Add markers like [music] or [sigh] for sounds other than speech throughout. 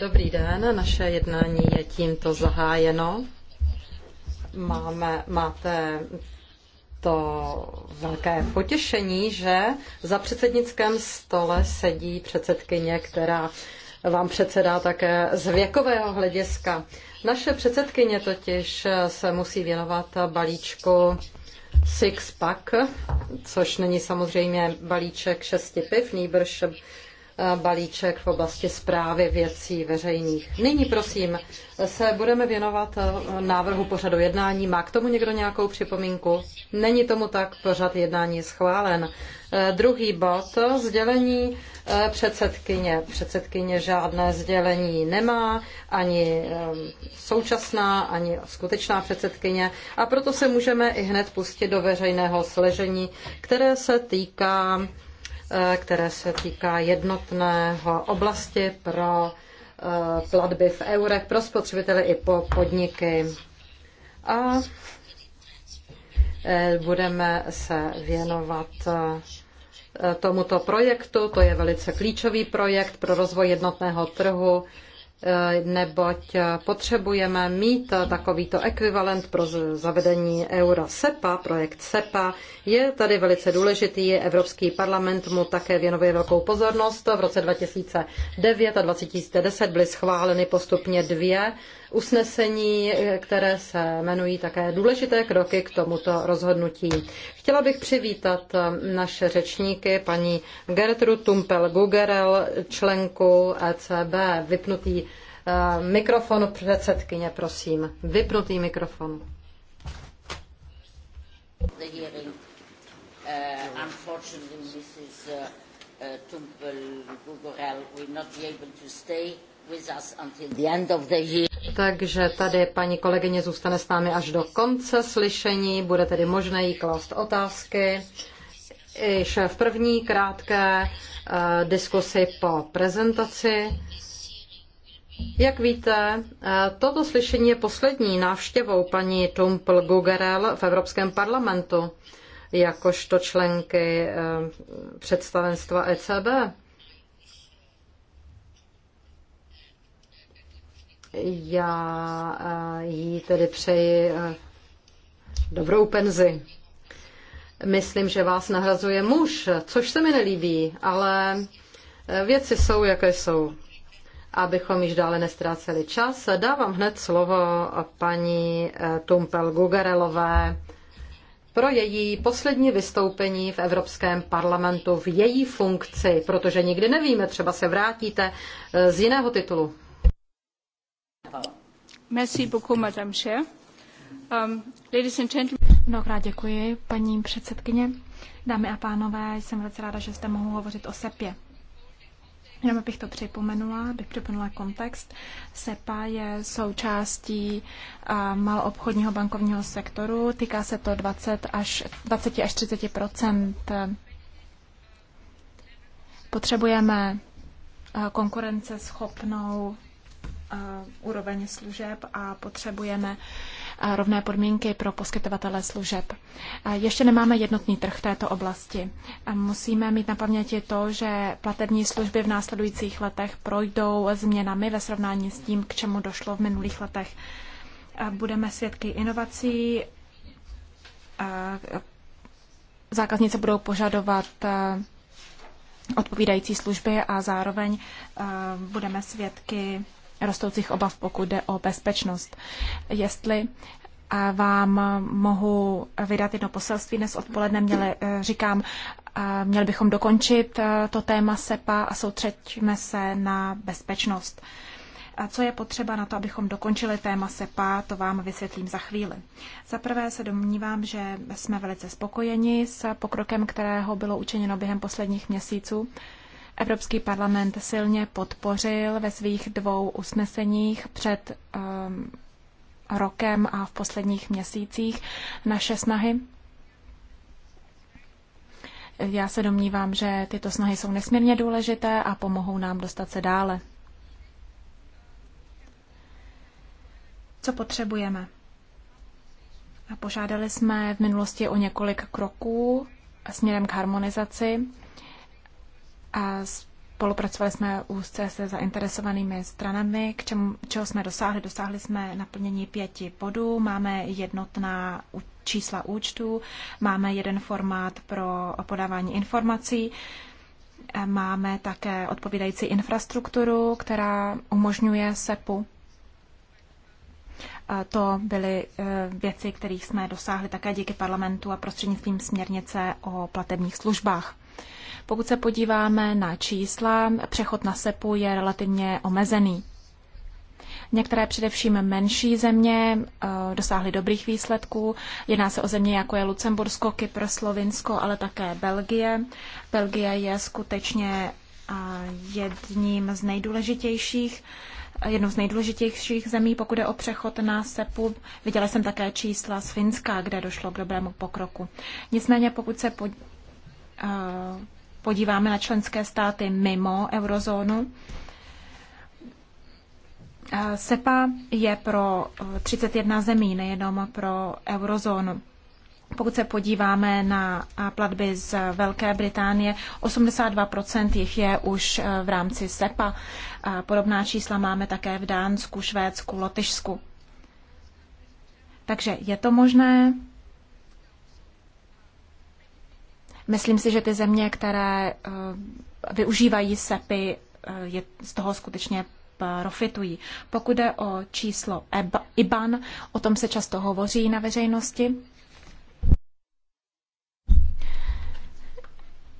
Dobrý den, naše jednání je tímto zahájeno. Máme, máte to velké potěšení, že za předsednickém stole sedí předsedkyně, která vám předsedá také z věkového hlediska. Naše předsedkyně totiž se musí věnovat balíčku Six Pack, což není samozřejmě balíček šesti piv, nýbrž balíček v oblasti zprávy věcí veřejných. Nyní prosím se budeme věnovat eh, návrhu pořadu jednání. Má k tomu někdo nějakou připomínku? Není tomu tak, pořad jednání je schválen. Eh, druhý bod, sdělení eh, předsedkyně. Předsedkyně žádné sdělení nemá, ani současná, ani skutečná předsedkyně. A proto se můžeme i hned pustit do veřejného sležení, které se týká Eh, které se týká jednotného oblasti pro eh, platby v eurech pro spotřebitele i po podniky. A eh, budeme se věnovat tomuto projektu. To je velice klíčový projekt pro rozvoj jednotného trhu Eh, neboť potřebujeme mít takovýto ekvivalent pro zavedení eura SEPA, projekt SEPA. Je tady velice důležitý, Evropský parlament mu také věnuje velkou pozornost. V roce 2009 a 2010 byly schváleny postupně dvě usnesení, které se jmenují také důležité kroky k tomuto rozhodnutí. Chtěla bych přivítat naše řečníky, paní Gertru Tumpel-Gugerel, členku ECB, vypnutý eh, mikrofon předsedkyně, prosím. Vypnutý mikrofon. Uh, unfortunately, Mrs. Uh, uh, Tumpel-Gugerel will not be able to stay. Takže tady paní kolegyně zůstane s námi až do konce slyšení, bude tedy možné jí klást otázky. Iž v první krátké uh, diskusi po prezentaci. Jak víte, eh, toto slyšení je poslední návštěvou paní Tumpel Gugerel v Evropském parlamentu jakožto členky eh, představenstva ECB. Já eh, jí tedy přeji eh, dobrou penzi. Myslím, že vás nahrazuje muž, což se mi nelíbí, ale eh, věci jsou, jaké jsou. Abychom již dále nestráceli čas, dávám hned slovo paní Tumpel Gugarelové pro její poslední vystoupení v Evropském parlamentu v její funkci, protože nikdy nevíme, třeba se vrátíte z jiného titulu. Merci um, Mnohokrát děkuji, paní předsedkyně. Dámy a pánové, jsem velice ráda, že jste mohu hovořit o SEPě. Jenom bych to připomenula, bych připomenula kontext. SEPA je součástí uh, maloobchodního bankovního sektoru. Týká se to 20 až, 20 až 30 Potřebujeme uh, konkurenceschopnou Eh, úroveň služeb a potřebujeme eh, rovné podmínky pro poskytovatele služeb. Ještě nemáme jednotný trh v této oblasti. Musíme mít na paměti to, že platební služby v následujících letech projdou změnami ve srovnání s tím, k čemu došlo v minulých letech. Budeme svědky inovací, zákaznice budou požadovat odpovídající služby a zároveň budeme svědky rostoucích obav, pokud jde o bezpečnost. Jestli eh, vám mohu vydat jedno poselství dnes odpoledne, měli, eh, říkám, eh, měli bychom dokončit to téma SEPA a soustřeďme se na bezpečnost. A co je potřeba na to, abychom dokončili téma SEPA, to vám vysvětlím za chvíli. Za prvé se domnívám, že jsme velice spokojeni s pokrokem, kterého bylo učiněno během posledních měsíců. Evropský parlament silně podpořil ve svých dvou usneseních před um, rokem a v posledních měsících naše snahy. Já se domnívám, že tyto snahy jsou nesmírně důležité a pomohou nám dostat se dále. Co potřebujeme? A Požádali jsme v minulosti o několik kroků směrem k harmonizaci a spolupracovali jsme úzce se zainteresovanými stranami, k čemu, čeho jsme dosáhli. Dosáhli jsme naplnění pěti bodů, máme jednotná čísla účtů, máme jeden formát pro podávání informací, máme také odpovídající infrastrukturu, která umožňuje SEPu. To byly e, věci, kterých jsme dosáhli také díky parlamentu a prostřednictvím směrnice o platebních službách. Pokud se podíváme na čísla, přechod na SEPu je relativně omezený. Některé především menší země eh, dosáhly dobrých výsledků. Jedná se o země jako je Lucembursko, Kypr, Slovinsko, ale také Belgie. Belgie je skutečně eh, jedním z nejdůležitějších eh, jednou z nejdůležitějších zemí, pokud je o přechod na SEPu. Viděla jsem také čísla z Finska, kde došlo k dobrému pokroku. Nicméně, pokud se Eh, podíváme na členské státy mimo eurozónu, eh, SEPA je pro 31 eh, zemí, nejenom pro eurozónu. Pokud se podíváme na platby z Velké Británie, 82% jich je už v rámci SEPA. Podobná čísla máme také v Dánsku, Švédsku, Lotyšsku. Takže je to možné, Myslím si, že ty země, které eh, využívají SEPy, eh, je, z toho skutečně profitují. Pokud jde o číslo e IBAN, o tom se často hovoří na veřejnosti.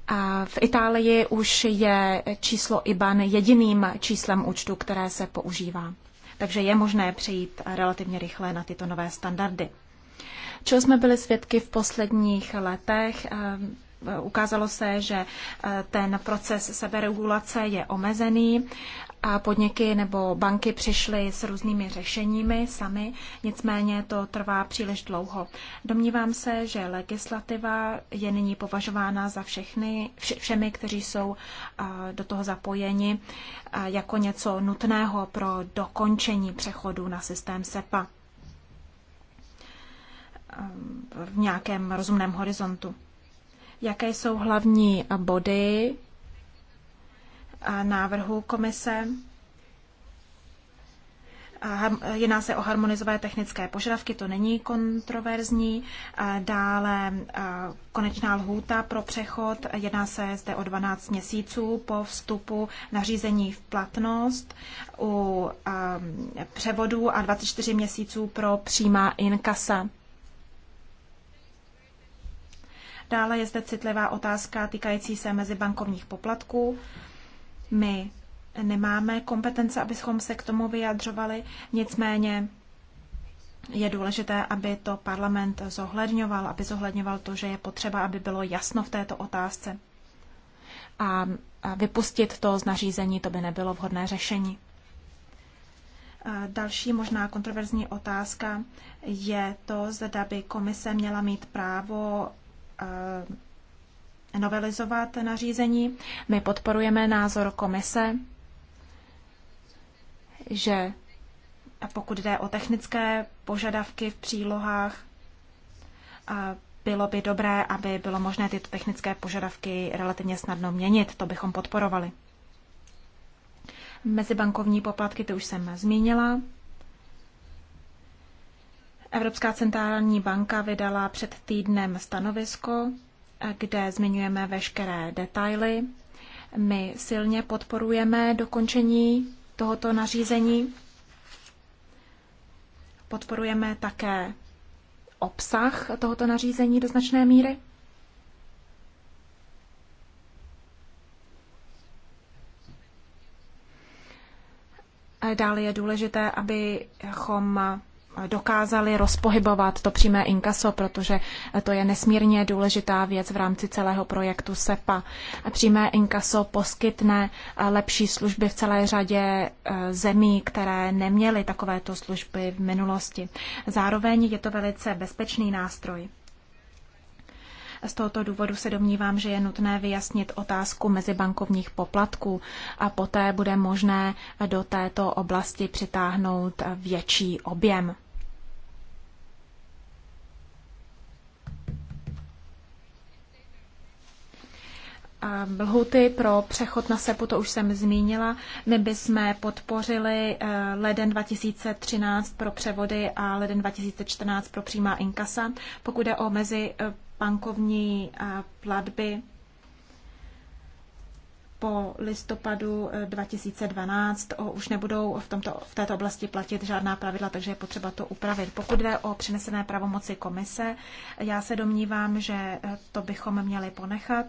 A v Itálii už je číslo IBAN jediným číslem účtu, které se používá. Takže je možné přejít relativně rychle na tyto nové standardy. Čeho jsme byli svědky v posledních letech? Eh, ukázalo se, že e, ten proces seberegulace je omezený a podniky nebo banky přišly s různými řešeními sami, nicméně to trvá příliš dlouho. Domnívám se, že legislativa je nyní považována za všechny, všemi, kteří jsou e, do toho zapojeni, e, jako něco nutného pro dokončení přechodu na systém SEPA v nějakém rozumném horizontu jaké jsou hlavní body návrhu komise. Jedná se o harmonizové technické požadavky, to není kontroverzní. Dále konečná lhůta pro přechod, jedná se zde o 12 měsíců po vstupu nařízení v platnost u převodu a 24 měsíců pro přímá inkasa. Dále je zde citlivá otázka týkající se mezibankovních poplatků. My nemáme kompetence, abychom se k tomu vyjadřovali, nicméně je důležité, aby to parlament zohledňoval, aby zohledňoval to, že je potřeba, aby bylo jasno v této otázce. A vypustit to z nařízení, to by nebylo vhodné řešení. Další možná kontroverzní otázka je to, zda by komise měla mít právo Eh, novelizovat nařízení. My podporujeme názor komise, že pokud jde o technické požadavky v přílohách, bylo by dobré, aby bylo možné tyto technické požadavky relativně snadno měnit. To bychom podporovali. Mezibankovní poplatky, ty už jsem zmínila. Evropská centrální banka vydala před týdnem stanovisko, kde zmiňujeme veškeré detaily. My silně podporujeme dokončení tohoto nařízení. Podporujeme také obsah tohoto nařízení do značné míry. Dále je důležité, abychom dokázali rozpohybovat to přímé inkaso, protože to je nesmírně důležitá věc v rámci celého projektu SEPA. Přímé inkaso poskytne eh, lepší služby v celé řadě eh, zemí, které neměly takovéto služby v minulosti. Zároveň je to velice bezpečný nástroj. Z tohoto důvodu se domnívám, že je nutné vyjasnit otázku mezibankovních poplatků a poté bude možné do této oblasti přitáhnout větší objem. Lhuty pro přechod na SEPu, to už jsem zmínila. My bychom podpořili eh, leden 2013 pro převody a leden 2014 pro přímá inkasa. Pokud jde o mezi eh, bankovní eh, platby, po listopadu 2012 eh, o, už nebudou v, tomto, v této oblasti platit žádná pravidla, takže je potřeba to upravit. Pokud jde o přenesené pravomoci komise, já se domnívám, že eh, to bychom měli ponechat.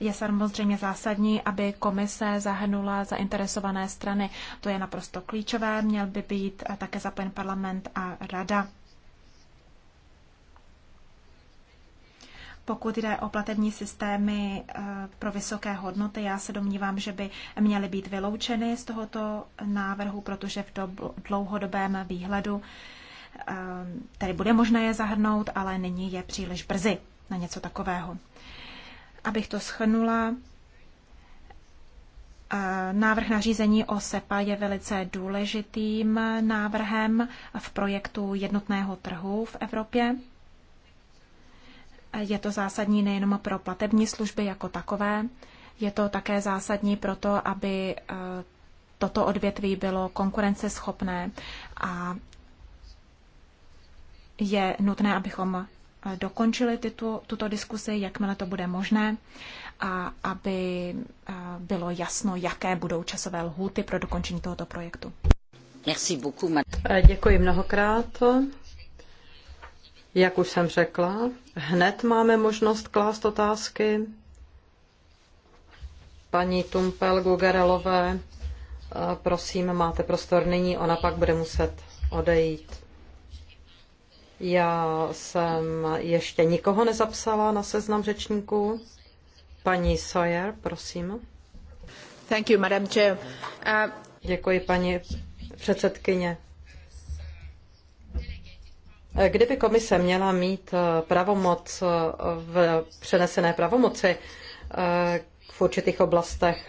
Je samozřejmě zásadní, aby komise zahrnula zainteresované strany. To je naprosto klíčové. Měl by být eh, také zapojen parlament a rada. Pokud jde o platební systémy eh, pro vysoké hodnoty, já se domnívám, že by měly být vyloučeny z tohoto návrhu, protože v dlouhodobém výhledu eh, tady bude možné je zahrnout, ale nyní je příliš brzy na něco takového. Abych to schrnula, eh, Návrh nařízení o SEPA je velice důležitým návrhem v projektu jednotného trhu v Evropě. Je to zásadní nejenom pro platební služby jako takové, je to také zásadní pro to, aby e, toto odvětví bylo konkurenceschopné a je nutné, abychom e, dokončili tyto, tuto diskusi, jakmile to bude možné, a aby e, bylo jasno, jaké budou časové lhůty pro dokončení tohoto projektu. Děkuji mnohokrát. Jak už jsem řekla, hned máme možnost klást otázky paní Tumpel Gugerelové. Eh, prosím, máte prostor nyní, ona pak bude muset odejít. Já jsem ještě nikoho nezapsala na seznam řečníků. Paní Sawyer, prosím. Thank you, Madam Chair. Uh... Děkuji, paní předsedkyně. Kdyby komise měla mít eh, pravomoc eh, v přenesené pravomoci eh, v určitých oblastech,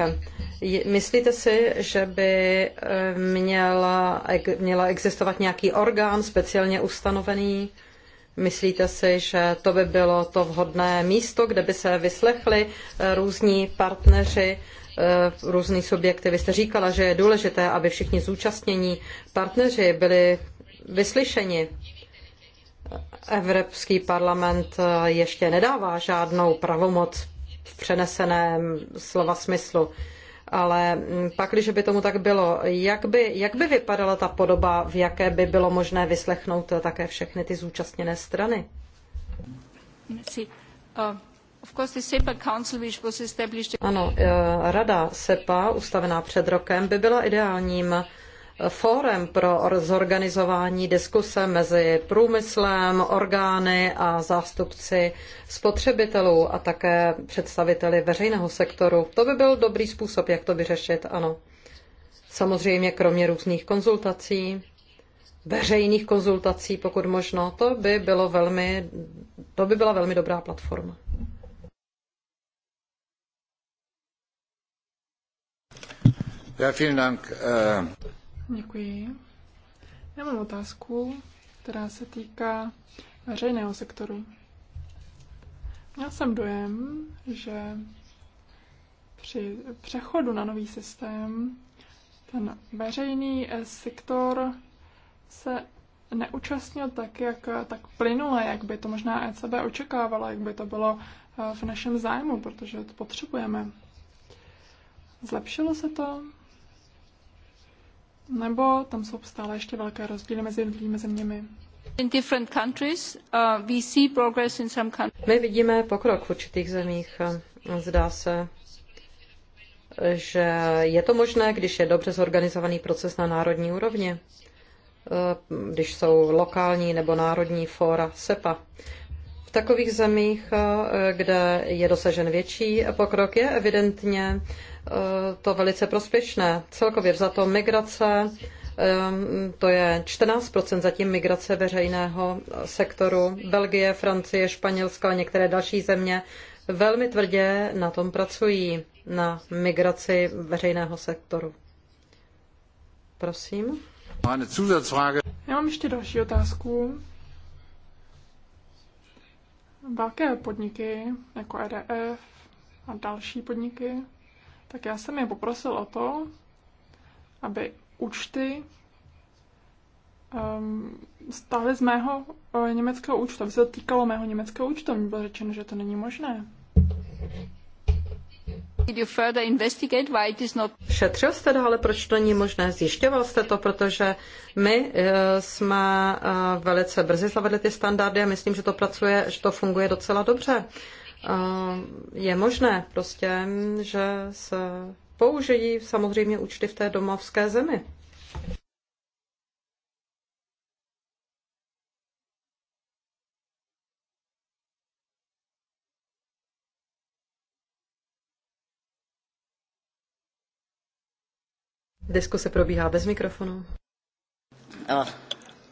myslíte si, že by měla, měla existovat nějaký orgán speciálně ustanovený? Myslíte si, že to by bylo to vhodné místo, kde by se vyslechli různí partneři, různý subjekty? Vy jste říkala, že je důležité, aby všichni zúčastnění partneři byli vyslyšeni. Evropský parlament eh, ještě nedává žádnou pravomoc v přeneseném slova smyslu. Ale mm, pak, když by tomu tak bylo, jak by, jak by vypadala ta podoba, v jaké by bylo možné vyslechnout eh, také všechny ty zúčastněné strany? Uh, ano, eh, rada SEPA, ustavená před rokem, by byla ideálním fórem pro zorganizování diskuse mezi průmyslem, orgány a zástupci spotřebitelů a také představiteli veřejného sektoru. To by byl dobrý způsob, jak to vyřešit, ano. Samozřejmě kromě různých konzultací, veřejných konzultací, pokud možno, to by, bylo velmi, to by byla velmi dobrá platforma. Ja, vielen Dank. Äh Děkuji. Já mám otázku, která se týká veřejného sektoru. Měl jsem dojem, že při přechodu na nový systém ten veřejný eh, sektor se neúčastnil tak, jak eh, tak plynule, jak by to možná ECB očekávala, jak by to bylo eh, v našem zájmu, protože to potřebujeme. Zlepšilo se to? Nebo tam jsou stále ještě velké rozdíly mezi jednotlivými zeměmi? Uh, My vidíme pokrok v určitých zemích. Zdá se, že je to možné, když je dobře zorganizovaný proces na národní úrovni, eh, když jsou lokální nebo národní fóra SEPA. V takových zemích, eh, kde je dosažen větší pokrok, je evidentně Eh, to velice prospěšné. Celkově za to migrace, eh, to je 14 zatím migrace veřejného sektoru. Belgie, Francie, Španělsko a některé další země velmi tvrdě na tom pracují, na migraci veřejného sektoru. Prosím. Já mám ještě další otázku. Velké podniky, jako EDF a další podniky, tak já jsem je poprosil o to, aby účty um, stály z mého uh, německého účtu, aby se to týkalo mého německého účtu. mi bylo řečeno, že to není možné. Šetřil jste ale proč to není možné? Zjišťoval jste to, protože my eh, jsme eh, velice brzy zavedli ty standardy a myslím, že to pracuje, že to funguje docela dobře. Eh, je možné prostě, že se použijí samozřejmě účty v té domovské zemi. Diskuse probíhá bez mikrofonu. Oh,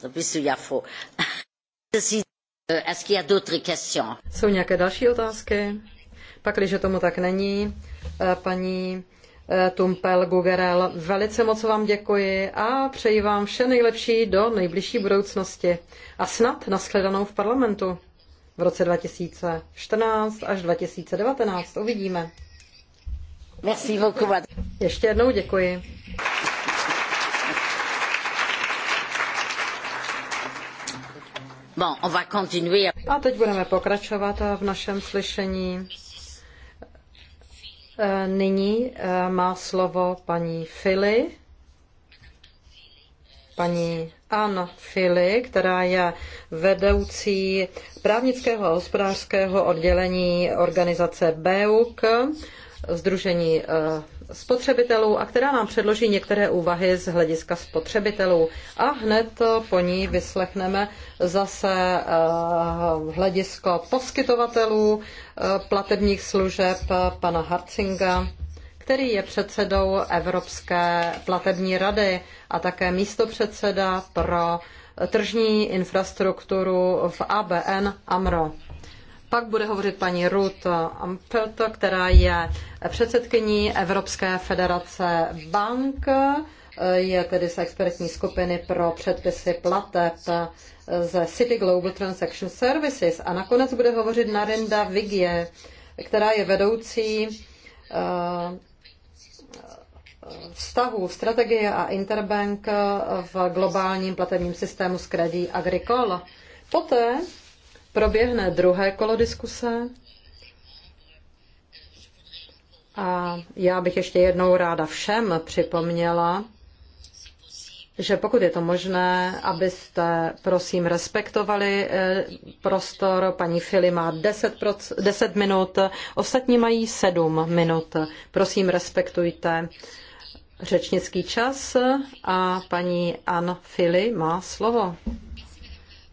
to by si jafu. [laughs] Euh, Jsou nějaké další otázky? Pakliže tomu tak není, eh, paní eh, Tumpel Gugerel, velice moc vám děkuji a přeji vám vše nejlepší do nejbližší budoucnosti a snad nashledanou v parlamentu v roce 2014 až 2019. Uvidíme. Merci beaucoup. Ještě jednou děkuji. A teď budeme pokračovat v našem slyšení. E, nyní e, má slovo paní Fili, paní Anna Fili, která je vedoucí právnického a hospodářského oddělení organizace BEUK, Združení e, spotřebitelů a která nám předloží některé úvahy z hlediska spotřebitelů. A hned po ní vyslechneme zase eh, hledisko poskytovatelů eh, platebních služeb eh, pana Harcinga, který je předsedou Evropské platební rady a také místopředseda pro tržní infrastrukturu v ABN AMRO. Pak bude hovořit paní Ruth Ampelto, která je předsedkyní Evropské federace bank, je tedy z expertní skupiny pro předpisy plateb ze City Global Transaction Services. A nakonec bude hovořit Narinda Vigie, která je vedoucí eh, vztahu, strategie a interbank v globálním platebním systému z Credit Agricole. Poté proběhne druhé kolo diskuse. A já bych ještě jednou ráda všem připomněla, že pokud je to možné, abyste prosím respektovali eh, prostor. Paní Fili má 10, 10 minut, ostatní mají 7 minut. Prosím, respektujte řečnický čas a paní Ann Fili má slovo.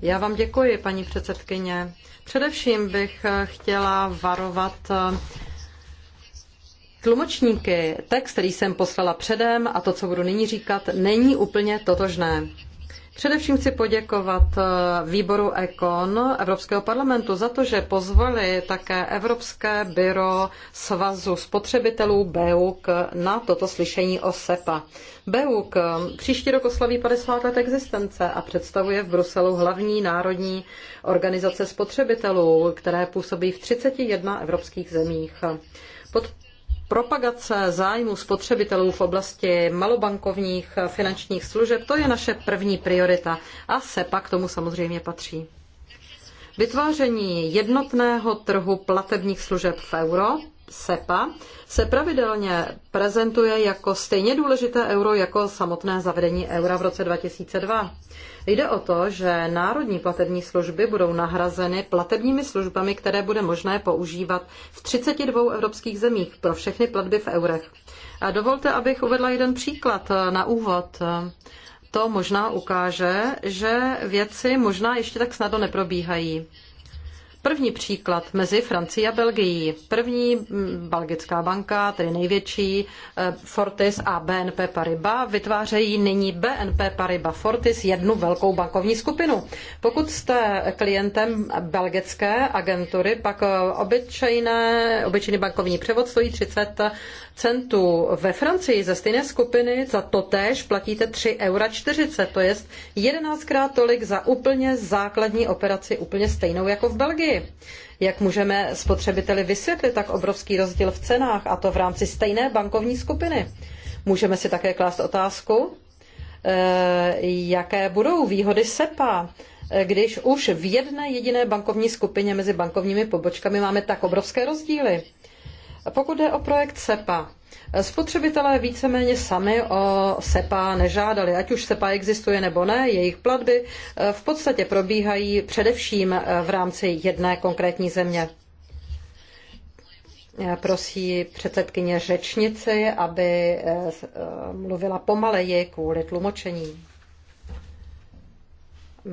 Já vám děkuji, paní předsedkyně. Především bych eh, chtěla varovat eh, tlumočníky. Text, který jsem poslala předem a to, co budu nyní říkat, není úplně totožné. Především chci poděkovat eh, výboru ECON Evropského parlamentu za to, že pozvali také Evropské byro svazu spotřebitelů BEUK na toto slyšení o SEPA. BEUK příští rok oslaví 50 let existence a představuje v Bruselu hlavní národní organizace spotřebitelů, které působí v 31 evropských zemích. Pod propagace zájmu spotřebitelů v oblasti malobankovních finančních služeb, to je naše první priorita a SEPA k tomu samozřejmě patří. Vytváření jednotného trhu platebních služeb v euro, SEPA, se pravidelně prezentuje jako stejně důležité euro jako samotné zavedení eura v roce 2002. Jde o to, že národní platební služby budou nahrazeny platebními službami, které bude možné používat v 32 evropských zemích pro všechny platby v eurech. A dovolte, abych uvedla jeden příklad na úvod. To možná ukáže, že věci možná ještě tak snadno neprobíhají. První příklad mezi Francií a Belgií. První belgická banka, tedy největší e, Fortis a BNP Paribas, vytvářejí nyní BNP Paribas Fortis jednu velkou bankovní skupinu. Pokud jste klientem belgické agentury, pak e, obyčejné, obyčejný bankovní převod stojí 30 centů. Ve Francii ze stejné skupiny za to též platíte 3,40 eura, to je 11krát tolik za úplně základní operaci, úplně stejnou jako v Belgii ceny. Jak můžeme spotřebiteli vysvětlit tak obrovský rozdíl v cenách a to v rámci stejné bankovní skupiny? Můžeme si také klást otázku, eh, jaké budou výhody SEPA, eh, když už v jedné jediné bankovní skupině mezi bankovními pobočkami máme tak obrovské rozdíly. Pokud jde o projekt SEPA, Spotřebitelé víceméně sami o SEPA nežádali, ať už SEPA existuje nebo ne, jejich platby eh, v podstatě probíhají především eh, v rámci jedné konkrétní země. Prosí předsedkyně řečnici, aby eh, mluvila pomaleji kvůli tlumočení.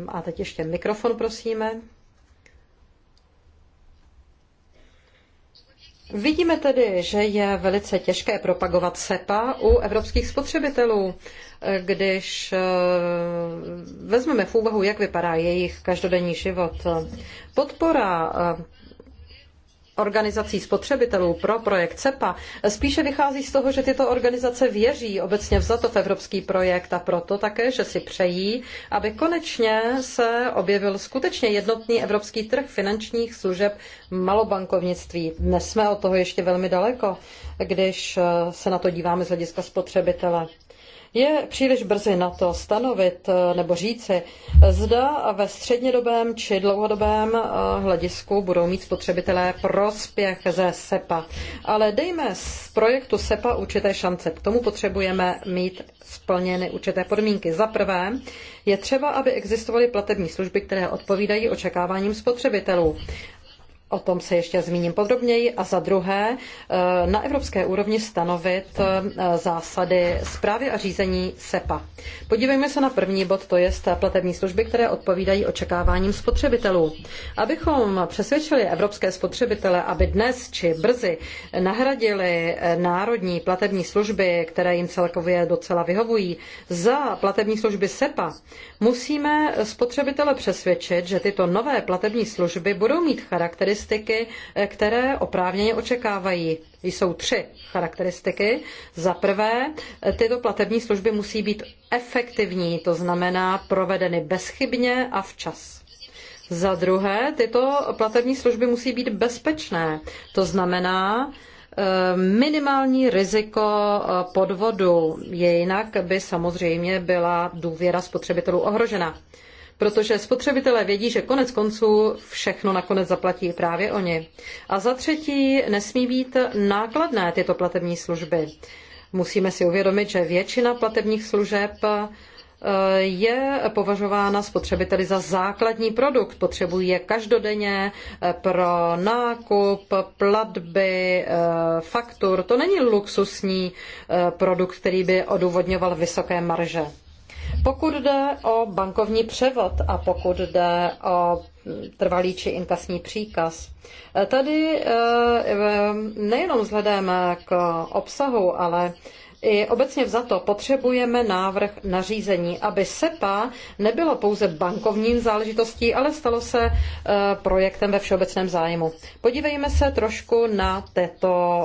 A teď ještě mikrofon prosíme. Vidíme tedy, že je velice těžké propagovat SEPA u evropských spotřebitelů, když eh, vezmeme v úvahu, jak vypadá jejich každodenní život. Podpora eh, organizací spotřebitelů pro projekt CEPA spíše vychází z toho, že tyto organizace věří obecně vzato v evropský projekt a proto také, že si přejí, aby konečně se objevil skutečně jednotný evropský trh finančních služeb malobankovnictví. Dnes jsme od toho ještě velmi daleko, když se na to díváme z hlediska spotřebitele. Je příliš brzy na to stanovit eh, nebo říci, zda ve střednědobém či dlouhodobém eh, hledisku budou mít spotřebitelé prospěch ze SEPA. Ale dejme z projektu SEPA určité šance. K tomu potřebujeme mít splněny určité podmínky. Za prvé, je třeba, aby existovaly platební služby, které odpovídají očekáváním spotřebitelů. O tom se ještě zmíním podrobněji. A za druhé, eh, na evropské úrovni stanovit eh, zásady zprávy a řízení SEPA. Podívejme se na první bod, to je platební služby, které odpovídají očekáváním spotřebitelů. Abychom přesvědčili evropské spotřebitele, aby dnes či brzy nahradili eh, národní platební služby, které jim celkově docela vyhovují, za platební služby SEPA, musíme spotřebitele přesvědčit, že tyto nové platební služby budou mít charaktery charakteristiky, eh, které oprávněně očekávají. Jsou tři charakteristiky. Za prvé, eh, tyto platební služby musí být efektivní, to znamená provedeny bezchybně a včas. Za druhé, tyto platební služby musí být bezpečné, to znamená, eh, minimální riziko podvodu jinak by samozřejmě byla důvěra spotřebitelů ohrožena protože spotřebitelé vědí, že konec konců všechno nakonec zaplatí právě oni. A za třetí nesmí být nákladné tyto platební služby. Musíme si uvědomit, že většina platebních služeb eh, je považována spotřebiteli za základní produkt. Potřebují je každodenně eh, pro nákup, platby, eh, faktur. To není luxusní produkt, který by odůvodňoval vysoké marže. Pokud jde o bankovní převod a pokud jde o trvalý či inkasní příkaz, eh, tady eh, nejenom vzhledem k obsahu, ale i obecně vzato potřebujeme návrh nařízení, aby SEPA nebylo pouze bankovním záležitostí, ale stalo se eh, projektem ve všeobecném zájmu. Podívejme se trošku na tyto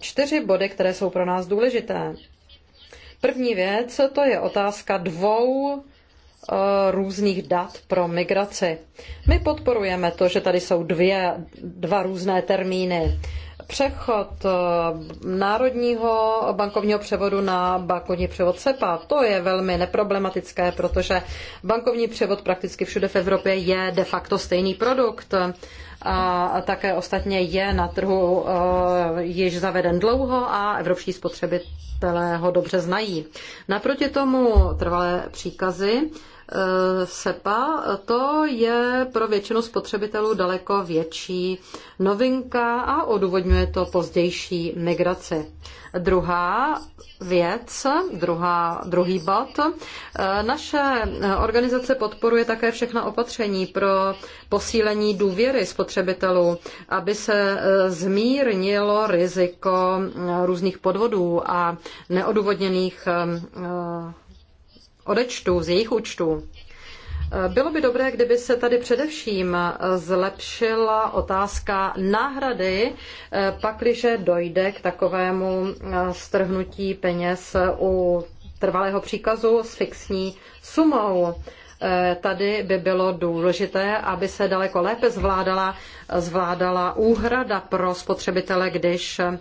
čtyři body, které jsou pro nás důležité. První věc, to je otázka dvou eh, různých dat pro migraci. My podporujeme to, že tady jsou dvě, dva různé termíny. Přechod eh, národního bankovního převodu na bankovní převod SEPA, to je velmi neproblematické, protože bankovní převod prakticky všude v Evropě je de facto stejný produkt a také ostatně je na trhu eh, již zaveden dlouho a evropští spotřebitelé ho dobře znají. Naproti tomu trvalé příkazy Eh, SEPA, to je pro většinu spotřebitelů daleko větší novinka a odůvodňuje to pozdější migraci. Druhá věc, druhá, druhý bod. Eh, naše organizace podporuje také všechna opatření pro posílení důvěry spotřebitelů, aby se eh, zmírnilo riziko různých podvodů a neodůvodněných odečtu, z jejich účtů. Bylo by dobré, kdyby se tady především zlepšila otázka náhrady, pakliže dojde k takovému eh, strhnutí peněz u trvalého příkazu s fixní sumou. Eh, tady by bylo důležité, aby se daleko lépe zvládala, zvládala úhrada pro spotřebitele, když eh,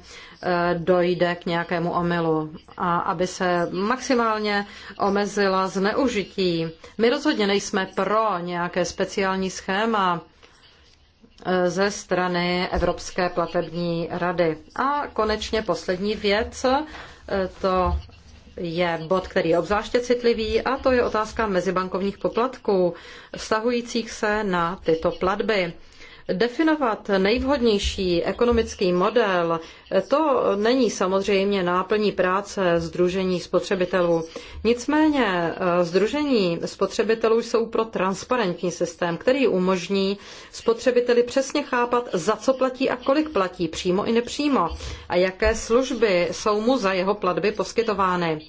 dojde k nějakému omylu a aby se maximálně omezila zneužití. My rozhodně nejsme pro nějaké speciální schéma eh, ze strany Evropské platební rady. A konečně poslední věc, to je bod, který je obzvláště citlivý, a to je otázka mezibankovních poplatků, vztahujících se na tyto platby. Definovat nejvhodnější ekonomický model, to není samozřejmě náplní práce Združení spotřebitelů. Nicméně Združení eh, spotřebitelů jsou pro transparentní systém, který umožní spotřebiteli přesně chápat, za co platí a kolik platí, přímo i nepřímo, a jaké služby jsou mu za jeho platby poskytovány.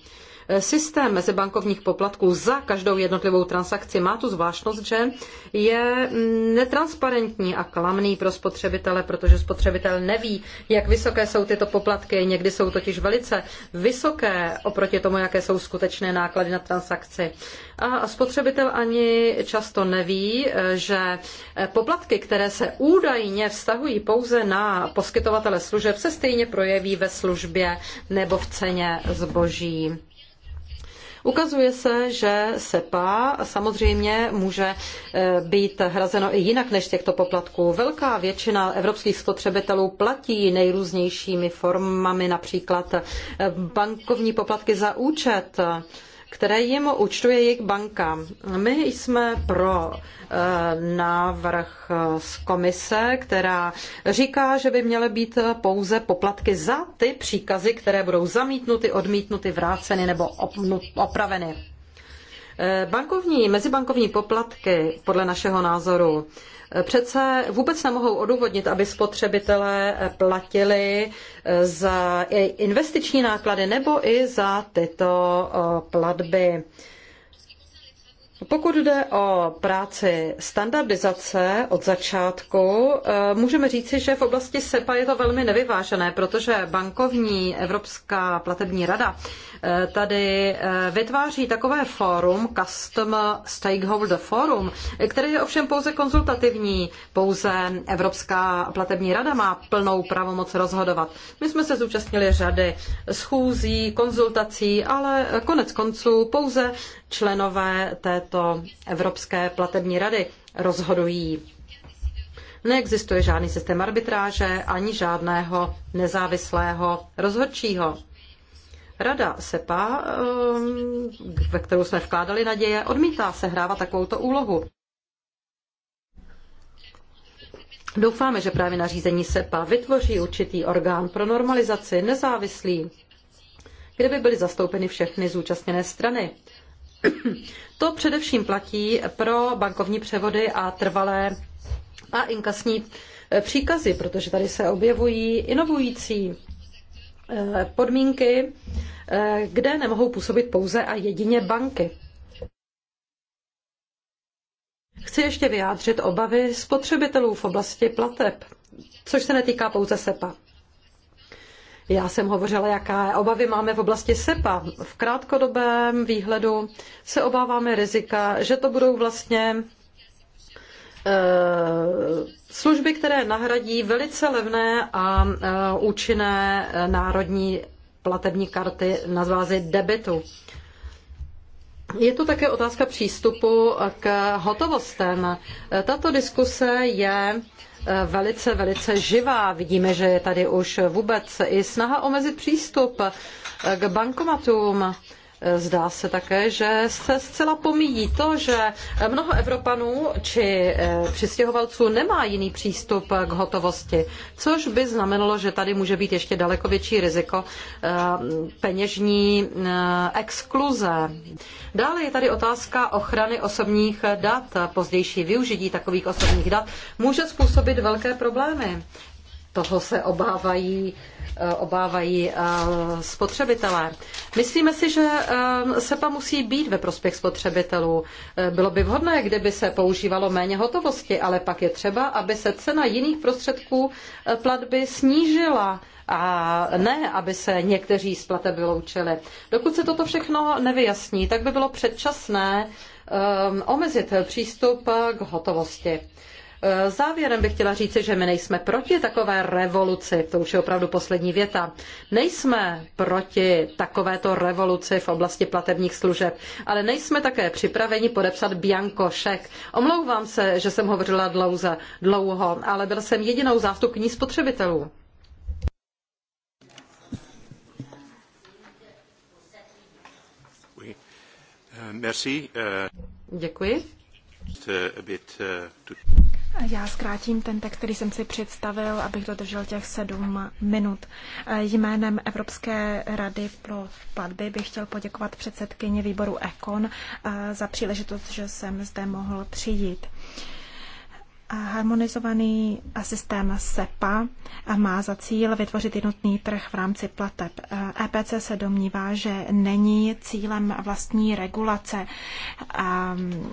Systém mezibankovních poplatků za každou jednotlivou transakci má tu zvláštnost, že je netransparentní a klamný pro spotřebitele, protože spotřebitel neví, jak vysoké jsou tyto poplatky. Někdy jsou totiž velice vysoké oproti tomu, jaké jsou skutečné náklady na transakci. A spotřebitel ani často neví, že poplatky, které se údajně vztahují pouze na poskytovatele služeb, se stejně projeví ve službě nebo v ceně zboží. Ukazuje se, že SEPA samozřejmě může eh, být hrazeno i jinak než těchto poplatků. Velká většina evropských spotřebitelů platí nejrůznějšími formami, například eh, bankovní poplatky za účet, které jim účtuje jejich banka. My jsme pro eh, návrh z komise, která říká, že by měly být pouze poplatky za ty příkazy, které budou zamítnuty, odmítnuty, vráceny nebo opraveny. Eh, bankovní, mezibankovní poplatky podle našeho názoru přece vůbec nemohou odůvodnit, aby spotřebitelé platili za investiční náklady nebo i za tyto platby. Pokud jde o práci standardizace od začátku, eh, můžeme říci, že v oblasti SEPA je to velmi nevyvážené, protože bankovní Evropská platební rada eh, tady eh, vytváří takové fórum, Customer Stakeholder Forum, které je ovšem pouze konzultativní, pouze Evropská platební rada má plnou pravomoc rozhodovat. My jsme se zúčastnili řady schůzí, konzultací, ale konec konců pouze členové této Evropské platební rady rozhodují. Neexistuje žádný systém arbitráže ani žádného nezávislého rozhodčího. Rada SEPA, um, ve kterou jsme vkládali naděje, odmítá sehrávat takovouto úlohu. Doufáme, že právě nařízení SEPA vytvoří určitý orgán pro normalizaci nezávislý, kde by byly zastoupeny všechny zúčastněné strany. To především platí pro bankovní převody a trvalé a inkasní eh, příkazy, protože tady se objevují inovující eh, podmínky, eh, kde nemohou působit pouze a jedině banky. Chci ještě vyjádřit obavy spotřebitelů v oblasti plateb, což se netýká pouze SEPA. Já jsem hovořila, jaké obavy máme v oblasti SEPA. V krátkodobém výhledu se obáváme rizika, že to budou vlastně eh, služby, které nahradí velice levné a eh, účinné národní platební karty na bázi debitu. Je to také otázka přístupu k hotovostem. Eh, tato diskuse je velice, velice živá. Vidíme, že je tady už vůbec i snaha omezit přístup k bankomatům. Zdá se také, že se zcela pomíjí to, že mnoho Evropanů či eh, přistěhovalců nemá jiný přístup k hotovosti, což by znamenalo, že tady může být ještě daleko větší riziko eh, peněžní eh, exkluze. Dále je tady otázka ochrany osobních dat. Pozdější využití takových osobních dat může způsobit velké problémy. Toho se obávají Eh, obávají eh, spotřebitelé. Myslíme si, že eh, SEPA musí být ve prospěch spotřebitelů. Bylo by vhodné, kdyby se používalo méně hotovosti, ale pak je třeba, aby se cena jiných prostředků platby snížila a ne, aby se někteří z plateb vyloučili. Dokud se toto všechno nevyjasní, tak by bylo předčasné omezit přístup k hotovosti. Eh, závěrem bych chtěla říci, že my nejsme proti takové revoluci, to už je opravdu poslední věta. Nejsme proti takovéto revoluci v oblasti platebních služeb, ale nejsme také připraveni podepsat Bianko šek. Omlouvám se, že jsem hovořila dlouze, dlouho, ale byl jsem jedinou zástupkyní spotřebitelů. Euh, merci. Euh, Děkuji. Já zkrátím ten text, který jsem si představil, abych dodržel těch sedm minut. E, jménem Evropské rady pro platby bych chtěl poděkovat předsedkyni výboru EKON e, za příležitost, že jsem zde mohl přijít. Harmonizovaný systém SEPA má za cíl vytvořit jednotný trh v rámci plateb. EPC e se domnívá, že není cílem vlastní regulace ehm,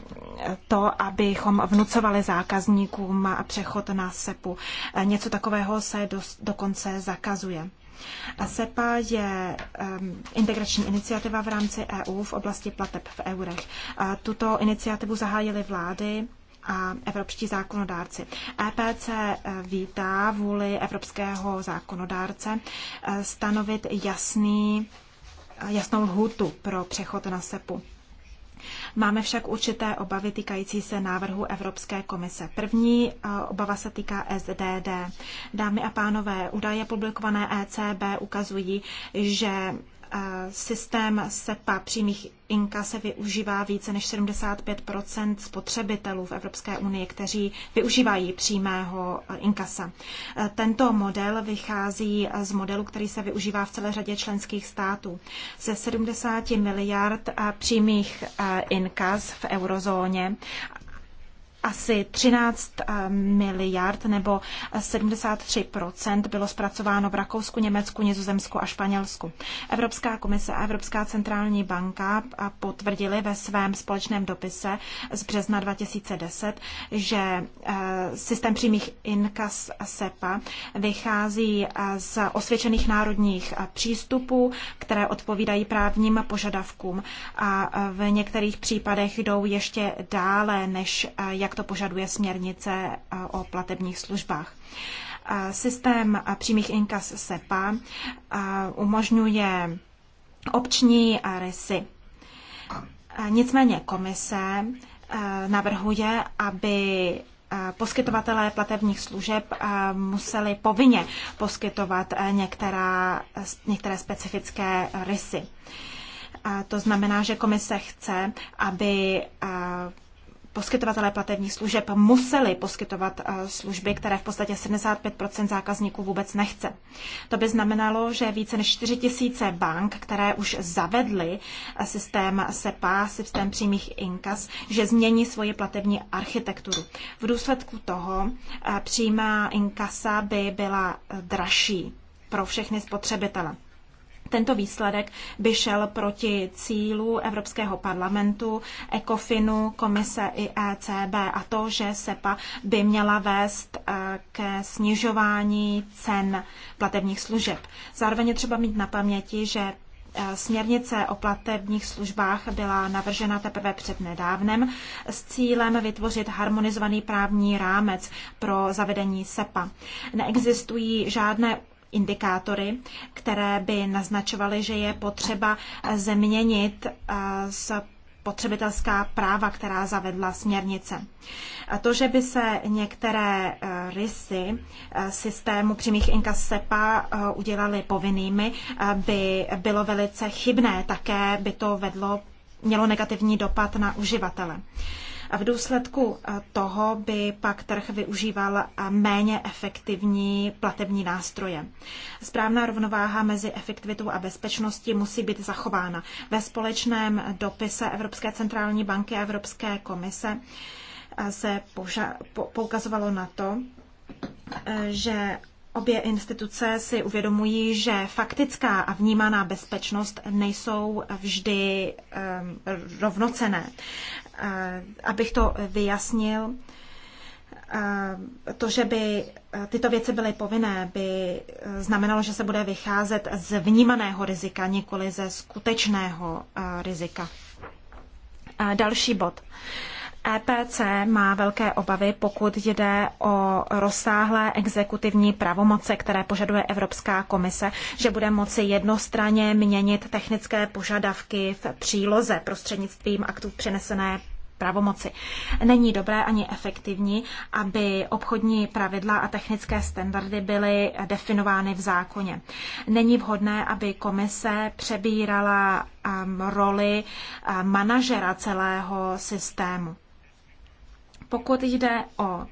to, abychom vnucovali zákazníkům přechod na SEPu. E, něco takového se dokonce zakazuje. SEPA je ehm, integrační iniciativa v rámci EU v oblasti plateb v eurech. E, tuto iniciativu zahájily vlády a evropští zákonodárci. EPC eh, vítá vůli evropského zákonodárce eh, stanovit jasný, eh, jasnou lhůtu pro přechod na SEPu. Máme však určité obavy týkající se návrhu Evropské komise. První obava se týká SDD. Dámy a pánové, údaje publikované ECB ukazují, že systém SEPA přímých inka se využívá více než 75 spotřebitelů v Evropské unii, kteří využívají přímého eh, inkasa. Eh, tento model vychází eh, z modelu, který se využívá v celé řadě členských států. Ze 70 miliard přímých inkas v eurozóně asi 13 eh, miliard nebo 73 eh, bylo zpracováno v Rakousku, Německu, Nizozemsku a Španělsku. Evropská komise a Evropská centrální banka eh, potvrdili ve svém společném dopise z března 2010, že systém přímých inkas SEPA vychází z osvědčených národních přístupů, které odpovídají právním požadavkům a v některých případech jdou ještě dále, než jak jak to požaduje směrnice eh, o platebních službách. Eh, systém eh, přímých inkas SEPA umožňuje obční rysy. Nicméně komise navrhuje, aby poskytovatelé platebních služeb museli povinně poskytovat některá, některé specifické rysy. To znamená, že komise chce, aby poskytovatelé platebních služeb museli poskytovat eh, služby, které v podstatě 75 zákazníků vůbec nechce. To by znamenalo, že více než 4 tisíce bank, které už zavedly eh, systém SEPA, systém přímých inkas, že změní svoji platební architekturu. V důsledku toho eh, přímá inkasa by byla dražší pro všechny spotřebitele. Tento výsledek by šel proti cílu Evropského parlamentu, ECOFINu, komise i ECB a to, že SEPA by měla vést eh, ke snižování cen platebních služeb. Zároveň je třeba mít na paměti, že eh, Směrnice o platebních službách byla navržena teprve před nedávnem s cílem vytvořit harmonizovaný právní rámec pro zavedení SEPA. Neexistují žádné indikátory, které by naznačovaly, že je potřeba eh, změnit eh, potřebitelská práva, která zavedla směrnice. A to, že by se některé eh, rysy systému přímých inkas SEPA udělaly povinnými, by bylo velice chybné. Také by to vedlo mělo negativní dopad na uživatele. V důsledku eh, toho by pak trh využíval eh, méně efektivní platební nástroje. Správná rovnováha mezi efektivitou a bezpečností musí být zachována. Ve společném dopise Evropské centrální banky a Evropské komise eh, se poukazovalo na to, že Obě instituce si uvědomují, že faktická a vnímaná bezpečnost nejsou vždy rovnocenné. rovnocené. Eh, abych to vyjasnil, eh, to, že by eh, tyto věci byly povinné, by znamenalo, že se bude vycházet z vnímaného rizika, nikoli ze skutečného rizika. Další bod. EPC má velké obavy, pokud jde o rozsáhlé exekutivní pravomoce, které požaduje Evropská komise, že bude moci jednostranně měnit technické požadavky v příloze prostřednictvím aktů přenesené pravomoci. Není dobré ani efektivní, aby obchodní pravidla a technické standardy byly definovány v zákoně. Není vhodné, aby komise přebírala um, roli um, manažera celého systému. Pokud jde o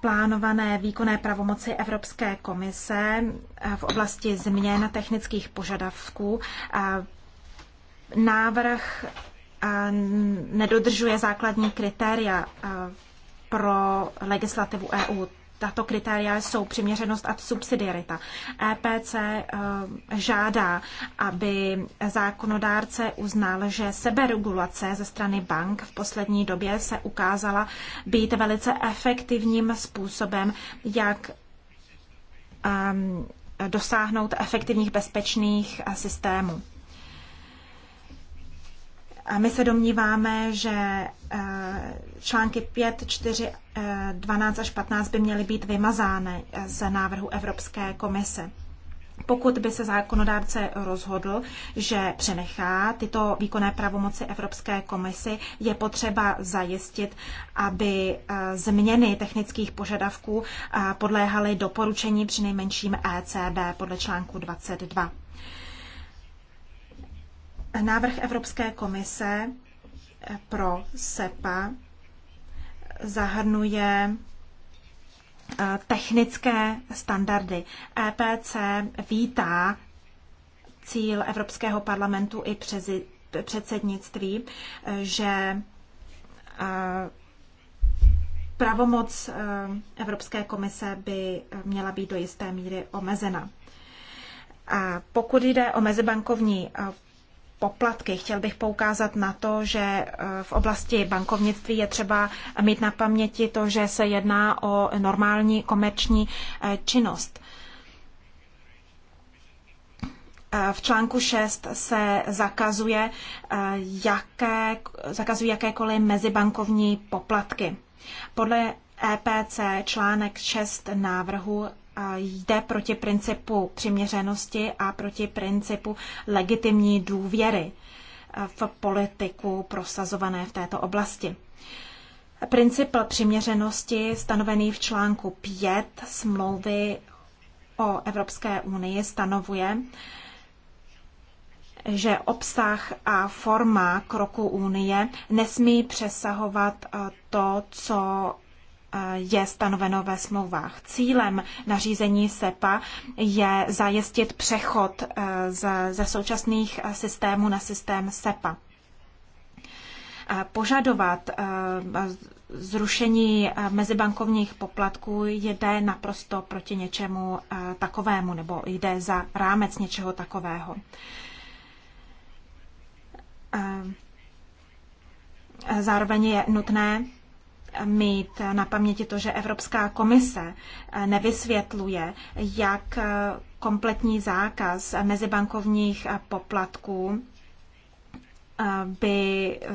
plánované výkonné pravomoci Evropské komise v oblasti změn technických požadavků, návrh nedodržuje základní kritéria pro legislativu EU tato kritéria jsou přiměřenost a subsidiarita. EPC eh, žádá, aby zákonodárce uznal, že seberegulace ze strany bank v poslední době se ukázala být velice efektivním způsobem, jak ehm, dosáhnout efektivních bezpečných eh, systémů. My se domníváme, že eh, články 5, 4, 12 až 15 by měly být vymazány eh, z návrhu Evropské komise. Pokud by se zákonodárce rozhodl, že přenechá tyto výkonné pravomoci Evropské komisi, je potřeba zajistit, aby eh, změny technických požadavků podléhaly doporučení při nejmenším ECB podle článku 22 návrh Evropské komise pro SEPA zahrnuje eh, technické standardy. EPC vítá cíl Evropského parlamentu i předsednictví, že eh, pravomoc eh, Evropské komise by měla být do jisté míry omezena. A pokud jde o mezibankovní poplatky. Chtěl bych poukázat na to, že eh, v oblasti bankovnictví je třeba mít na paměti to, že se jedná o normální komerční eh, činnost. Eh, v článku 6 se zakazuje, jaké, zakazují jakékoliv mezibankovní poplatky. Podle EPC článek 6 návrhu jde proti principu přiměřenosti a proti principu legitimní důvěry v politiku prosazované v této oblasti. Princip přiměřenosti stanovený v článku 5 smlouvy o Evropské unii stanovuje, že obsah a forma kroku Unie nesmí přesahovat to, co je stanoveno ve smlouvách. Cílem nařízení SEPA je zajistit přechod eh, ze současných eh, systémů na systém SEPA. Eh, požadovat zrušení mezibankovních poplatků jde naprosto proti něčemu takovému nebo jde za rámec něčeho takového. Zároveň je nutné mít na paměti to, že Evropská komise nevysvětluje, jak kompletní zákaz mezibankovních poplatků eh, by eh,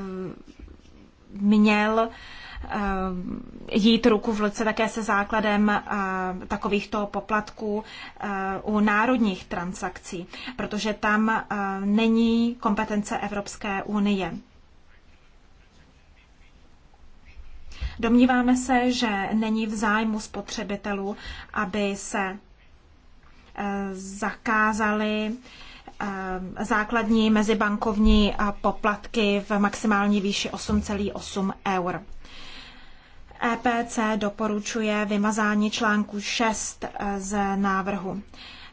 měl eh, jít ruku v ruce také se základem takovýchto poplatků u národních transakcí, protože tam není kompetence Evropské unie. Domníváme se, že není v zájmu spotřebitelů, aby se eh, zakázaly eh, základní mezibankovní eh, poplatky v maximální výši 8,8 eur. EPC doporučuje vymazání článku 6 z návrhu.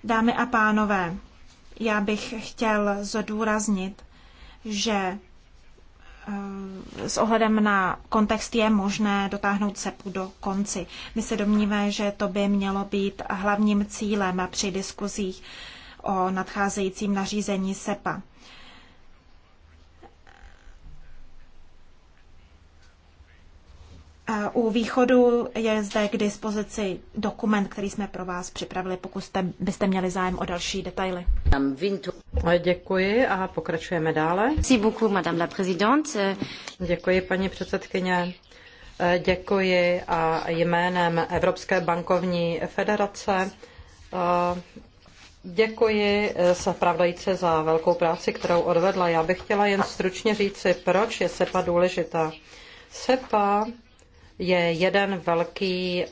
Dámy a pánové, já bych chtěl zdůraznit, že Eh, s ohledem na kontext je možné dotáhnout sepu do konci. My se domníváme, že to by mělo být hlavním cílem při diskuzích o nadcházejícím nařízení SEPA. U východu je zde k dispozici dokument, který jsme pro vás připravili, pokud jste, byste měli zájem o další detaily. Děkuji a pokračujeme dále. Děkuji, paní předsedkyně. Děkuji a jménem Evropské bankovní federace eh, Děkuji eh, pravdajíce za velkou práci, kterou odvedla. Já bych chtěla jen stručně říci, proč je SEPA důležitá. SEPA je jeden velký eh,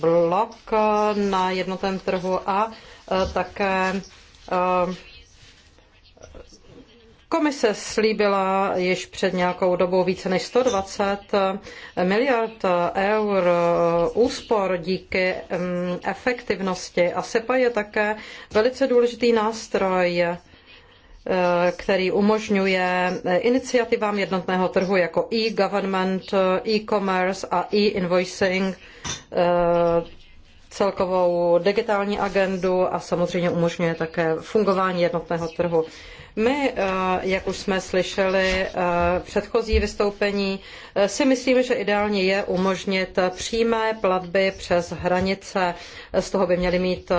blok eh, na jednotném trhu a eh, také Komise slíbila již před nějakou dobou více než 120 miliard eur úspor díky mm, efektivnosti a SEPA je také velice důležitý nástroj Eh, který umožňuje iniciativám jednotného trhu jako e-government, e-commerce a e-invoicing eh, celkovou digitální agendu a samozřejmě umožňuje také fungování jednotného trhu. My, eh, jak už jsme slyšeli eh, předchozí vystoupení, eh, si myslím, že ideálně je umožnit přímé platby přes hranice. Z toho by měly mít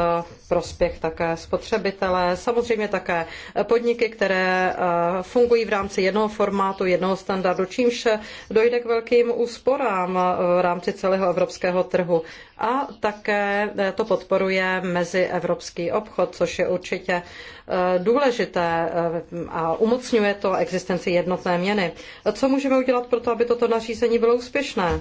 prospěch také spotřebitelé, samozřejmě také podniky, které fungují v rámci jednoho formátu, jednoho standardu, čímž dojde k velkým úsporám v rámci celého evropského trhu a také eh, to podporuje mezievropský obchod, což je určitě eh, důležité eh, a umocňuje to existenci jednotné měny. Co můžeme udělat pro to, aby toto nařízení bylo úspěšné?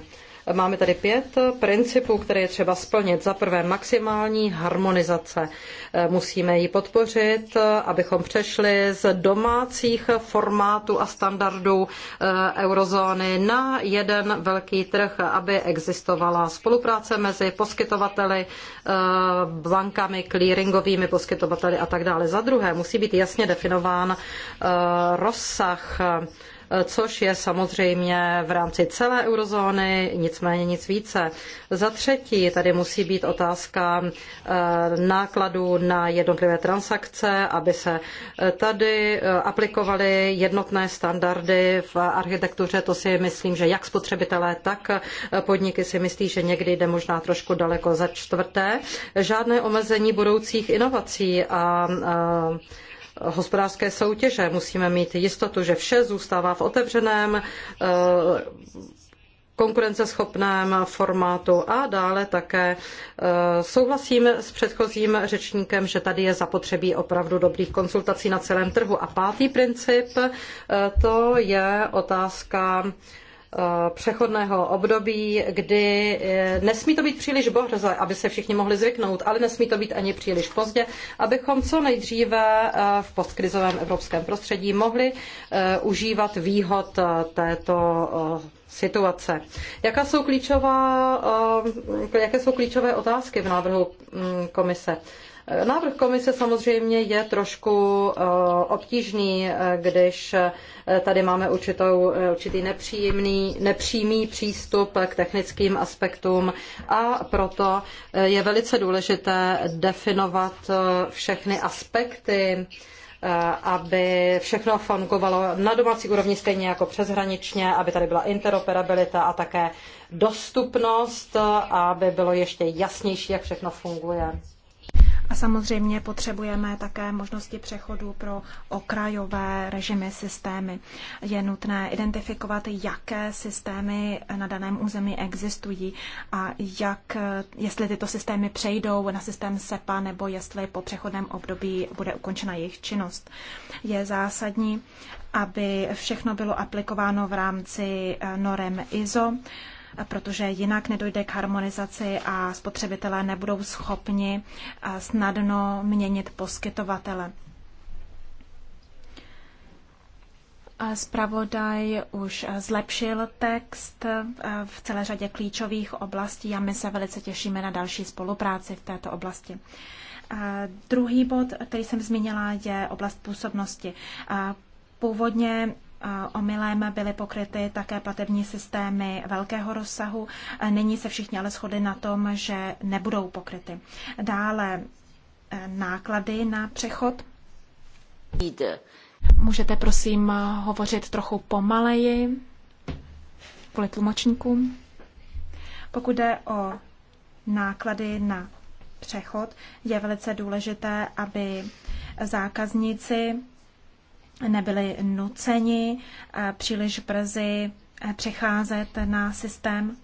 Máme tady pět principů, které je třeba splnit. Za prvé maximální harmonizace. Eh, musíme ji podpořit, eh, abychom přešli z domácích formátů a standardů eh, eurozóny na jeden velký trh, aby existovala spolupráce mezi poskytovateli, bankami, clearingovými poskytovateli a tak dále. Za druhé musí být jasně definován rozsah což je samozřejmě v rámci celé eurozóny, nicméně nic více. Za třetí tady musí být otázka eh, nákladů na jednotlivé transakce, aby se eh, tady eh, aplikovaly jednotné standardy v architektuře. To si myslím, že jak spotřebitelé, tak podniky si myslí, že někdy jde možná trošku daleko. Za čtvrté, žádné omezení budoucích inovací a, a hospodářské soutěže. Musíme mít jistotu, že vše zůstává v otevřeném eh, konkurenceschopném formátu a dále také eh, souhlasím s předchozím řečníkem, že tady je zapotřebí opravdu dobrých konsultací na celém trhu. A pátý princip, eh, to je otázka Eh, přechodného období, kdy eh, nesmí to být příliš bohrze, aby se všichni mohli zvyknout, ale nesmí to být ani příliš pozdě, abychom co nejdříve eh, v postkrizovém evropském prostředí mohli užívat výhod této situace. Jaká jsou klíčová, jaké jsou klíčové otázky v návrhu mm, komise? Návrh komise samozřejmě je trošku eh, obtížný, eh, když eh, tady máme určitou, určitý nepříjemný, nepřímý přístup k technickým aspektům a proto je velice důležité definovat všechny aspekty aby všechno fungovalo na domácí úrovni stejně jako přeshraničně, aby tady byla interoperabilita a také dostupnost, aby bylo ještě jasnější, jak všechno funguje. A samozřejmě potřebujeme také možnosti přechodu pro okrajové režimy systémy. Je nutné identifikovat, jaké systémy na daném území existují a jak, jestli tyto systémy přejdou na systém SEPA nebo jestli po přechodném období bude ukončena jejich činnost. Je zásadní, aby všechno bylo aplikováno v rámci eh, norem ISO protože jinak nedojde k harmonizaci a spotřebitelé nebudou schopni snadno měnit poskytovatele. Spravodaj už zlepšil text e, v celé řadě klíčových oblastí a my se velice těšíme na další spolupráci v této oblasti. Druhý bod, který jsem zmínila, je oblast působnosti. Původně omylem byly pokryty také platební systémy velkého rozsahu. Nyní se všichni ale shodli na tom, že nebudou pokryty. Dále e, náklady na přechod. Můžete prosím hovořit trochu pomaleji kvůli tlumočníkům. Pokud jde o náklady na přechod, je velice důležité, aby zákazníci nebyli nuceni eh, příliš brzy eh, přecházet na systém.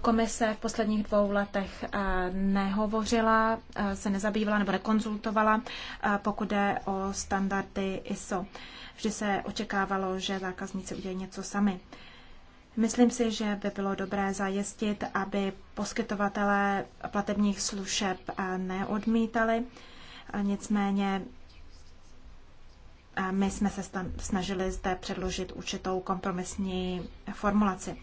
Komise v posledních dvou letech eh, nehovořila, se nezabývala nebo nekonzultovala, pokud jde o standardy ISO. Vždy se očekávalo, že zákazníci udělají něco sami. Myslím si, že by bylo dobré zajistit, aby poskytovatelé platebních služeb eh, neodmítali. Nicméně eh, my jsme se snažili zde předložit určitou kompromisní formulaci.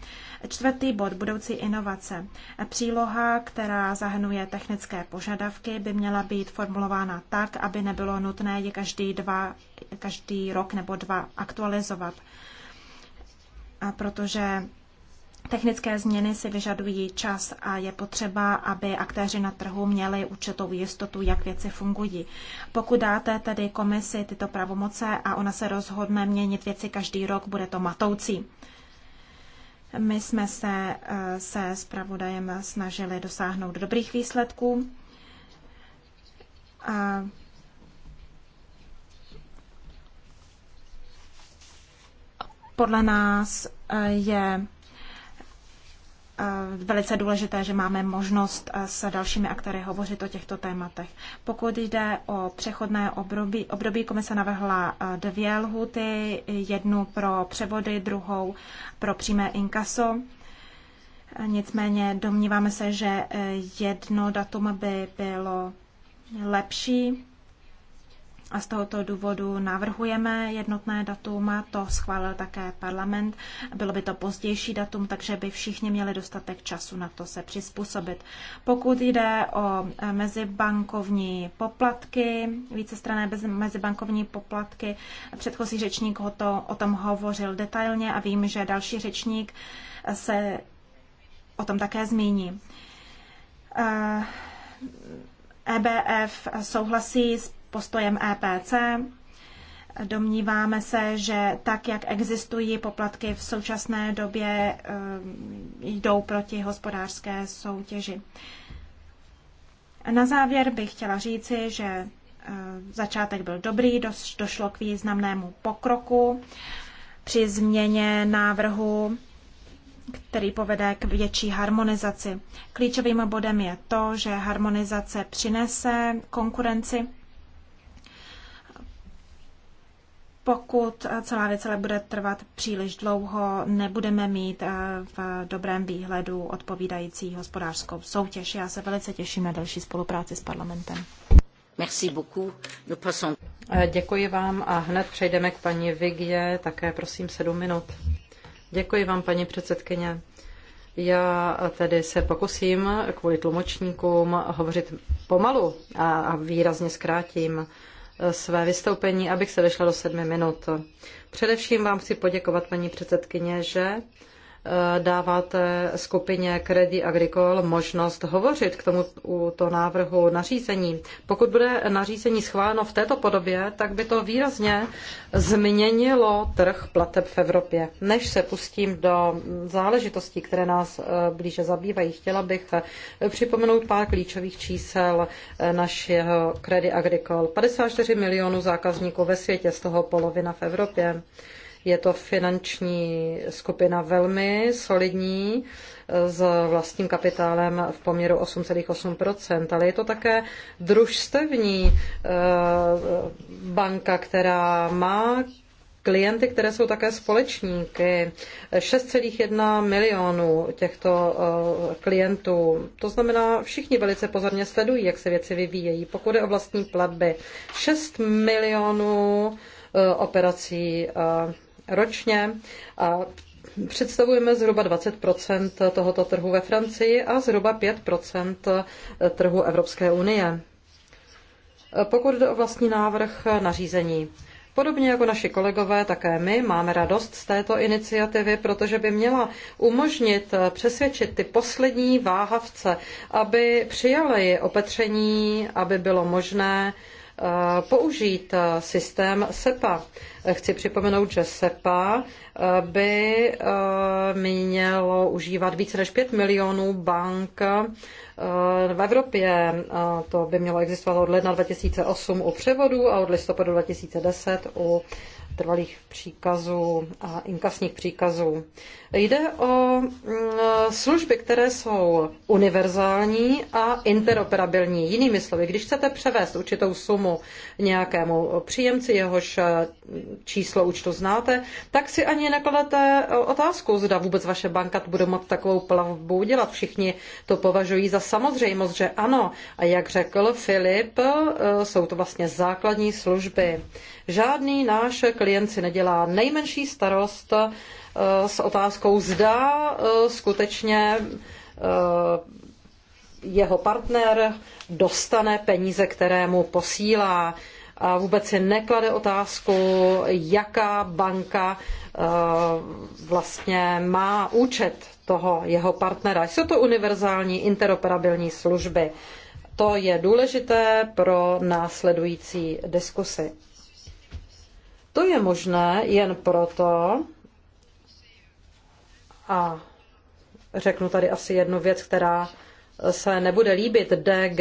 Čtvrtý bod, budoucí inovace. Příloha, která zahrnuje technické požadavky, by měla být formulována tak, aby nebylo nutné je každý, dva, každý rok nebo dva aktualizovat protože Technické změny si vyžadují čas a je potřeba, aby aktéři na trhu měli určitou jistotu, jak věci fungují. Pokud dáte tedy komisi tyto pravomoce a ona se rozhodne měnit věci každý rok, bude to matoucí. My jsme se eh, se zpravodajem snažili dosáhnout dobrých výsledků. A Podle nás eh, je eh, velice důležité, že máme možnost eh, s dalšími aktéry hovořit o těchto tématech. Pokud jde o přechodné období, období komise navrhla dvě lhuty, jednu pro převody, druhou pro přímé inkaso. Nicméně domníváme se, že jedno datum by bylo lepší a z tohoto důvodu navrhujeme jednotné datum, to schválil také parlament. Bylo by to pozdější datum, takže by všichni měli dostatek času na to se přizpůsobit. Pokud jde o eh, mezibankovní poplatky, vícestrané mezibankovní poplatky, předchozí řečník ho to, o tom hovořil detailně a vím, že další řečník eh, se o tom také zmíní. EBF eh, e souhlasí s postojem EPC. Domníváme se, že tak, jak existují poplatky v současné době, eh, jdou proti hospodářské soutěži. Na závěr bych chtěla říci, že eh, začátek byl dobrý, došlo k významnému pokroku při změně návrhu, který povede k větší harmonizaci. Klíčovým bodem je to, že harmonizace přinese konkurenci pokud eh, celá věc ale bude trvat příliš dlouho, nebudeme mít eh, v dobrém výhledu odpovídající hospodářskou soutěž. Já se velice těším na další spolupráci s parlamentem. Merci beaucoup. Eh, děkuji vám a hned přejdeme k paní Vigie, také prosím sedm minut. Děkuji vám, paní předsedkyně. Já tedy se pokusím kvůli tlumočníkům hovořit pomalu a výrazně zkrátím své vystoupení, abych se vešla do sedmi minut. Především vám chci poděkovat, paní předsedkyně, že Eh, dáváte skupině Credit Agricole možnost hovořit k tomuto návrhu nařízení. Pokud bude nařízení schváleno v této podobě, tak by to výrazně změnilo trh plateb v Evropě. Než se pustím do záležitostí, které nás eh, blíže zabývají, chtěla bych eh, připomenout pár klíčových čísel našeho Credit Agricole. 54 milionů zákazníků ve světě, z toho polovina v Evropě. Je to finanční skupina velmi solidní s vlastním kapitálem v poměru 8,8%, ale je to také družstevní eh, banka, která má klienty, které jsou také společníky. 6,1 milionů těchto eh, klientů. To znamená, všichni velice pozorně sledují, jak se věci vyvíjejí. Pokud je o vlastní platby, 6 milionů eh, operací ročně a představujeme zhruba 20 tohoto trhu ve Francii a zhruba 5 trhu Evropské unie. Pokud jde o vlastní návrh nařízení, Podobně jako naši kolegové, také my máme radost z této iniciativy, protože by měla umožnit přesvědčit ty poslední váhavce, aby přijali opatření, aby bylo možné uh, Eh, použít eh, systém SEPA. Eh, chci připomenout, že SEPA by mělo užívat více než 5 milionů bank v Evropě. To by mělo existovat od ledna 2008 u převodu a od listopadu 2010 u trvalých příkazů a inkasních příkazů. Jde o mm, služby, které jsou univerzální a interoperabilní. Jinými slovy, když chcete převést určitou sumu nějakému příjemci, jehož eh, číslo účtu znáte, tak si ani nekladete otázku, zda vůbec vaše banka bude moct takovou plavbu udělat. Všichni to považují za samozřejmost, že ano. A jak řekl Filip, eh, jsou to vlastně základní služby. Žádný náš klient si nedělá nejmenší starost eh, s otázkou, zda eh, skutečně eh, jeho partner dostane peníze, které mu posílá. A vůbec si neklade otázku, jaká banka vlastně má účet toho jeho partnera. Jsou to univerzální interoperabilní služby. To je důležité pro následující diskusy. To je možné jen proto, a řeknu tady asi jednu věc, která se nebude líbit DG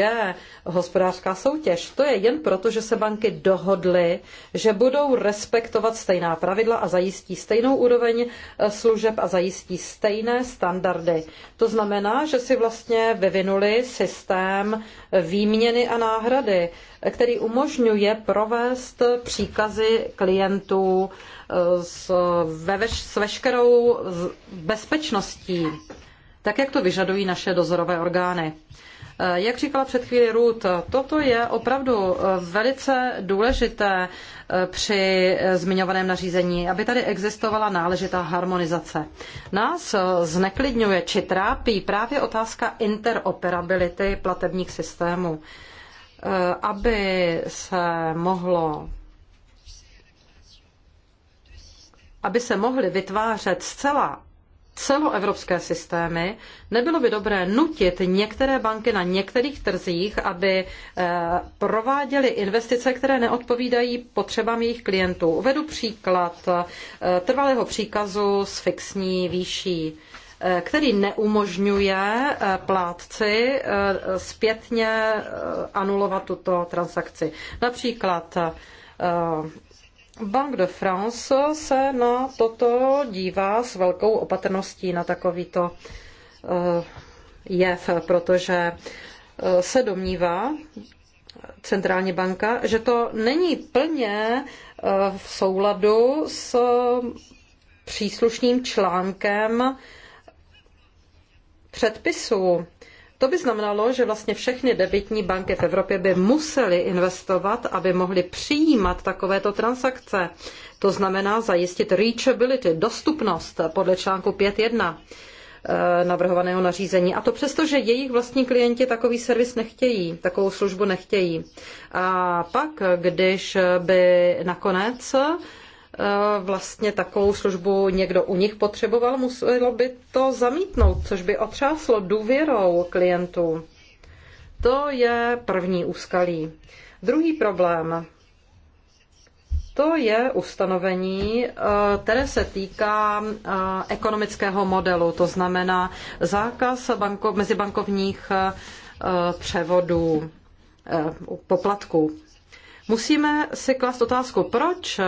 hospodářská soutěž, to je jen proto, že se banky dohodly, že budou respektovat stejná pravidla a zajistí stejnou úroveň eh, služeb a zajistí stejné standardy. To znamená, že si vlastně vyvinuli systém výměny a náhrady, který umožňuje provést příkazy klientů eh, s, ve, s veškerou bezpečností tak jak to vyžadují naše dozorové orgány. Eh, jak říkala před chvíli Ruth, toto je opravdu eh, velice důležité eh, při zmiňovaném nařízení, aby tady existovala náležitá harmonizace. Nás zneklidňuje či trápí právě otázka interoperability platebních systémů. Aby se mohlo aby se mohly vytvářet zcela celoevropské systémy, nebylo by dobré nutit některé banky na některých trzích, aby eh, prováděly investice, které neodpovídají potřebám jejich klientů. Uvedu příklad eh, trvalého příkazu s fixní výší eh, který neumožňuje plátci zpětně anulovat tuto transakci. Například Bank de France se na toto dívá s velkou opatrností na takovýto eh, jev, protože eh, se domnívá centrální banka, že to není plně eh, v souladu s příslušným článkem předpisu to by znamenalo, že vlastně všechny debitní banky v Evropě by musely investovat, aby mohly přijímat takovéto transakce. To znamená zajistit reachability, dostupnost podle článku 5.1 eh, navrhovaného nařízení. A to přesto, že jejich vlastní klienti takový servis nechtějí, takovou službu nechtějí. A pak, když by nakonec Eh, vlastně takovou službu někdo u nich potřeboval, muselo by to zamítnout, což by otřáslo důvěrou klientů. To je první úskalí. Druhý problém. To je ustanovení, eh, které se týká eh, ekonomického modelu, to znamená zákaz banko, mezibankovních převodů poplatků. Musíme si klást otázku, proč eh,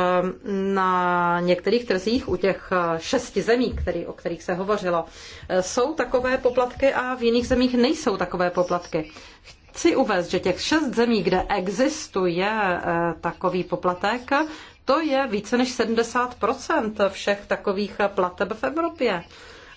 na některých trzích u těch eh, šesti zemí, který, o kterých se hovořilo, eh, jsou takové poplatky a v jiných zemích nejsou takové poplatky. Chci uvést, že těch šest zemí, kde existuje takový poplatek, to je více než 70 všech takových plateb v Evropě.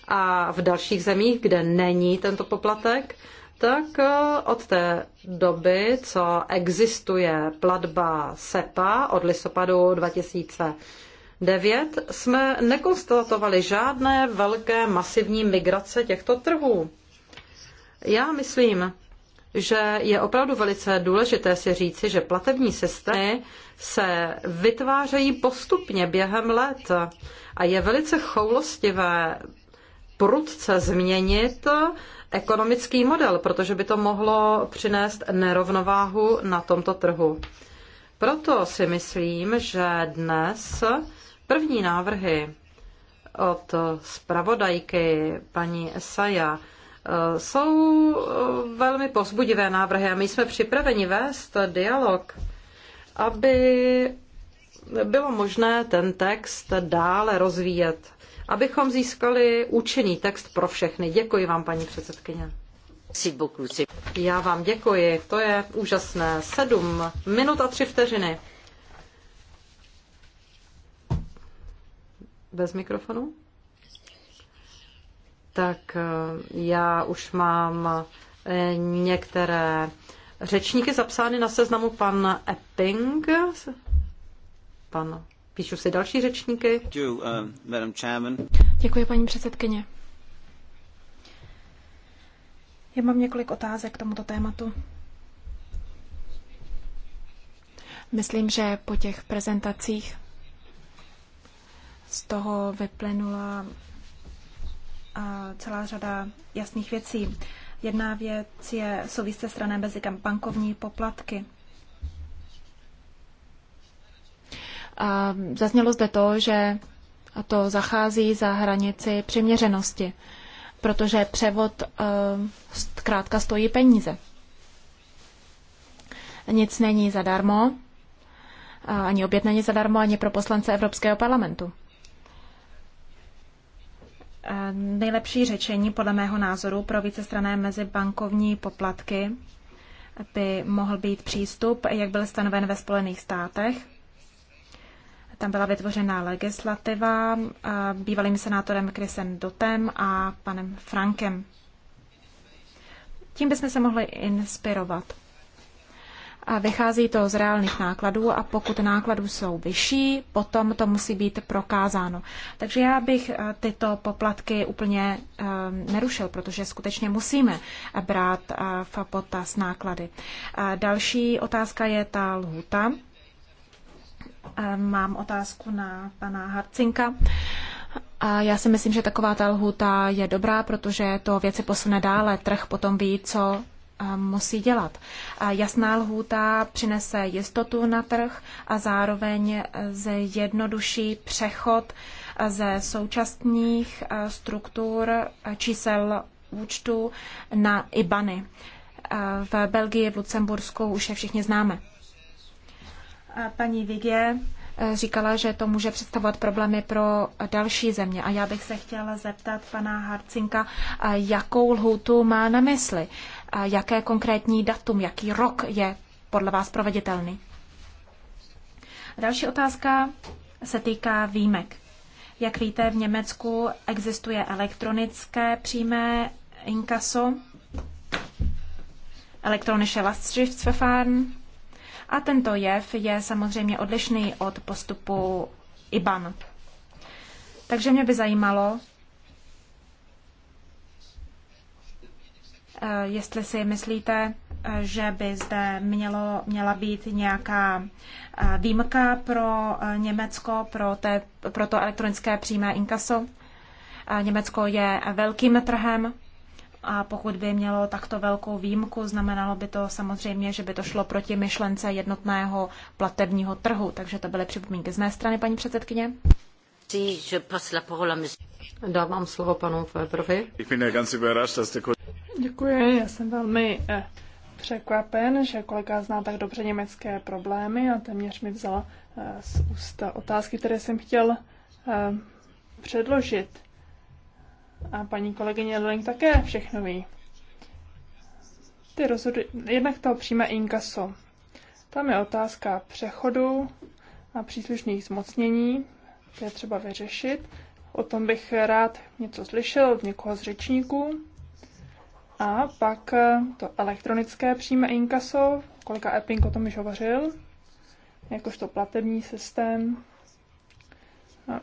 A v dalších zemích, kde není tento poplatek, tak eh, od té doby, co existuje platba SEPA od listopadu 2009, jsme nekonstatovali žádné velké masivní migrace těchto trhů. Já myslím, že je opravdu velice důležité si říci, že platební systémy se vytvářejí postupně během let a je velice choulostivé prudce změnit ekonomický model, protože by to mohlo přinést nerovnováhu na tomto trhu. Proto si myslím, že dnes první návrhy od zpravodajky paní Esaja eh, jsou eh, velmi pozbudivé návrhy a my jsme připraveni vést dialog, aby bylo možné ten text dále rozvíjet abychom získali účinný text pro všechny. Děkuji vám, paní předsedkyně. Já vám děkuji, to je úžasné. Sedm minut a tři vteřiny. Bez mikrofonu? Tak eh, já už mám eh, některé řečníky zapsány na seznamu pan Epping, pan Píšu si další řečníky. Uh, Děkuji, paní předsedkyně. Já mám několik otázek k tomuto tématu. Myslím, že po těch prezentacích z toho vyplynula celá řada jasných věcí. Jedna věc je souvisí s stranem mezi bankovní poplatky. Zaznělo zde to, že to zachází za hranici přiměřenosti, protože převod zkrátka eh, stojí peníze. Nic není zadarmo, ani oběd není zadarmo, ani pro poslance Evropského parlamentu. Nejlepší řečení podle mého názoru pro vícestrané mezibankovní poplatky by mohl být přístup, jak byl stanoven ve Spojených státech, tam byla vytvořena legislativa bývalým senátorem Krisem Dotem a panem Frankem. Tím bychom se mohli inspirovat. A vychází to z reálných nákladů a pokud nákladů jsou vyšší, potom to musí být prokázáno. Takže já bych eh, tyto poplatky úplně eh, nerušil, protože skutečně musíme brát eh, v potaz náklady. A další otázka je ta lhuta. Mám otázku na pana Harcinka. A já si myslím, že taková ta lhuta je dobrá, protože to věci posune dále. Trh potom ví, co musí dělat. A jasná lhůta přinese jistotu na trh a zároveň jednodušší přechod ze současných struktur čísel účtu na IBANy. V Belgii, v Lucembursku už je všichni známe. Paní Vigě eh, říkala, že to může představovat problémy pro další země. A já bych se chtěla zeptat pana Harcinka, eh, jakou lhůtu má na mysli, jaké konkrétní datum, jaký rok je podle vás proveditelný. Další otázka se týká výjimek. Jak víte, v Německu existuje elektronické přímé inkaso, elektronische Lastschriftsverfahren, a tento jev je samozřejmě odlišný od postupu IBAN. Takže mě by zajímalo, eh, jestli si myslíte, eh, že by zde mělo, měla být nějaká eh, výjimka pro Německo, pro, té, pro to elektronické přímé inkaso. Německo je velkým trhem a pokud by mělo takto velkou výjimku, znamenalo by to samozřejmě, že by to šlo proti myšlence jednotného platebního trhu. Takže to byly připomínky z mé strany, paní předsedkyně. Dávám slovo panu Weberovi. Děkuji, já jsem velmi eh, překvapen, že kolega zná tak dobře německé problémy a téměř mi vzala eh, z ústa otázky, které jsem chtěl eh, předložit. A paní kolegyně Luling také všechno ví. Ty rozhody, jednak to přijme inkaso. Tam je otázka přechodu a příslušných zmocnění, to je třeba vyřešit. O tom bych rád něco slyšel od někoho z řečníků. A pak eh, to elektronické přímé inkaso, kolika Epping o tom již hovořil, jakožto platební systém, eh,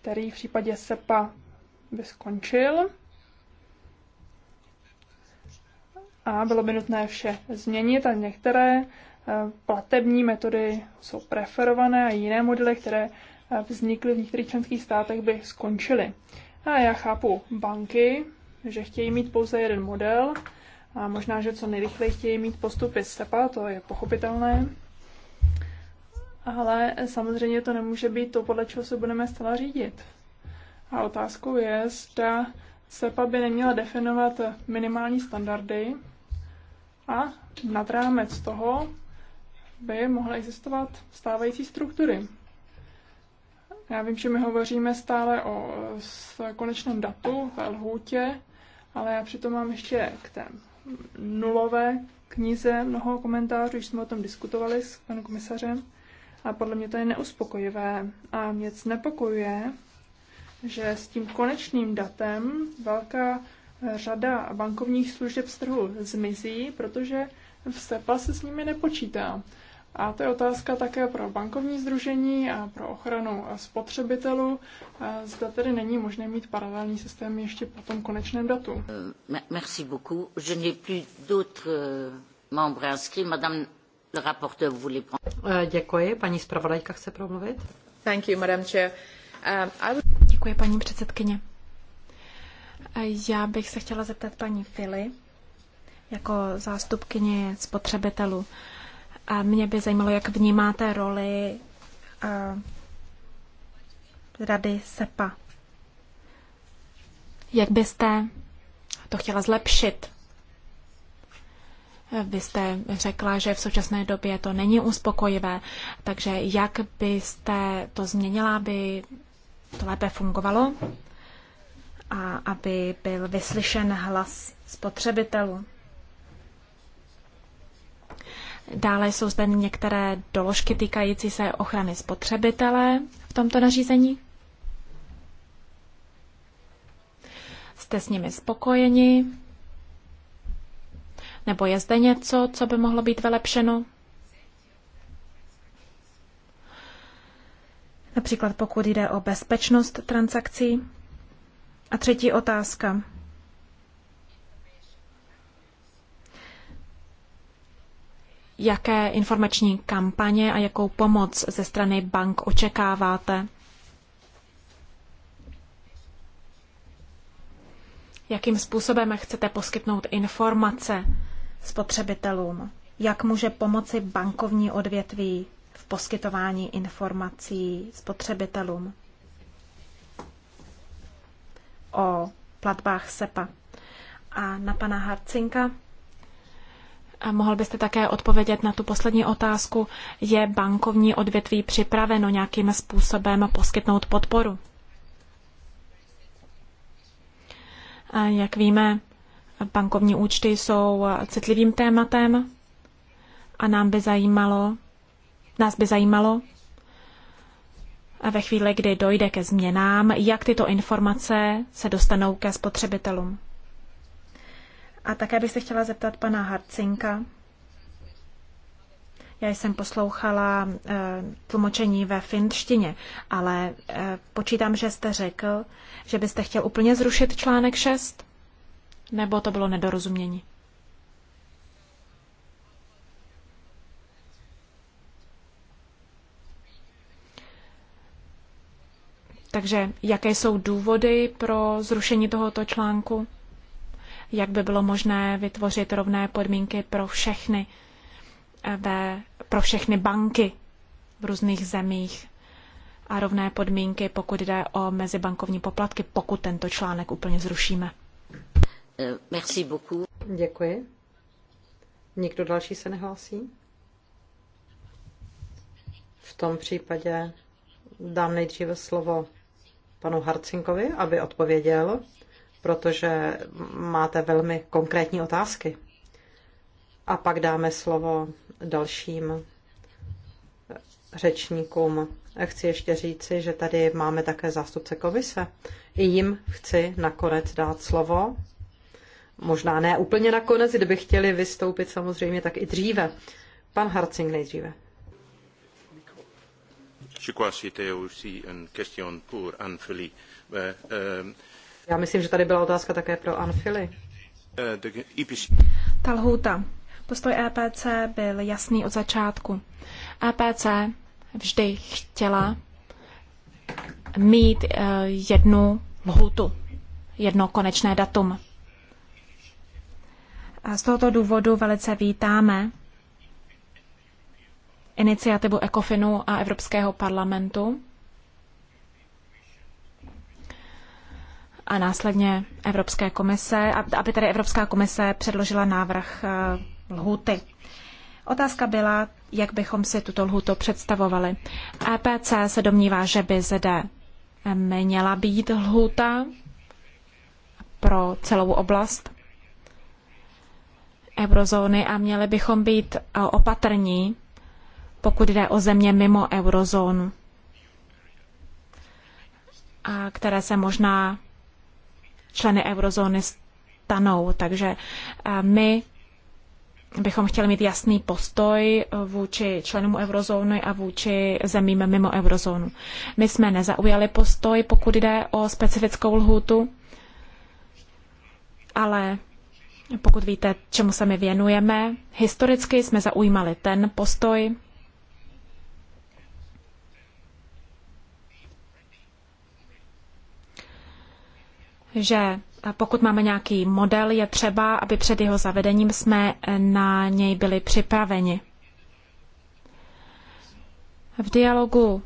který v případě SEPA by skončil a bylo by nutné vše změnit a některé eh, platební metody jsou preferované a jiné modely, které eh, vznikly v některých členských státech, by skončily. A já chápu banky, že chtějí mít pouze jeden model a možná, že co nejrychleji chtějí mít postupy SEPA, to je pochopitelné. Ale samozřejmě to nemůže být to, podle čeho se budeme stále řídit. A otázkou je, zda SEPA by neměla definovat minimální standardy a nad rámec toho by mohly existovat stávající struktury. Já vím, že my hovoříme stále o konečném datu, té lhůtě, ale já přitom mám ještě k té nulové knize mnoho komentářů, když jsme o tom diskutovali s panem komisařem. A podle mě to je neuspokojivé a mě znepokojuje, že s tím konečným datem velká řada bankovních služeb z trhu zmizí, protože v SEPA se s nimi nepočítá. A to je otázka také pro bankovní združení a pro ochranu spotřebitelů. Zda tedy není možné mít paralelní systém ještě po tom konečném datu. Euh, merci beaucoup. Je n'ai plus d'autres euh, membres inscrits. Madame le rapporteur, vous voulez prendre... Euh, děkuji. Paní zpravodajka chce promluvit. Thank you, Madame Chair. Um, I would... Děkuji, paní předsedkyně. Já bych se chtěla zeptat paní Fily jako zástupkyně spotřebitelů. A mě by zajímalo, jak vnímáte roli a, rady SEPA. Jak byste to chtěla zlepšit? Vy jste řekla, že v současné době to není uspokojivé, takže jak byste to změnila, aby to lépe fungovalo a aby byl vyslyšen hlas spotřebitelů. Dále jsou zde některé doložky týkající se ochrany spotřebitele v tomto nařízení. Jste s nimi spokojeni? Nebo je zde něco, co by mohlo být vylepšeno? například pokud jde o bezpečnost transakcí. A třetí otázka. Jaké informační kampaně a jakou pomoc ze strany bank očekáváte? Jakým způsobem chcete poskytnout informace spotřebitelům? Jak může pomoci bankovní odvětví poskytování informací spotřebitelům o platbách SEPA. A na pana Harcinka a mohl byste také odpovědět na tu poslední otázku. Je bankovní odvětví připraveno nějakým způsobem poskytnout podporu? A jak víme, bankovní účty jsou citlivým tématem a nám by zajímalo, Nás by zajímalo, eh, ve chvíli, kdy dojde ke změnám, jak tyto informace se dostanou ke spotřebitelům. A také bych se chtěla zeptat pana Harcinka. Já jsem poslouchala e, tlumočení ve finštině, ale e, počítám, že jste řekl, že byste chtěl úplně zrušit článek 6? Nebo to bylo nedorozumění? Takže jaké jsou důvody pro zrušení tohoto článku? Jak by bylo možné vytvořit rovné podmínky pro všechny, eh, ve, pro všechny banky v různých zemích a rovné podmínky, pokud jde o mezibankovní poplatky, pokud tento článek úplně zrušíme? Eh, merci beaucoup. Děkuji. Nikdo další se nehlásí? V tom případě dám nejdříve slovo panu Harcinkovi, aby odpověděl, protože máte velmi konkrétní otázky. A pak dáme slovo dalším řečníkům. Chci ještě říci, že tady máme také zástupce komise. I jim chci nakonec dát slovo. Možná ne úplně nakonec, kdyby chtěli vystoupit samozřejmě, tak i dříve. Pan Harcing nejdříve. Je aussi une question pour Anne Philly. Euh, euh, Já myslím, že tady byla otázka také pro Anne euh, Ta lhůta. Postoj EPC byl jasný od začátku. EPC vždy chtěla mít eh, jednu lhůtu, jedno konečné datum. A z tohoto důvodu velice vítáme iniciativu ECOFINu a Evropského parlamentu a následně Evropské komise, aby tedy Evropská komise předložila návrh eh, lhuty. Otázka byla, jak bychom si tuto lhutu představovali. EPC se domnívá, že by zde měla být lhuta pro celou oblast eurozóny a měli bychom být opatrní pokud jde o země mimo eurozónu, a které se možná členy eurozóny stanou. Takže eh, my bychom chtěli mít jasný postoj vůči členům eurozóny a vůči zemím mimo eurozónu. My jsme nezaujali postoj, pokud jde o specifickou lhůtu, ale pokud víte, čemu se my věnujeme, historicky jsme zaujímali ten postoj, že pokud máme nějaký model, je třeba, aby před jeho zavedením jsme na něj byli připraveni. V dialogu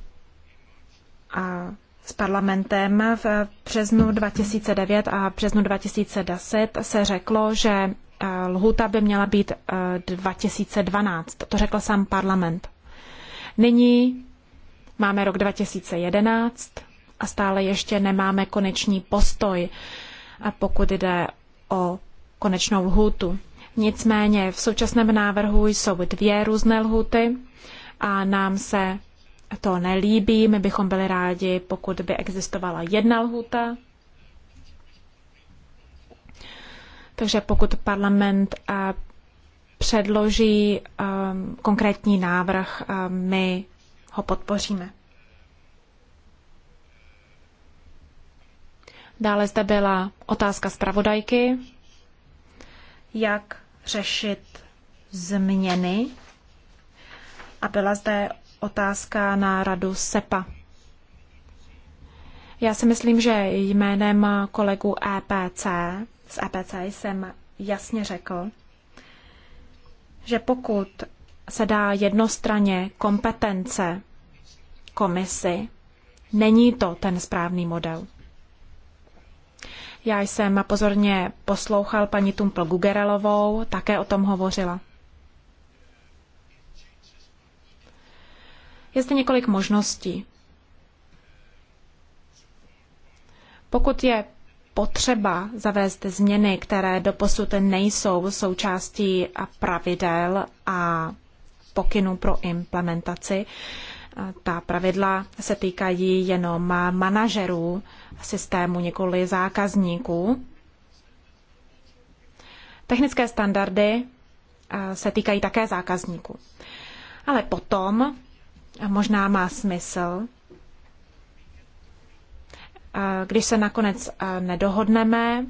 s parlamentem v březnu 2009 a březnu 2010 se řeklo, že eh, lhuta by měla být 2012. Eh, to řekl sám parlament. Nyní máme rok 2011 a stále ještě nemáme konečný postoj, a pokud jde o konečnou lhůtu. Nicméně v současném návrhu jsou dvě různé lhuty a nám se to nelíbí. My bychom byli rádi, pokud by existovala jedna lhuta. Takže pokud parlament eh, předloží eh, konkrétní návrh, eh, my ho podpoříme. Dále zde byla otázka zpravodajky, jak řešit změny. A byla zde otázka na radu SEPA. Já si myslím, že jménem kolegu EPC, z EPC jsem jasně řekl, že pokud se dá jednostranně kompetence komisi, není to ten správný model. Já jsem pozorně poslouchal paní Tumpl Gugerelovou, také o tom hovořila. Je zde několik možností. Pokud je potřeba zavést změny, které doposud nejsou součástí pravidel a pokynů pro implementaci, ta pravidla se týkají jenom manažerů systému, nikoli zákazníků. Technické standardy se týkají také zákazníků. Ale potom možná má smysl, když se nakonec nedohodneme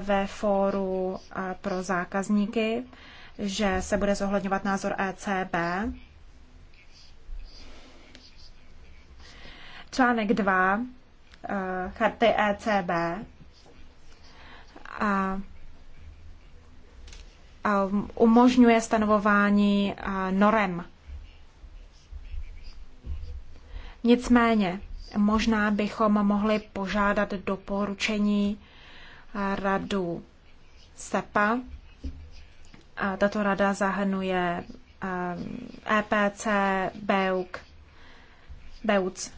ve fóru pro zákazníky, že se bude zohledňovat názor ECB, článek 2 eh, charty ECB a umožňuje stanovování eh, norem. Nicméně, možná bychom mohli požádat doporučení eh, radu SEPA. Tato rada zahrnuje EPC, e BEUC, BEUC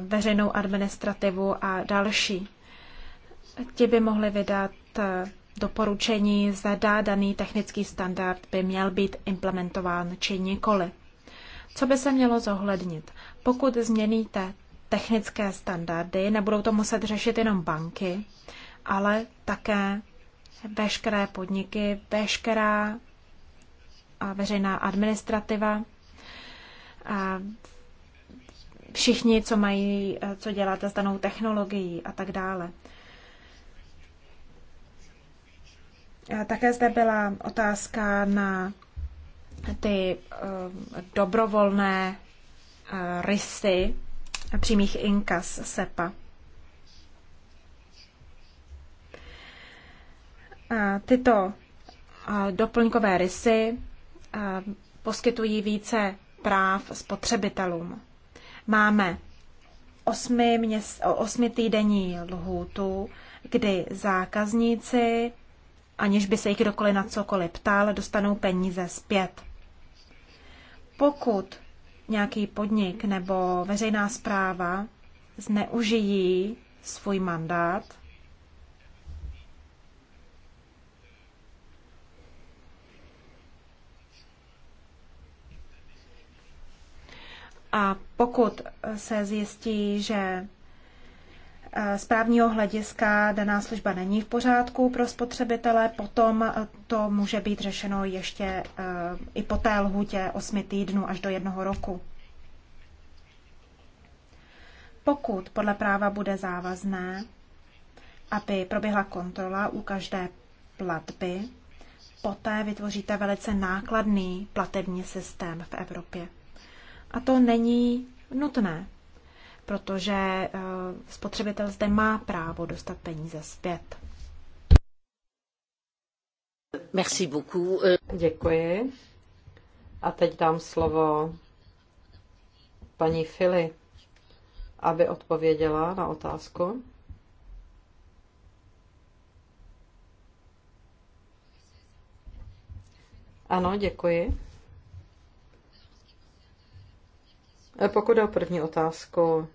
veřejnou administrativu a další. Ti by mohli vydat doporučení, zda daný technický standard by měl být implementován či nikoli. Co by se mělo zohlednit? Pokud změníte technické standardy, nebudou to muset řešit jenom banky, ale také veškeré podniky, veškerá veřejná administrativa, všichni, co mají eh, co dělat s danou technologií a tak dále. Eh, také zde byla otázka na ty eh, dobrovolné rysy přímých inkas SEPA. Tyto doplňkové rysy poskytují více práv spotřebitelům. Máme osmi, měs, osmi týdenní lhůtu, kdy zákazníci, aniž by se jich kdokoliv na cokoliv ptal, dostanou peníze zpět. Pokud nějaký podnik nebo veřejná zpráva zneužijí svůj mandát, A pokud se zjistí, že eh, z právního hlediska daná služba není v pořádku pro spotřebitele, potom eh, to může být řešeno ještě eh, i po té lhutě 8 týdnů až do jednoho roku. Pokud podle práva bude závazné, aby proběhla kontrola u každé platby, poté vytvoříte velice nákladný platební systém v Evropě. A to není nutné, protože eh, spotřebitel zde má právo dostat peníze zpět. Merci beaucoup. Děkuji. A teď dám slovo paní Fili, aby odpověděla na otázku. Ano, děkuji. Pokud je o první otázku,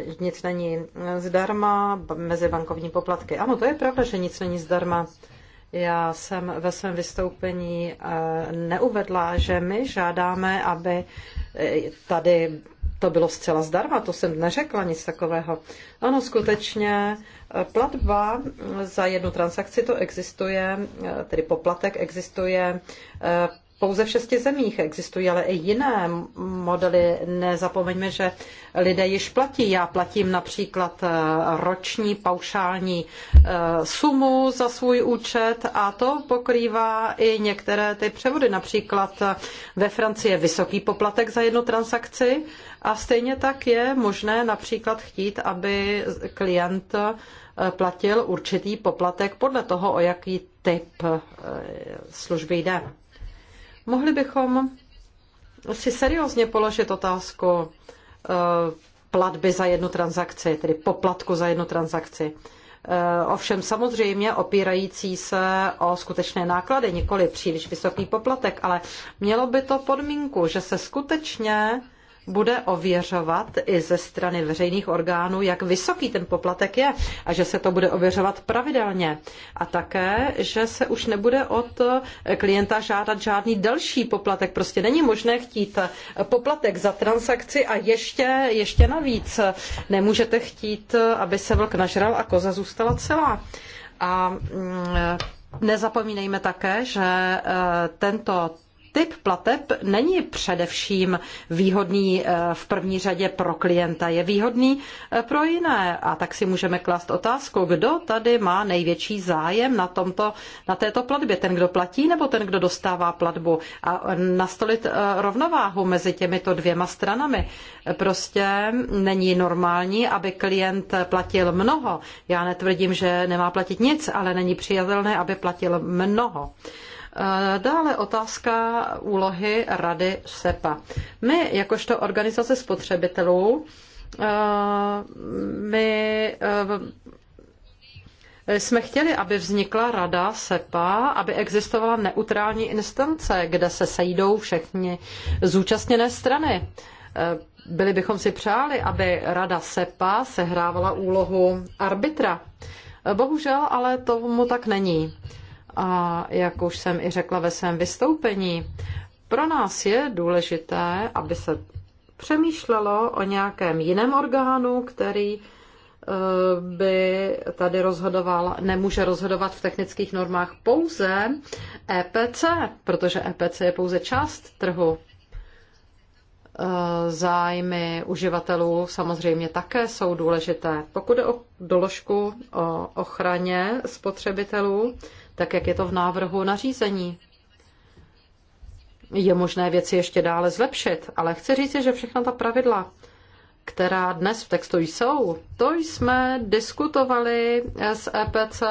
eh, nic není zdarma, mezi bankovní poplatky. Ano, to je pravda, že nic není zdarma. Já jsem ve svém vystoupení eh, neuvedla, že my žádáme, aby eh, tady to bylo zcela zdarma, to jsem neřekla nic takového. Ano, skutečně platba za jednu transakci to existuje, tedy poplatek existuje pouze v šesti zemích. Existují ale i jiné modely. Nezapomeňme, že lidé již platí. Já platím například eh, roční paušální eh, sumu za svůj účet a to pokrývá i některé ty převody. Například eh, ve Francii je vysoký poplatek za jednu transakci a stejně tak je možné například chtít, aby klient platil určitý poplatek podle toho, o jaký typ služby jde. Mohli bychom si seriózně položit otázku eh, platby za jednu transakci, tedy poplatku za jednu transakci. Eh, ovšem samozřejmě opírající se o skutečné náklady, nikoli příliš vysoký poplatek, ale mělo by to podmínku, že se skutečně bude ověřovat i ze strany veřejných orgánů, jak vysoký ten poplatek je a že se to bude ověřovat pravidelně. A také, že se už nebude od klienta žádat žádný další poplatek. Prostě není možné chtít poplatek za transakci a ještě, ještě navíc. Nemůžete chtít, aby se vlk nažral a koza zůstala celá. A mm, Nezapomínejme také, že e, tento typ plateb není především výhodný eh, v první řadě pro klienta, je výhodný eh, pro jiné. A tak si můžeme klást otázku, kdo tady má největší zájem na, tomto, na této platbě. Ten, kdo platí nebo ten, kdo dostává platbu. A nastolit eh, rovnováhu mezi těmito dvěma stranami. Prostě není normální, aby klient platil mnoho. Já netvrdím, že nemá platit nic, ale není přijatelné, aby platil mnoho. Eh, dále otázka úlohy Rady SEPA. My, jakožto organizace spotřebitelů, eh, my eh, jsme chtěli, aby vznikla rada SEPA, aby existovala neutrální instance, kde se sejdou všechny zúčastněné strany. Byli bychom si přáli, aby rada SEPA sehrávala úlohu arbitra. Bohužel ale tomu tak není. A jak už jsem i řekla ve svém vystoupení, pro nás je důležité, aby se přemýšlelo o nějakém jiném orgánu, který eh, by tady rozhodoval, nemůže rozhodovat v technických normách pouze EPC, protože EPC je pouze část trhu. Eh, zájmy uživatelů samozřejmě také jsou důležité. Pokud je o doložku o ochraně spotřebitelů, tak jak je to v návrhu nařízení. Je možné věci ještě dále zlepšit, ale chci říct, že všechna ta pravidla, která dnes v textu jsou, to jsme diskutovali s EPC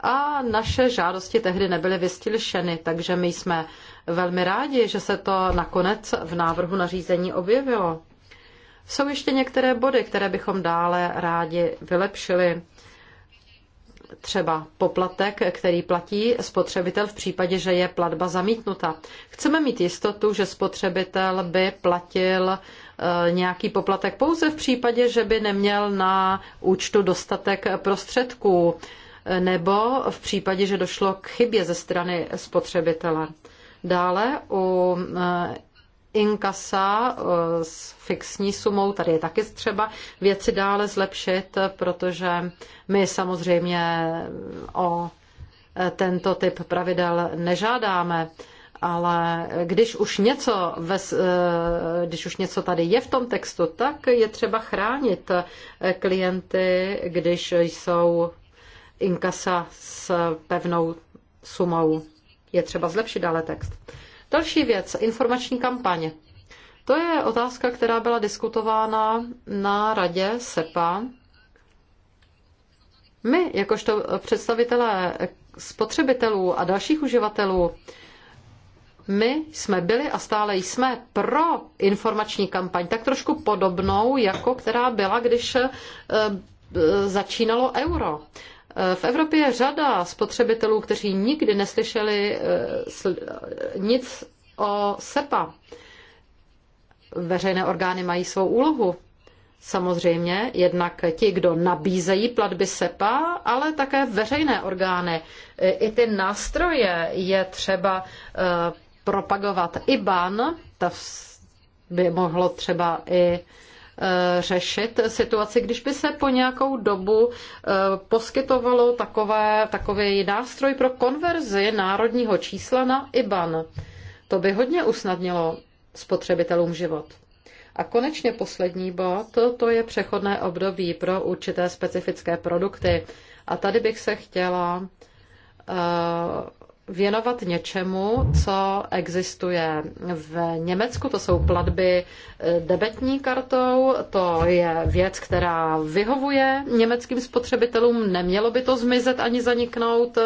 a naše žádosti tehdy nebyly vystilšeny, takže my jsme velmi rádi, že se to nakonec v návrhu nařízení objevilo. Jsou ještě některé body, které bychom dále rádi vylepšili třeba poplatek, který platí spotřebitel v případě, že je platba zamítnuta. Chceme mít jistotu, že spotřebitel by platil eh, nějaký poplatek pouze v případě, že by neměl na účtu dostatek prostředků eh, nebo v případě, že došlo k chybě ze strany spotřebitele. Dále u eh, inkasa eh, s fixní sumou, tady je taky třeba věci dále zlepšit, protože my samozřejmě eh, o eh, tento typ pravidel nežádáme, ale když už něco, ve, když už něco tady je v tom textu, tak je třeba chránit klienty, když jsou inkasa s pevnou sumou. Je třeba zlepšit dále text. Další věc, informační kampaň. To je otázka, která byla diskutována na radě SEPA. My, jakožto představitelé spotřebitelů a dalších uživatelů, my jsme byli a stále jsme pro informační kampaň, tak trošku podobnou, jako která byla, když eh, eh, začínalo euro. V Evropě je řada spotřebitelů, kteří nikdy neslyšeli eh, nic o SEPA. Veřejné orgány mají svou úlohu. Samozřejmě jednak ti, kdo nabízejí platby SEPA, ale také veřejné orgány. I ty nástroje je třeba eh, propagovat. IBAN, to by mohlo třeba i Eh, řešit situaci, když by se po nějakou dobu eh, poskytovalo takové, takový nástroj pro konverzi národního čísla na IBAN. To by hodně usnadnilo spotřebitelům život. A konečně poslední bod, to, to je přechodné období pro určité specifické produkty. A tady bych se chtěla uh, věnovat něčemu, co existuje v Německu, to jsou platby eh, debetní kartou, to je věc, která vyhovuje německým spotřebitelům, nemělo by to zmizet ani zaniknout.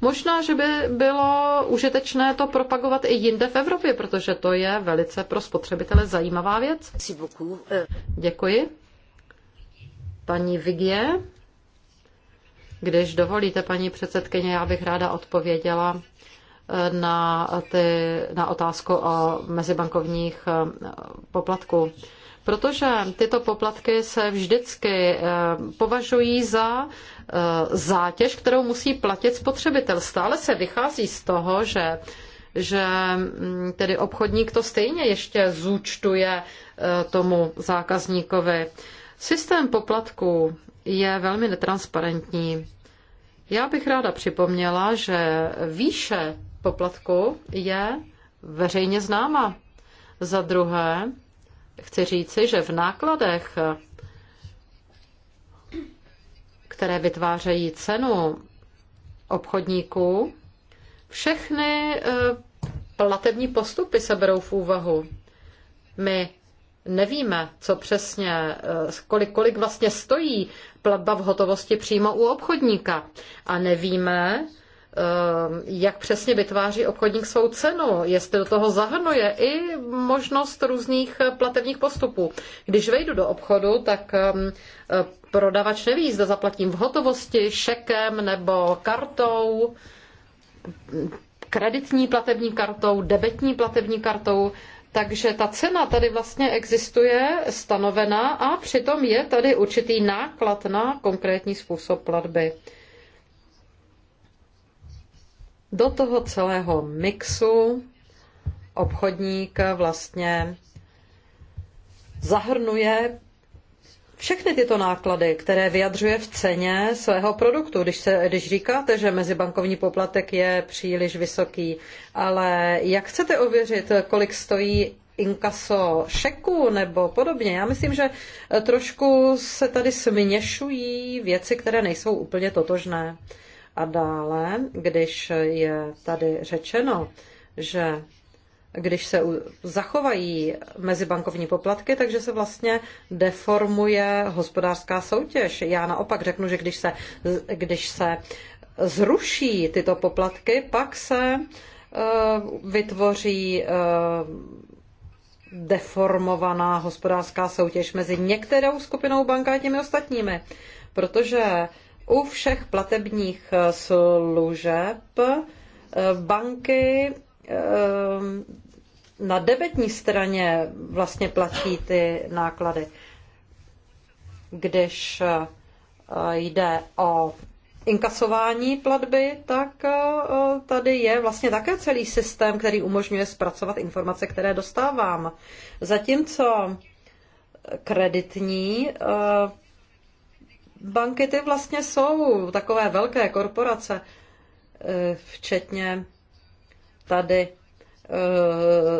Možná, že by bylo užitečné to propagovat i jinde v Evropě, protože to je velice pro spotřebitele zajímavá věc. Děkuji. Paní Vigie. Když dovolíte, paní předsedkyně, já bych ráda odpověděla eh, na, ty, na otázku o mezibankovních eh, poplatků. Protože tyto poplatky se vždycky eh, považují za zátěž, kterou musí platit spotřebitel. Stále se vychází z toho, že že mm, tedy obchodník to stejně ještě zúčtuje tomu zákazníkovi. Systém poplatků je velmi netransparentní. Já bych ráda připomněla, že výše poplatku je veřejně známa. Za druhé, chci říci, že v nákladech, které vytvářejí cenu obchodníků, všechny eh, platební postupy se berou v úvahu. My nevíme, co přesně, eh, kolik, kolik vlastně stojí platba v hotovosti přímo u obchodníka. A nevíme, ehm, jak přesně vytváří obchodník svou cenu, jestli do toho zahrnuje i možnost různých eh, platebních postupů. Když vejdu do obchodu, tak ehm, eh, prodavač neví, zda zaplatím v hotovosti, šekem nebo kartou, kreditní platební kartou, debetní platební kartou. Takže ta cena tady vlastně existuje stanovená a přitom je tady určitý náklad na konkrétní způsob platby. Do toho celého mixu obchodník vlastně zahrnuje všechny tyto náklady, které vyjadřuje v ceně svého produktu, když, se, když říkáte, že mezibankovní poplatek je příliš vysoký, ale jak chcete ověřit, kolik stojí inkaso šeku nebo podobně? Já myslím, že trošku se tady směšují věci, které nejsou úplně totožné. A dále, když je tady řečeno, že když se zachovají mezibankovní poplatky, takže se vlastně deformuje hospodářská soutěž. Já naopak řeknu, že když se, když se zruší tyto poplatky, pak se eh, vytvoří eh, deformovaná hospodářská soutěž mezi některou skupinou bank a těmi ostatními. Protože u všech platebních eh, služeb banky Ehm, na debetní straně vlastně platí ty náklady. Když eh, jde o inkasování platby, tak eh, tady je vlastně také celý systém, který umožňuje zpracovat informace, které dostávám. Zatímco kreditní eh, banky ty vlastně jsou takové velké korporace, včetně tady eh,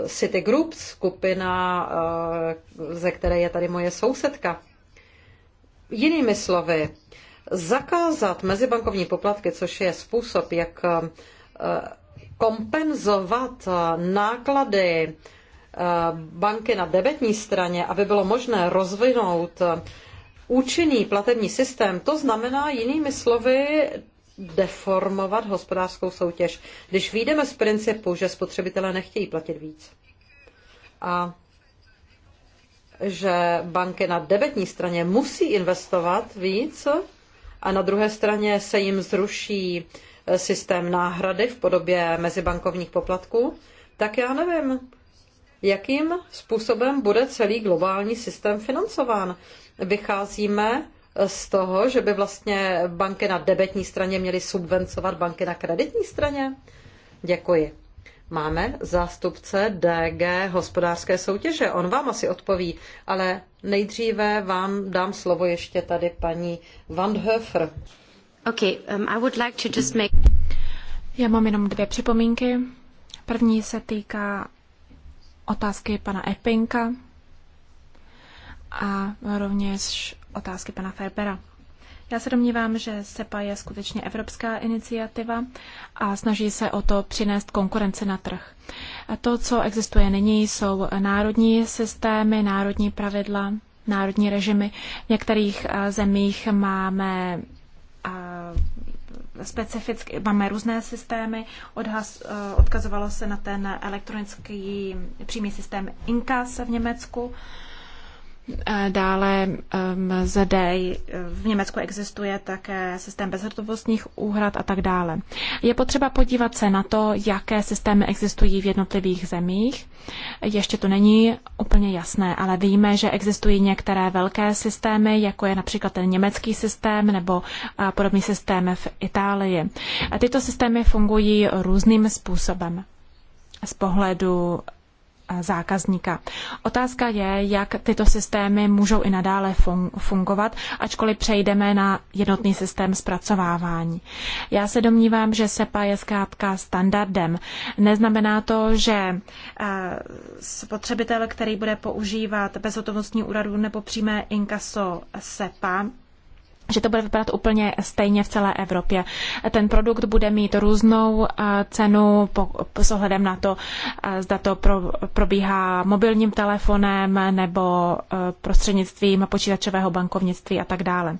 City Group, skupina, eh, ze které je tady moje sousedka. Jinými slovy, zakázat mezibankovní poplatky, což je způsob, jak eh, kompenzovat náklady banky na debetní straně, aby bylo možné rozvinout účinný platební systém, to znamená jinými slovy deformovat hospodářskou soutěž, když výjdeme z principu, že spotřebitelé nechtějí platit víc a že banky na debetní straně musí investovat víc a na druhé straně se jim zruší eh, systém náhrady v podobě mezibankovních poplatků, tak já nevím, jakým způsobem bude celý globální systém financován. Vycházíme z toho, že by vlastně banky na debetní straně měly subvencovat banky na kreditní straně? Děkuji. Máme zástupce DG hospodářské soutěže, on vám asi odpoví, ale nejdříve vám dám slovo ještě tady paní Van Höfer. Okay, um, I would like to just make... Já mám jenom dvě připomínky. První se týká otázky pana Epinka a rovněž otázky pana Ferbera. Já se domnívám, že SEPA je skutečně evropská iniciativa a snaží se o to přinést konkurenci na trh. A to, co existuje nyní, jsou národní systémy, národní pravidla, národní režimy. V některých eh, zemích máme eh, specificky, máme různé systémy, odhaz, eh, odkazovalo se na ten elektronický přímý systém INKAS v Německu. Dále um, zde e, v Německu existuje také systém bezhotovostních úhrad a tak dále. Je potřeba podívat se na to, jaké systémy existují v jednotlivých zemích. Ještě to není úplně jasné, ale víme, že existují některé velké systémy, jako je například ten německý systém nebo e, podobný systém v Itálii. A tyto systémy fungují různým způsobem z pohledu zákazníka. Otázka je, jak tyto systémy můžou i nadále fungovat, ačkoliv přejdeme na jednotný systém zpracovávání. Já se domnívám, že SEPA je zkrátka standardem. Neznamená to, že eh, spotřebitel, který bude používat bezhotovostní úradu nebo přímé inkaso SEPA, že to bude vypadat úplně stejně v celé Evropě. Ten produkt bude mít různou eh, cenu po, po, s ohledem na to, eh, zda to pro, probíhá mobilním telefonem nebo eh, prostřednictvím počítačového bankovnictví a tak dále.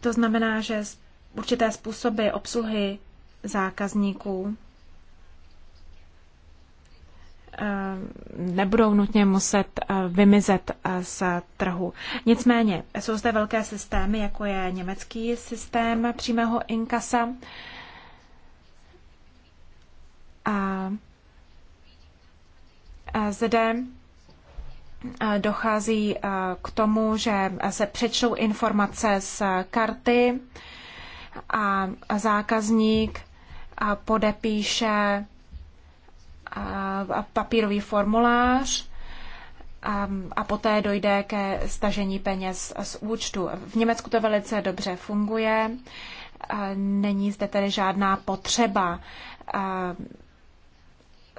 To znamená, že určité způsoby obsluhy zákazníků Eh, nebudou nutně muset eh, vymizet eh, z trhu. Nicméně jsou zde velké systémy, jako je německý systém přímého inkasa. A zde dochází k tomu, že se přečtou informace z karty a zákazník podepíše a papírový formulář a, a poté dojde ke stažení peněz z účtu. V Německu to velice dobře funguje, není zde tedy žádná potřeba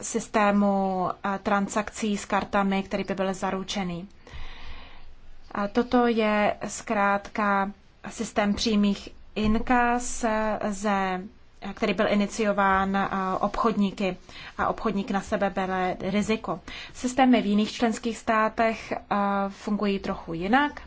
systému transakcí s kartami, který by byl zaručený. A toto je zkrátka systém přímých inkas ze který byl iniciován obchodníky a obchodník na sebe bere riziko. Systémy v jiných členských státech fungují trochu jinak.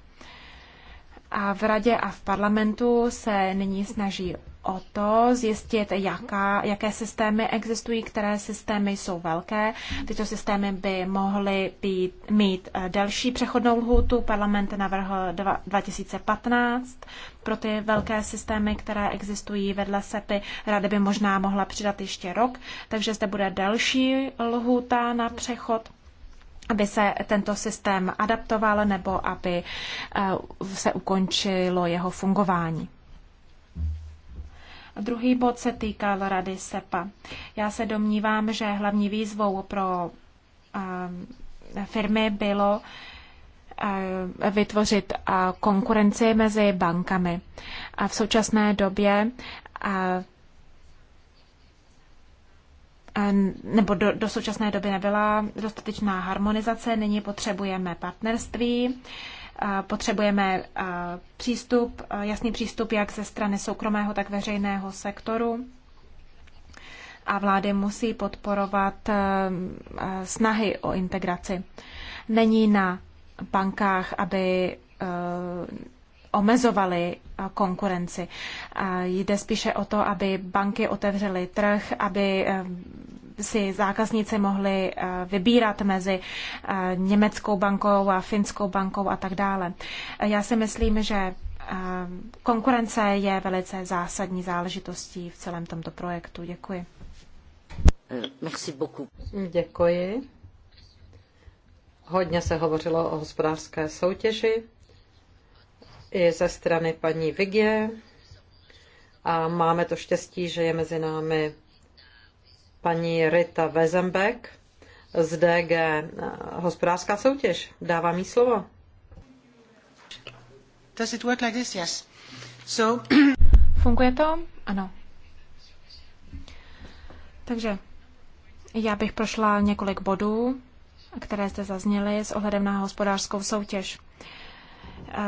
A v radě a v parlamentu se nyní snaží o to zjistit, jaká, jaké systémy existují, které systémy jsou velké. Tyto systémy by mohly být, mít eh, další přechodnou lhůtu. Parlament navrhl 2015 pro ty velké systémy, které existují vedle SEPy. Rada by možná mohla přidat ještě rok, takže zde bude další lhůta na přechod aby se tento systém adaptoval nebo aby eh, se ukončilo jeho fungování. Druhý bod se týkal rady SEPA. Já se domnívám, že hlavní výzvou pro eh, firmy bylo eh, vytvořit eh, konkurenci mezi bankami. A v současné době nebo do, do současné doby nebyla dostatečná harmonizace, nyní potřebujeme partnerství Potřebujeme přístup, jasný přístup jak ze strany soukromého, tak veřejného sektoru. A vlády musí podporovat snahy o integraci. Není na bankách, aby omezovali eh, konkurenci. Eh, jde spíše o to, aby banky otevřely trh, aby eh, si zákazníci mohli vybírat mezi německou bankou a finskou bankou a tak dále. Já si myslím, že konkurence je velice zásadní záležitostí v celém tomto projektu. Děkuji. Merci beaucoup. Děkuji. Hodně se hovořilo o hospodářské soutěži i ze strany paní Vigie. A máme to štěstí, že je mezi námi paní Rita Vezembek z DG eh, Hospodářská soutěž. Dávám jí slovo. Does it work like this? Yes. So... [clears throat] Funguje to? Ano. Takže já bych prošla několik bodů, které zde zazněly s ohledem na hospodářskou soutěž. Uh,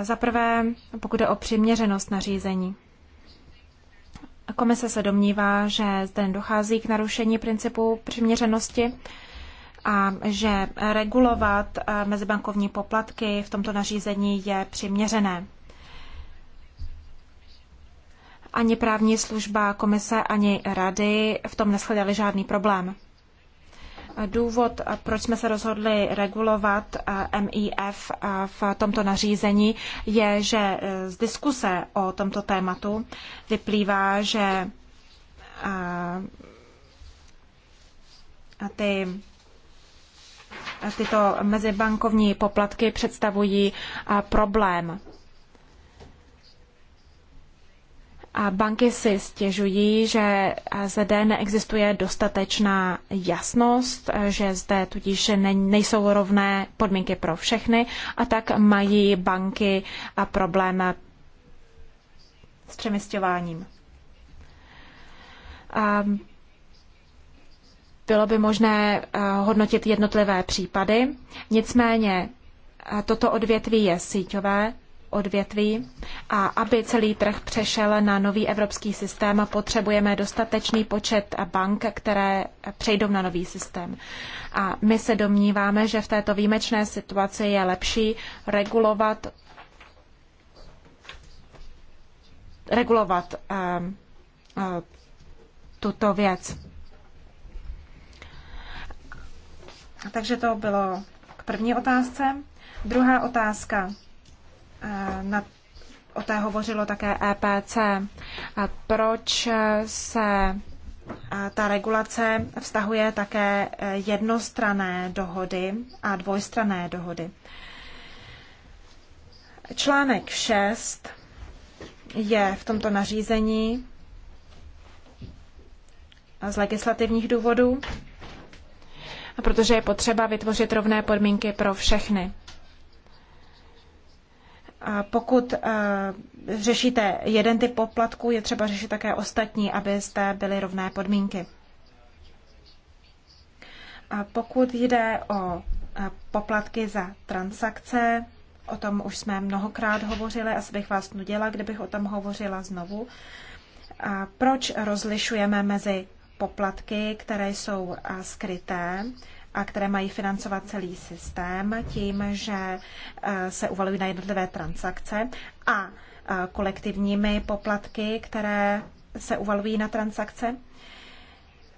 za prvé, pokud je o přiměřenost nařízení. Komise se domnívá, že zde dochází k narušení principu přiměřenosti a že regulovat eh, mezibankovní poplatky v tomto nařízení je přiměřené. Ani právní služba komise, ani rady v tom neschledali žádný problém důvod, proč jsme se rozhodli regulovat eh, MIF eh, v tomto nařízení, je, že eh, z diskuse o tomto tématu vyplývá, že ty tyto mezibankovní poplatky představují problém A banky si stěžují, že zde neexistuje dostatečná jasnost, že zde tudíž nejsou rovné podmínky pro všechny a tak mají banky a problém s přemysťováním. Bylo by možné eh, hodnotit jednotlivé případy, nicméně eh, toto odvětví je síťové odvětví a aby celý trh přešel na nový evropský systém, potřebujeme dostatečný počet bank, které přejdou na nový systém. A my se domníváme, že v této výjimečné situaci je lepší regulovat regulovat um, uh, tuto věc. Takže to bylo k první otázce. Druhá otázka Eh, na, o té hovořilo také EPC. Proč se eh, ta regulace vztahuje také eh, jednostrané dohody a dvojstrané dohody? Článek 6 je v tomto nařízení z legislativních důvodů, protože je potřeba vytvořit rovné podmínky pro všechny pokud eh, řešíte jeden typ poplatků, je třeba řešit také ostatní, abyste byly rovné podmínky. A pokud jde o eh, poplatky za transakce, o tom už jsme mnohokrát hovořili, asi bych vás nudila, kdybych o tom hovořila znovu. A proč rozlišujeme mezi poplatky, které jsou eh, skryté, a které mají financovat celý systém tím, že eh, se uvalují na jednotlivé transakce a eh, kolektivními poplatky, které se uvalují na transakce.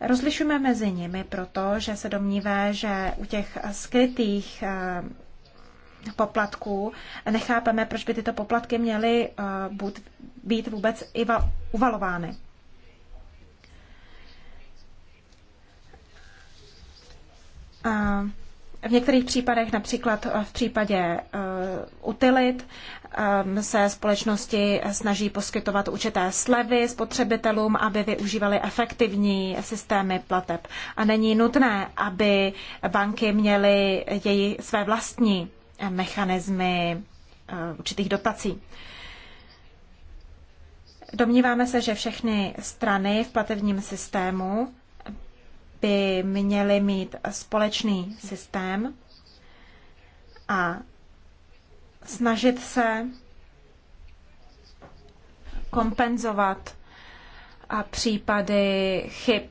Rozlišujeme mezi nimi proto, že se domnívá, že u těch skrytých eh, poplatků nechápeme, proč by tyto poplatky měly být vůbec iva uvalovány. V některých případech, například v případě e, utilit, e, se společnosti snaží poskytovat určité slevy spotřebitelům, aby využívali efektivní systémy plateb. A není nutné, aby banky měly její své vlastní e, mechanismy určitých dotací. Domníváme se, že všechny strany v platebním systému by měly mít společný systém a snažit se kompenzovat a případy chyb.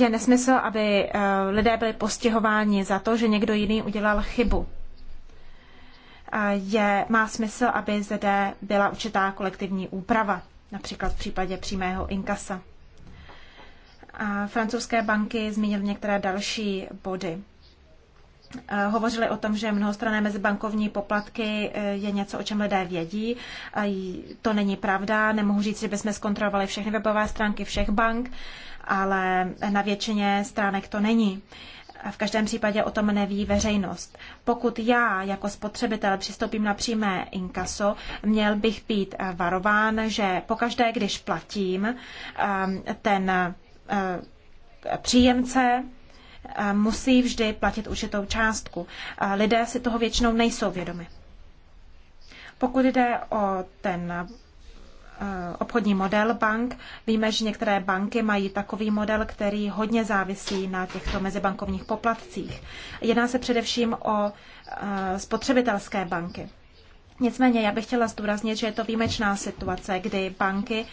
Je nesmysl, aby e, lidé byli postihováni za to, že někdo jiný udělal chybu. Je, má smysl, aby zde byla určitá kolektivní úprava například v případě přímého inkasa. A francouzské banky zmínily některé další body. E, hovořili o tom, že mnohostrané mezibankovní poplatky e, je něco, o čem lidé vědí. To není pravda. Nemohu říct, že bychom zkontrolovali všechny webové stránky všech bank, ale na většině stránek to není. V každém případě o tom neví veřejnost. Pokud já jako spotřebitel přistoupím na přímé inkaso, měl bych být eh, varován, že pokaždé, když platím, ehm, ten eh, příjemce eh, musí vždy platit určitou částku. Lidé si toho většinou nejsou vědomi. Pokud jde o ten Eh, obchodní model bank. Víme, že některé banky mají takový model, který hodně závisí na těchto mezibankovních poplatcích. Jedná se především o eh, spotřebitelské banky. Nicméně já bych chtěla zdůraznit, že je to výjimečná situace, kdy banky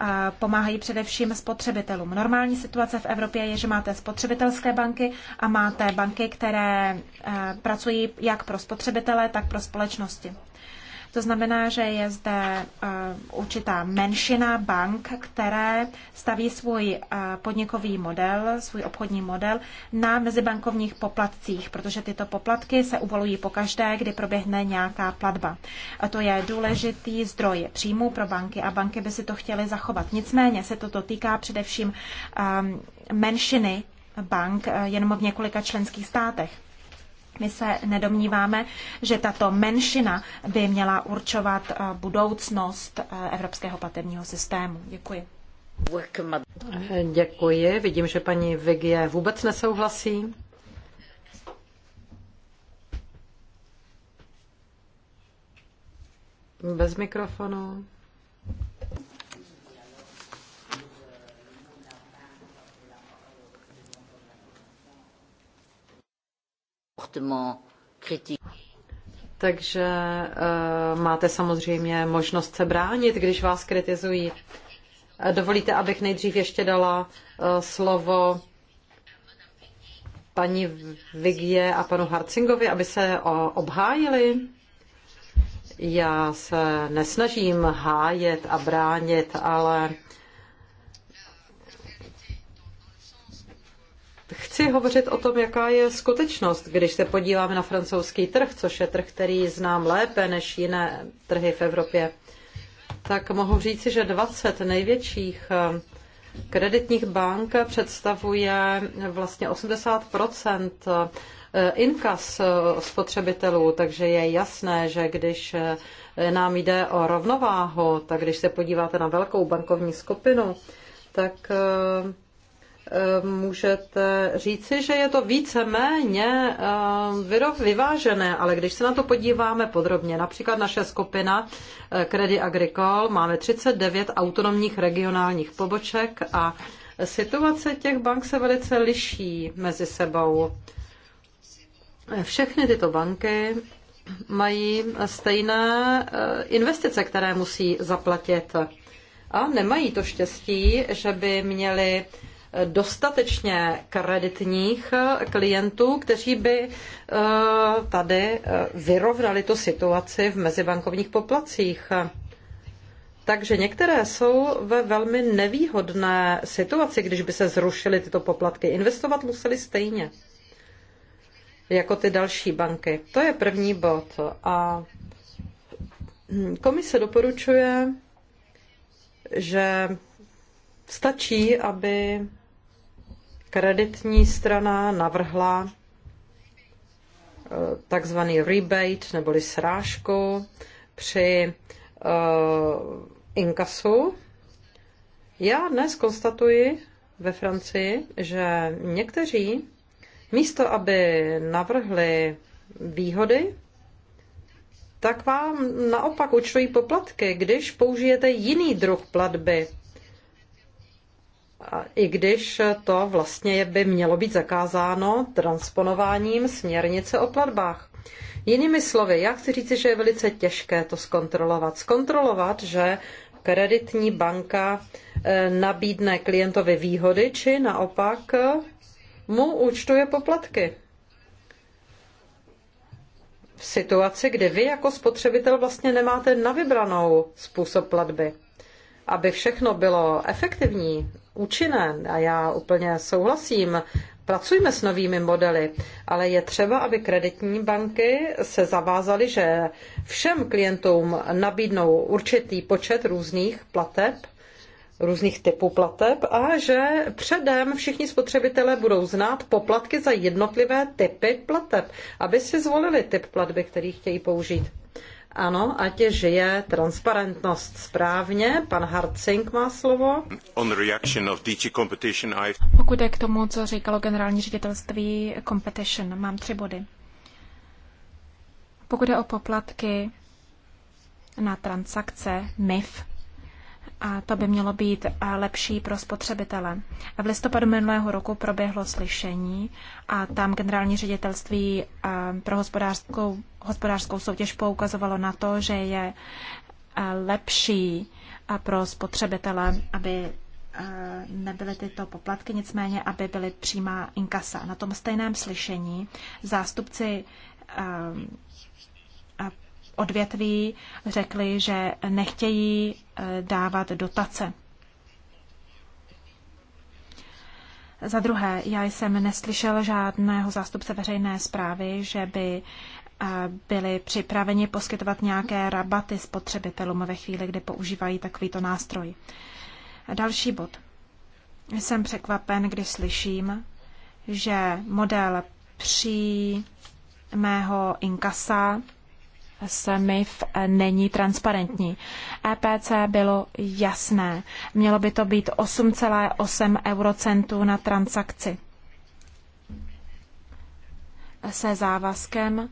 eh, pomáhají především spotřebitelům. Normální situace v Evropě je, že máte spotřebitelské banky a máte banky, které pracují jak pro spotřebitele, tak pro společnosti. To znamená, že je zde eh, určitá menšina bank, které staví svůj eh, podnikový model, svůj obchodní model na mezibankovních poplatcích, protože tyto poplatky se uvolují pokaždé, kdy proběhne nějaká platba. A to je důležitý zdroj příjmů pro banky a banky by si to chtěly zachovat. Nicméně se toto týká především ehm, menšiny bank eh, jenom v několika členských státech. My se nedomníváme, že tato menšina by měla určovat eh, budoucnost eh, evropského platebního systému. Děkuji. Děkuji. Vidím, že paní Vigie vůbec nesouhlasí. Bez mikrofonu. Takže uh, máte samozřejmě možnost se bránit, když vás kritizují. Dovolíte, abych nejdřív ještě dala uh, slovo paní Vigie a panu Harcingovi, aby se uh, obhájili. Já se nesnažím hájet a bránit, ale Chci hovořit o tom, jaká je skutečnost, když se podíváme na francouzský trh, což je trh, který znám lépe než jiné trhy v Evropě. Tak mohu říci, že 20 největších eh, kreditních bank představuje vlastně 80 eh, inkas eh, spotřebitelů, takže je jasné, že když nám jde o rovnováhu, tak když se podíváte na velkou bankovní skupinu, tak Eh, můžete říci, že je to více méně eh, vyvážené, ale když se na to podíváme podrobně, například naše skupina eh, Credit Agricole, máme 39 autonomních regionálních poboček a situace těch bank se velice liší mezi sebou. Všechny tyto banky mají stejné investice, které musí zaplatit. A nemají to štěstí, že by měli dostatečně kreditních eh, klientů, kteří by eh, tady eh, vyrovnali tu situaci v mezibankovních poplacích. Takže některé jsou ve velmi nevýhodné situaci, když by se zrušily tyto poplatky. Investovat museli stejně jako ty další banky. To je první bod. A komise doporučuje, že stačí, aby kreditní strana navrhla eh, takzvaný rebate neboli srážku při uh, inkasu. Já dnes konstatuji ve Francii, že někteří místo, aby navrhli výhody, tak vám naopak učují poplatky, když použijete jiný druh platby i když to vlastně by mělo být zakázáno transponováním směrnice o platbách. Jinými slovy, já chci říci, že je velice těžké to zkontrolovat. Zkontrolovat, že kreditní banka eh, nabídne klientovi výhody, či naopak eh, mu účtuje poplatky. V situaci, kdy vy jako spotřebitel vlastně nemáte na vybranou způsob platby. Aby všechno bylo efektivní účinné a já úplně souhlasím. Pracujeme s novými modely, ale je třeba, aby kreditní banky se zavázaly, že všem klientům nabídnou určitý počet různých plateb, různých typů plateb a že předem všichni spotřebitelé budou znát poplatky za jednotlivé typy plateb, aby si zvolili typ platby, který chtějí použít. Ano, ať žije transparentnost správně. Pan Hartzink má slovo. On the reaction of DG competition, Pokud je k tomu, co říkalo generální ředitelství Competition, mám tři body. Pokud je o poplatky na transakce MIF, a to by mělo být eh, lepší pro spotřebitele. V listopadu minulého roku proběhlo slyšení a tam generální ředitelství eh, pro hospodářskou, hospodářskou soutěž poukazovalo na to, že je eh, lepší pro spotřebitele, aby nebyly tyto poplatky, nicméně, aby byly přímá inkasa. Na tom stejném slyšení zástupci odvětví řekli, že nechtějí eh, dávat dotace. Za druhé, já jsem neslyšel žádného zástupce veřejné zprávy, že by eh, byli připraveni poskytovat nějaké rabaty spotřebitelům ve chvíli, kdy používají takovýto nástroj. Další bod. Jsem překvapen, když slyším, že model mého inkasa SMIF eh, není transparentní. EPC bylo jasné. Mělo by to být 8,8 eurocentů na transakci se závazkem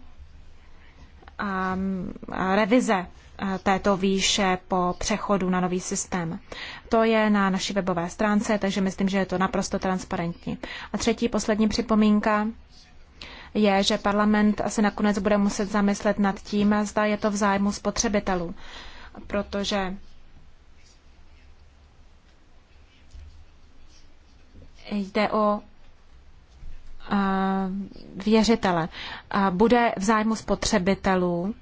ehm, a revize eh, této výše po přechodu na nový systém. To je na naší webové stránce, takže myslím, že je to naprosto transparentní. A třetí, poslední připomínka je, že parlament se nakonec bude muset zamyslet nad tím, zda je to v zájmu spotřebitelů, protože jde o věřitele. Bude v zájmu spotřebitelů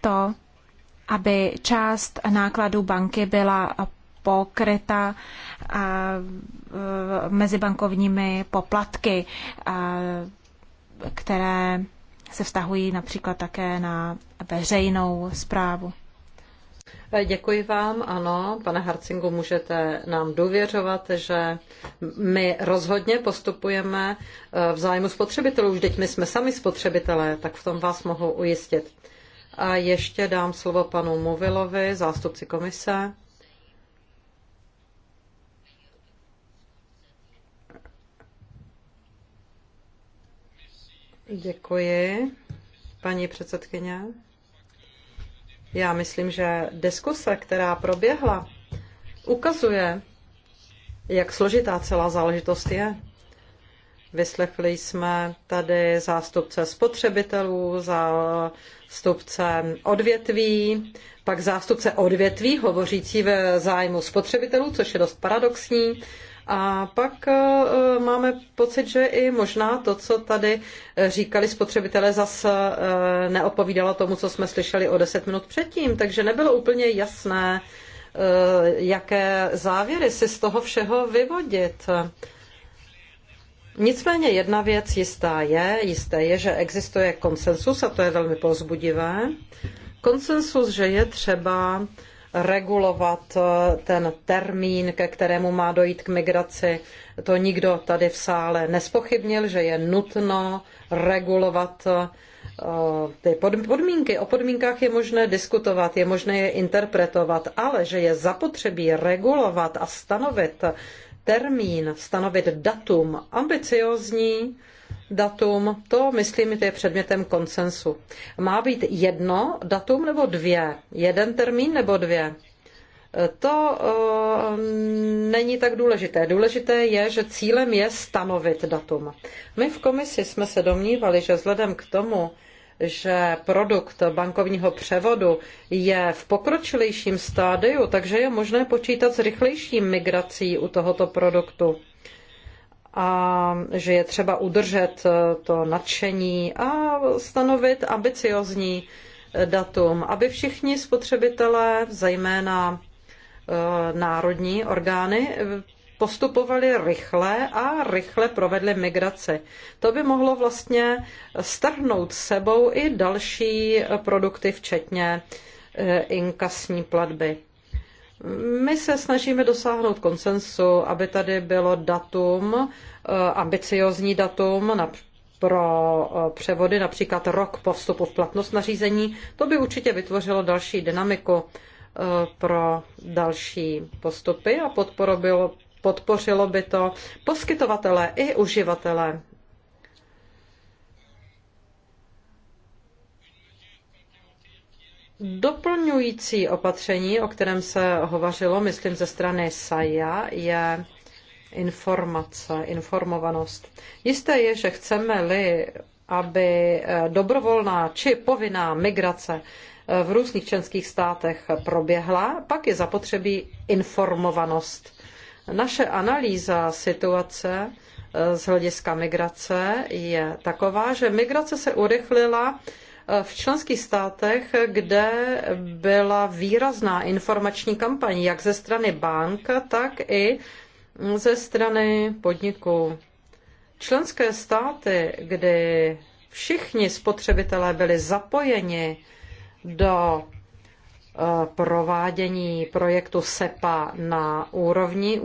to, aby část nákladů banky byla pokryta e, mezibankovními poplatky, které se vztahují například také na veřejnou zprávu. E, děkuji vám, ano, pane Harcingu, můžete nám důvěřovat, že my rozhodně postupujeme e, v zájmu spotřebitelů. Už teď my jsme sami spotřebitelé, tak v tom vás mohu ujistit. A ještě dám slovo panu Movilovi, zástupci komise. Děkuji, paní předsedkyně. Já myslím, že diskuse, která proběhla, ukazuje, jak složitá celá záležitost je. Vyslechli jsme tady zástupce spotřebitelů, zástupce odvětví, pak zástupce odvětví hovořící ve zájmu spotřebitelů, což je dost paradoxní, a pak e, máme pocit, že i možná to, co tady e, říkali spotřebitelé, zase e, neopovídalo tomu, co jsme slyšeli o deset minut předtím, takže nebylo úplně jasné, jaké závěry si z toho všeho vyvodit. Nicméně jedna věc jistá je, jisté je, že existuje konsensus a to je velmi pozbudivé. Konsensus, že je třeba regulovat eh, ten termín, ke kterému má dojít k migraci. To nikdo tady v sále nespochybnil, že je nutno regulovat eh, ty podmínky. O podmínkách je možné diskutovat, je možné je interpretovat, ale že je zapotřebí regulovat a stanovit termín, stanovit datum ambiciozní, datum, to myslím, je předmětem konsensu. Má být jedno datum nebo dvě? Jeden termín nebo dvě? To uh, není tak důležité. Důležité je, že cílem je stanovit datum. My v komisi jsme se domnívali, že vzhledem k tomu, že produkt bankovního převodu je v pokročilejším stádiu, takže je možné počítat s rychlejší migrací u tohoto produktu a že je třeba udržet eh, to nadšení a stanovit ambiciozní eh, datum, aby všichni spotřebitelé, zejména eh, národní orgány, postupovali rychle a rychle provedli migraci. To by mohlo vlastně strhnout sebou i další produkty, včetně inkasní platby. My se snažíme dosáhnout konsensu, aby tady bylo datum, eh, ambiciozní datum na pro eh, převody, například rok po vstupu v platnost nařízení. To by určitě vytvořilo další dynamiku eh, pro další postupy a podpořilo by to poskytovatele i uživatele Doplňující opatření, o kterém se hovořilo, myslím, ze strany SAIA, je informace, informovanost. Jisté je, že chceme-li, aby eh, dobrovolná či povinná migrace eh, v různých členských státech proběhla, pak je zapotřebí informovanost. Naše analýza situace eh, z hlediska migrace je taková, že migrace se urychlila v členských státech, kde byla výrazná informační kampaň jak ze strany bank, tak i ze strany podniků. Členské státy, kdy všichni spotřebitelé byli zapojeni do Eh, provádění projektu SEPA na úrovni,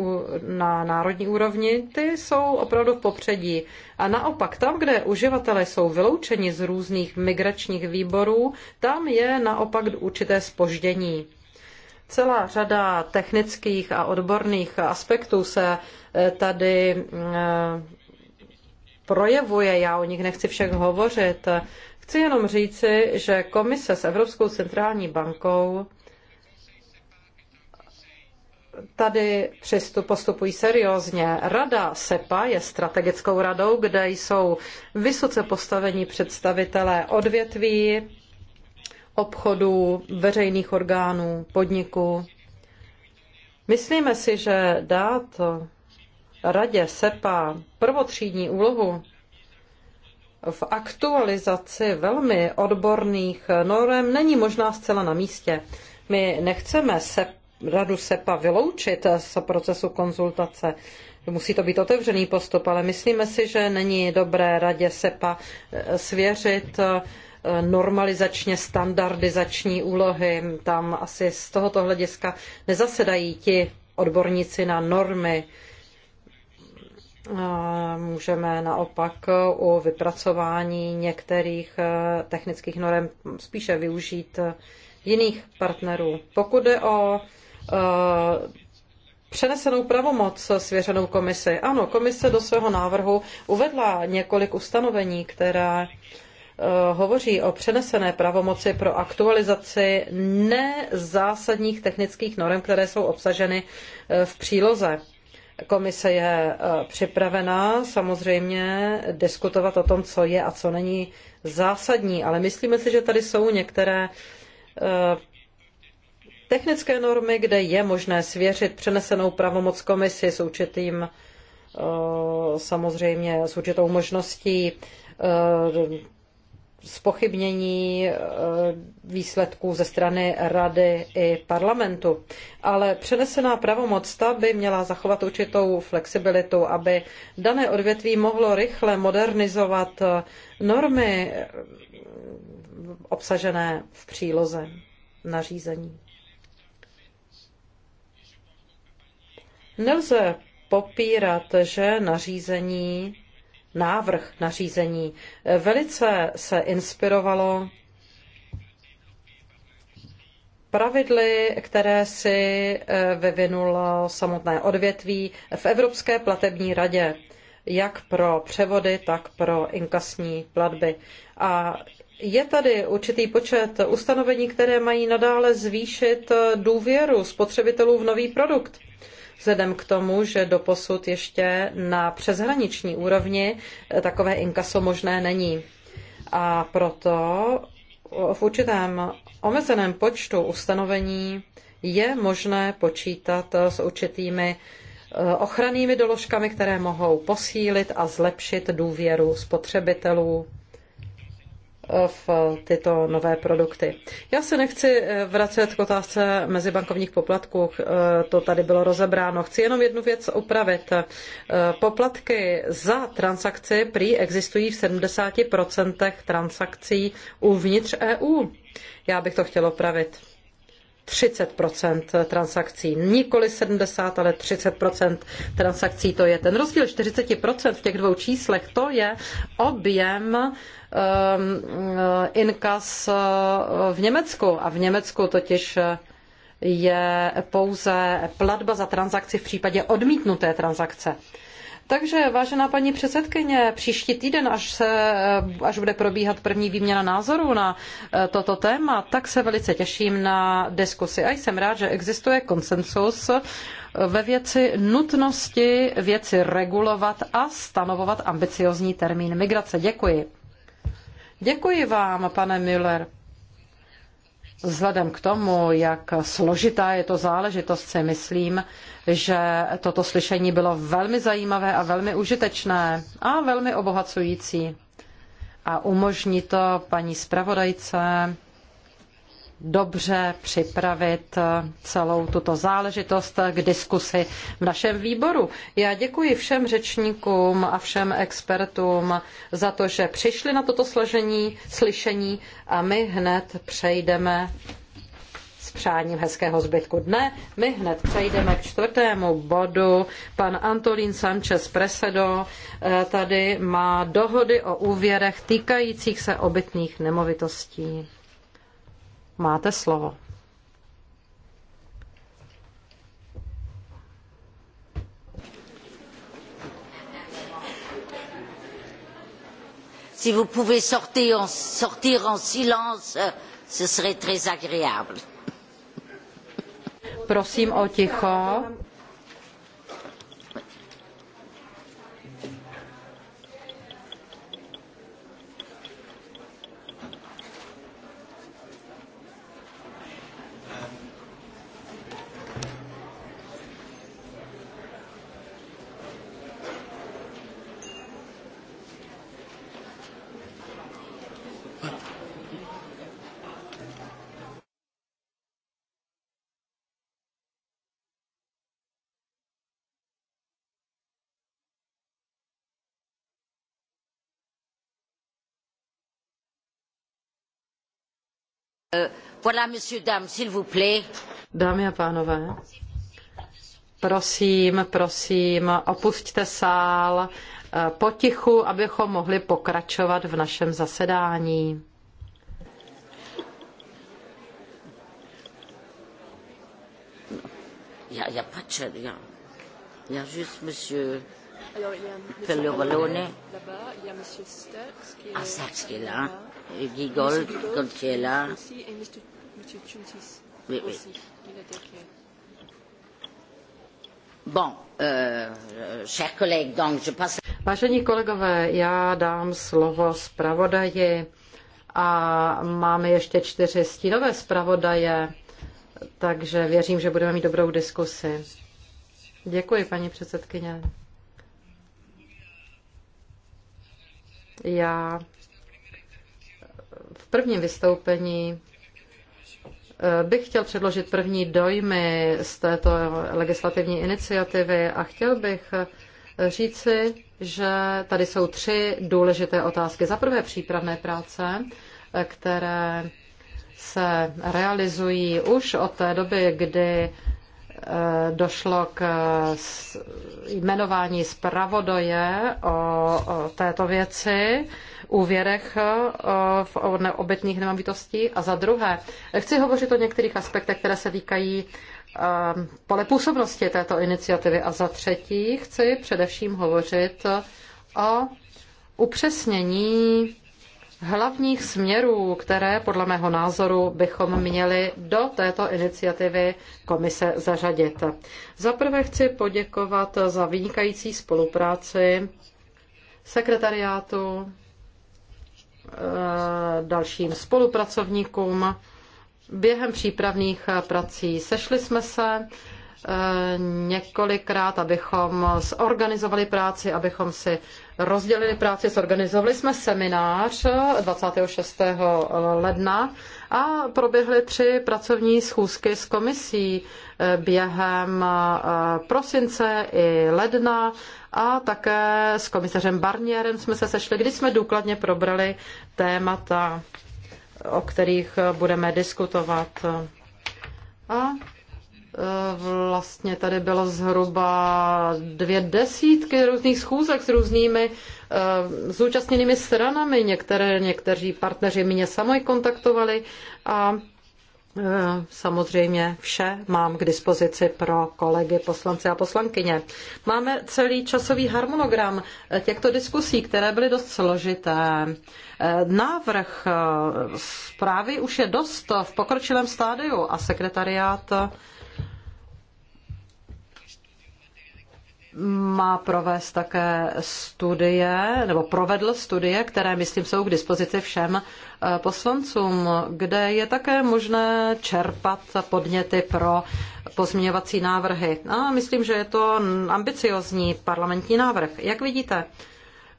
na národní úrovni, ty jsou opravdu v popředí. A naopak, tam, kde uživatelé jsou vyloučeni z různých migračních výborů, tam je naopak určité spoždění. Celá řada technických a odborných aspektů se eh, tady eh, projevuje, já o nich nechci všech hovořit, Chci jenom říci, že komise s Evropskou centrální bankou tady přistup, postupují seriózně. Rada SEPA je strategickou radou, kde jsou vysoce postavení představitelé odvětví, obchodů, veřejných orgánů, podniků. Myslíme si, že dát radě SEPA prvotřídní úlohu v aktualizaci velmi odborných norm není možná zcela na místě. My nechceme se, radu SEPA vyloučit z procesu konzultace. Musí to být otevřený postup, ale myslíme si, že není dobré radě SEPA eh, svěřit eh, normalizačně standardizační úlohy. Tam asi z tohoto hlediska nezasedají ti odborníci na normy, Můžeme naopak u vypracování některých eh, technických norem spíše využít eh, jiných partnerů. Pokud je o eh, Přenesenou pravomoc svěřenou komisi. Ano, komise do svého návrhu uvedla několik ustanovení, která hovoří o přenesené pravomoci pro aktualizaci nezásadních technických norm, které jsou obsaženy v příloze. Komise je e, připravena samozřejmě diskutovat o tom, co je a co není zásadní, ale myslíme si, že tady jsou některé e, technické normy, kde je možné svěřit přenesenou pravomoc komisi s určitým e, samozřejmě s určitou možností spochybnění eh, výsledků ze strany rady i parlamentu. Ale přenesená pravomoc ta by měla zachovat určitou flexibilitu, aby dané odvětví mohlo rychle modernizovat eh, normy eh, obsažené v příloze nařízení. Nelze popírat, že nařízení návrh nařízení. Velice se inspirovalo pravidly, které si eh, vyvinulo samotné odvětví v Evropské platební radě, jak pro převody, tak pro inkasní platby. A je tady určitý počet ustanovení, které mají nadále zvýšit eh, důvěru spotřebitelů v nový produkt vzhledem k tomu, že doposud ještě na přeshraniční úrovni eh, takové inkaso možné není. A proto v určitém omezeném počtu ustanovení je možné počítat eh, s určitými eh, ochrannými doložkami, které mohou posílit a zlepšit důvěru spotřebitelů v tyto nové produkty. Já se nechci eh, vracet k otázce mezibankovních poplatků, eh, to tady bylo rozebráno. Chci jenom jednu věc upravit: eh, Poplatky za transakci prý existují v 70% transakcí uvnitř EU. Já bych to chtěla opravit. 30 transakcí. Nikoli 70, ale 30 transakcí to je. Ten rozdíl 40 v těch dvou číslech, to je objem ehm, eh, inkas eh, v Německu. A v Německu totiž eh, je pouze platba za transakci v případě odmítnuté transakce. Takže, vážená paní předsedkyně, příští týden, až, se, eh, až bude probíhat první výměna názorů na eh, toto téma, tak se velice těším na diskusi. A jsem rád, že existuje konsensus eh, ve věci nutnosti věci regulovat a stanovovat ambiciozní termín migrace. Děkuji. Děkuji vám, pane Müller. Vzhledem k tomu, jak složitá je to záležitost, si myslím, že toto slyšení bylo velmi zajímavé a velmi užitečné a velmi obohacující. A umožní to paní zpravodajce dobře připravit celou tuto záležitost k diskusi v našem výboru. Já děkuji všem řečníkům a všem expertům za to, že přišli na toto složení, slyšení a my hned přejdeme přáním hezkého zbytku dne. My hned přejdeme k čtvrtému bodu. Pan Antolín Sanchez Presedo eh, tady má dohody o úvěrech týkajících se obytných nemovitostí. Máte slovo. si vous pouvez sortir en silence ce serait très agréable. Prosím o ticho. Eh, Dámy a pánové, prosím, prosím, opusťte sál eh, potichu, abychom mohli pokračovat v našem zasedání. Já, já a, já, já a monsieur. Alors, il y a Fellio Ballone. Là-bas, il y a M. Stax ah, qui est, là. là. Guy Gold, Gold qui est là. Oui, oui. Bon, euh, chers collègues, donc je passe... Vážení kolegové, já dám slovo zpravodaji a máme ještě čtyři stínové zpravodaje, takže věřím, že budeme mít dobrou diskusi. Děkuji, paní předsedkyně. Já v prvním vystoupení eh, bych chtěl předložit první dojmy z této legislativní iniciativy a chtěl bych eh, říci, že tady jsou tři důležité otázky. Za prvé přípravné práce, eh, které se realizují už od té doby, kdy Eh, došlo k eh, jmenování zpravodaje o této věci, úvěrech eh, v obytných nemovitostí. A za druhé, chci hovořit o některých aspektech, které se týkají pole působnosti této iniciativy. A za třetí, chci především hovořit o upřesnění hlavních směrů, které podle mého názoru bychom měli do této iniciativy komise zařadit. prvé chci poděkovat za vynikající spolupráci sekretariátu, eh, dalším spolupracovníkům během přípravných prací. Sešli jsme se Eh, několikrát, abychom zorganizovali práci, abychom si rozdělili práci, zorganizovali jsme seminář 26. Eh, ledna a proběhly tři pracovní schůzky s komisí eh, během prosince i ledna a také s komisařem Barnierem jsme se sešli, kdy jsme důkladně probrali témata, o kterých budeme diskutovat. A vlastně tady bylo zhruba dvě desítky různých schůzek s různými uh, zúčastněnými stranami. Některé, někteří partneři mě sami kontaktovali a eh, samozřejmě vše mám k dispozici pro kolegy poslance a poslankyně. Máme celý časový harmonogram eh, těchto diskusí, které byly dost složité. Návrh zprávy už je dost v pokročilém stádiu a sekretariát má provést také studie, nebo provedl studie, které, myslím, jsou k dispozici všem eh, poslancům, kde je také možné čerpat podněty pro pozměňovací návrhy. A myslím, že je to ambiciozní parlamentní návrh. Jak vidíte,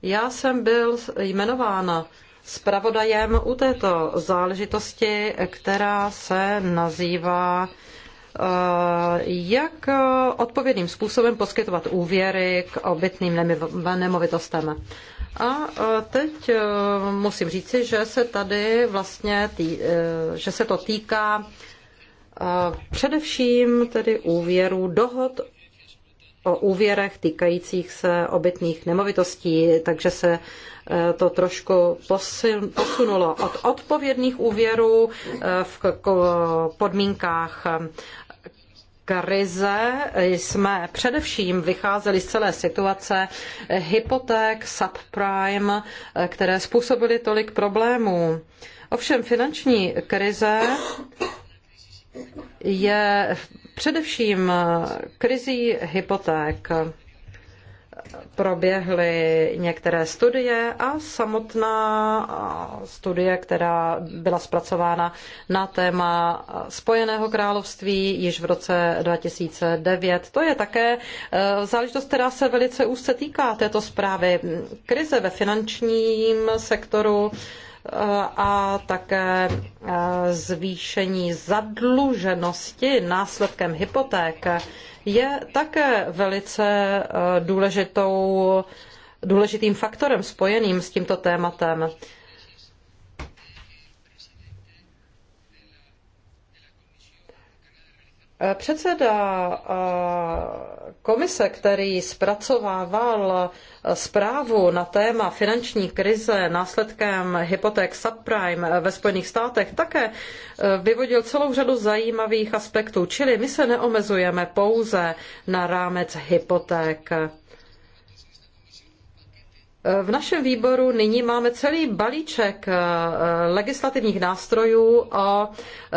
já jsem byl jmenována zpravodajem u této záležitosti, která se nazývá Eh, jak eh, odpovědným způsobem poskytovat úvěry k obytným nemovitostem. A eh, teď musím říci, že se tady vlastně, tý, že se to týká především tedy úvěrů dohod o úvěrech týkajících se obytných nemovitostí, takže se to trošku posunulo od odpovědných úvěrů v podmínkách krize jsme především vycházeli z celé situace hypoték, subprime, které způsobily tolik problémů. Ovšem finanční krize je především krizí hypoték proběhly některé studie a samotná studie, která byla zpracována na téma Spojeného království již v roce 2009. To je také eh, záležitost, která se velice úzce týká této zprávy. Krize ve finančním sektoru a také zvýšení zadluženosti následkem hypoték je také velice e, důležitou, důležitým faktorem spojeným s tímto tématem. Předseda e, komise, který zpracovával eh, zprávu na téma finanční krize následkem hypoték subprime eh, ve Spojených státech, také eh, vyvodil celou řadu zajímavých aspektů. Čili my se neomezujeme pouze na rámec hypoték. V našem výboru nyní máme celý balíček legislativních nástrojů o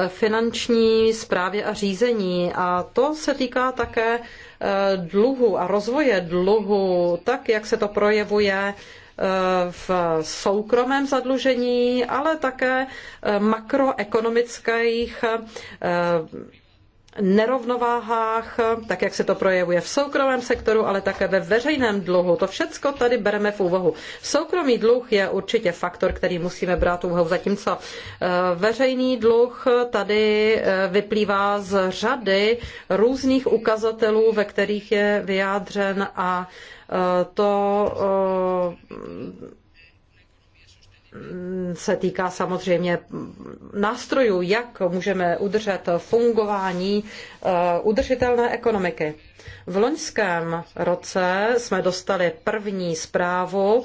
finanční správě a řízení a to se týká také Eh, dluhu a rozvoje dluhu, tak jak se to projevuje eh, v soukromém zadlužení, ale také eh, makroekonomických nerovnováhách, tak jak se to projevuje v soukromém sektoru, ale také ve veřejném dluhu. To všecko tady bereme v úvahu. Soukromý dluh je určitě faktor, který musíme brát v úvahu, zatímco eh, veřejný dluh tady eh, vyplývá z řady různých ukazatelů, ve kterých je vyjádřen a eh, to Mm, se týká samozřejmě nástrojů, jak můžeme udržet fungování eh, udržitelné ekonomiky. V loňském roce jsme dostali první zprávu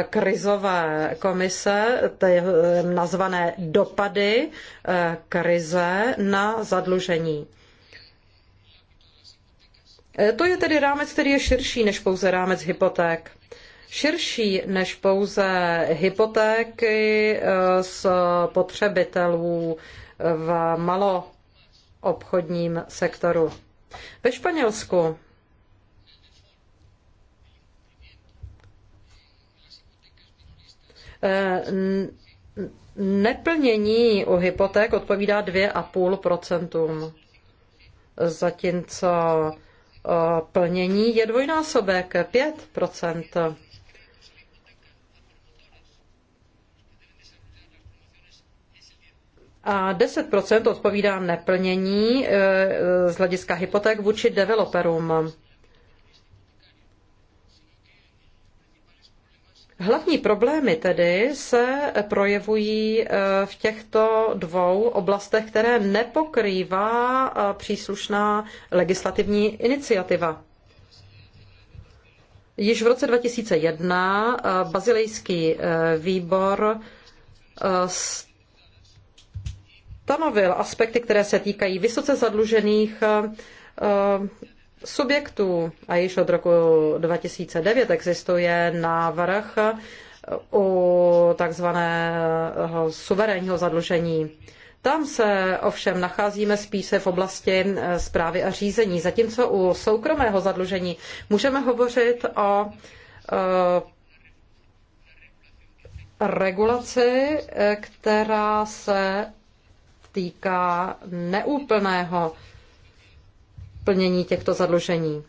eh, krizové komise, eh, nazvané dopady krize na zadlužení. To je tedy rámec, který je širší než pouze rámec hypoték širší než pouze hypotéky z eh, potřebitelů v maloobchodním sektoru. Ve Španělsku eh, neplnění u hypoték odpovídá 2,5%, zatímco eh, plnění je dvojnásobek 5%. a 10% odpovídá neplnění e, e, z hlediska hypoték vůči developerům. Hlavní problémy tedy se projevují e, v těchto dvou oblastech, které nepokrývá příslušná legislativní iniciativa. Již v roce 2001 bazilejský výbor stanovil aspekty, které se týkají vysoce zadlužených eh, eh, subjektů. A již od roku 2009 existuje návrh eh, u takzvaného suverénního zadlužení. Tam se ovšem nacházíme spíše v oblasti zprávy a řízení, zatímco u soukromého zadlužení můžeme hovořit o regulaci, která se týká neúplného plnění těchto zadlužení.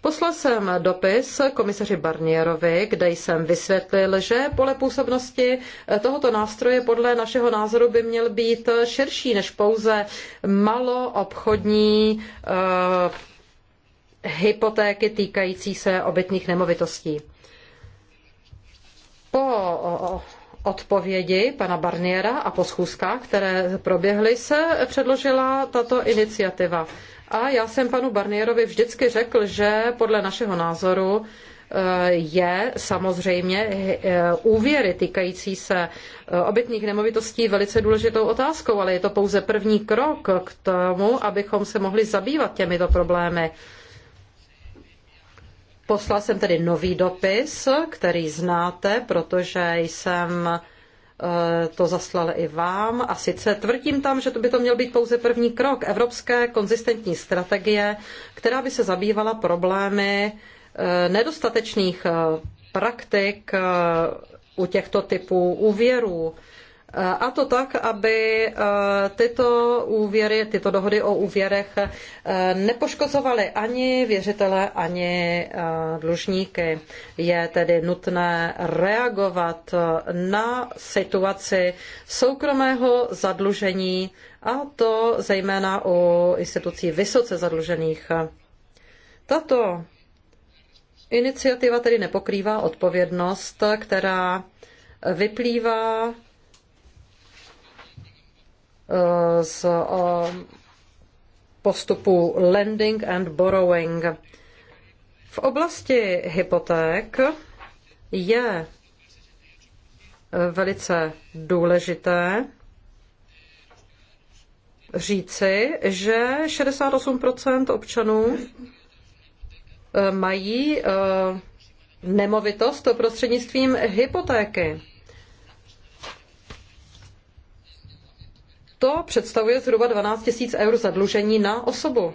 Poslal jsem dopis komisaři Barnierovi, kde jsem vysvětlil, že pole působnosti tohoto nástroje podle našeho názoru by měl být širší než pouze maloobchodní uh, hypotéky týkající se obytných nemovitostí. Po odpovědi pana Barniera a po schůzkách, které proběhly, se předložila tato iniciativa. A já jsem panu Barnierovi vždycky řekl, že podle našeho názoru eh, je samozřejmě eh, úvěry týkající se eh, obytných nemovitostí velice důležitou otázkou, ale je to pouze první krok k tomu, abychom se mohli zabývat těmito problémy. Poslal jsem tedy nový dopis, který znáte, protože jsem eh, to zaslal i vám. A sice tvrdím tam, že to by to měl být pouze první krok evropské konzistentní strategie, která by se zabývala problémy eh, nedostatečných eh, praktik u těchto typů úvěrů a to tak, aby e, tyto úvěry, tyto dohody o úvěrech e, nepoškozovaly ani věřitele, ani e, dlužníky. Je tedy nutné reagovat na situaci soukromého zadlužení, a to zejména u institucí vysoce zadlužených. Tato iniciativa tedy nepokrývá odpovědnost, která vyplývá Eh, z postupu lending and borrowing. V oblasti hypoték je eh, velice důležité říci, že 68% občanů eh, mají nemovitost prostřednictvím hypotéky. To představuje zhruba 12 000 eur zadlužení na osobu.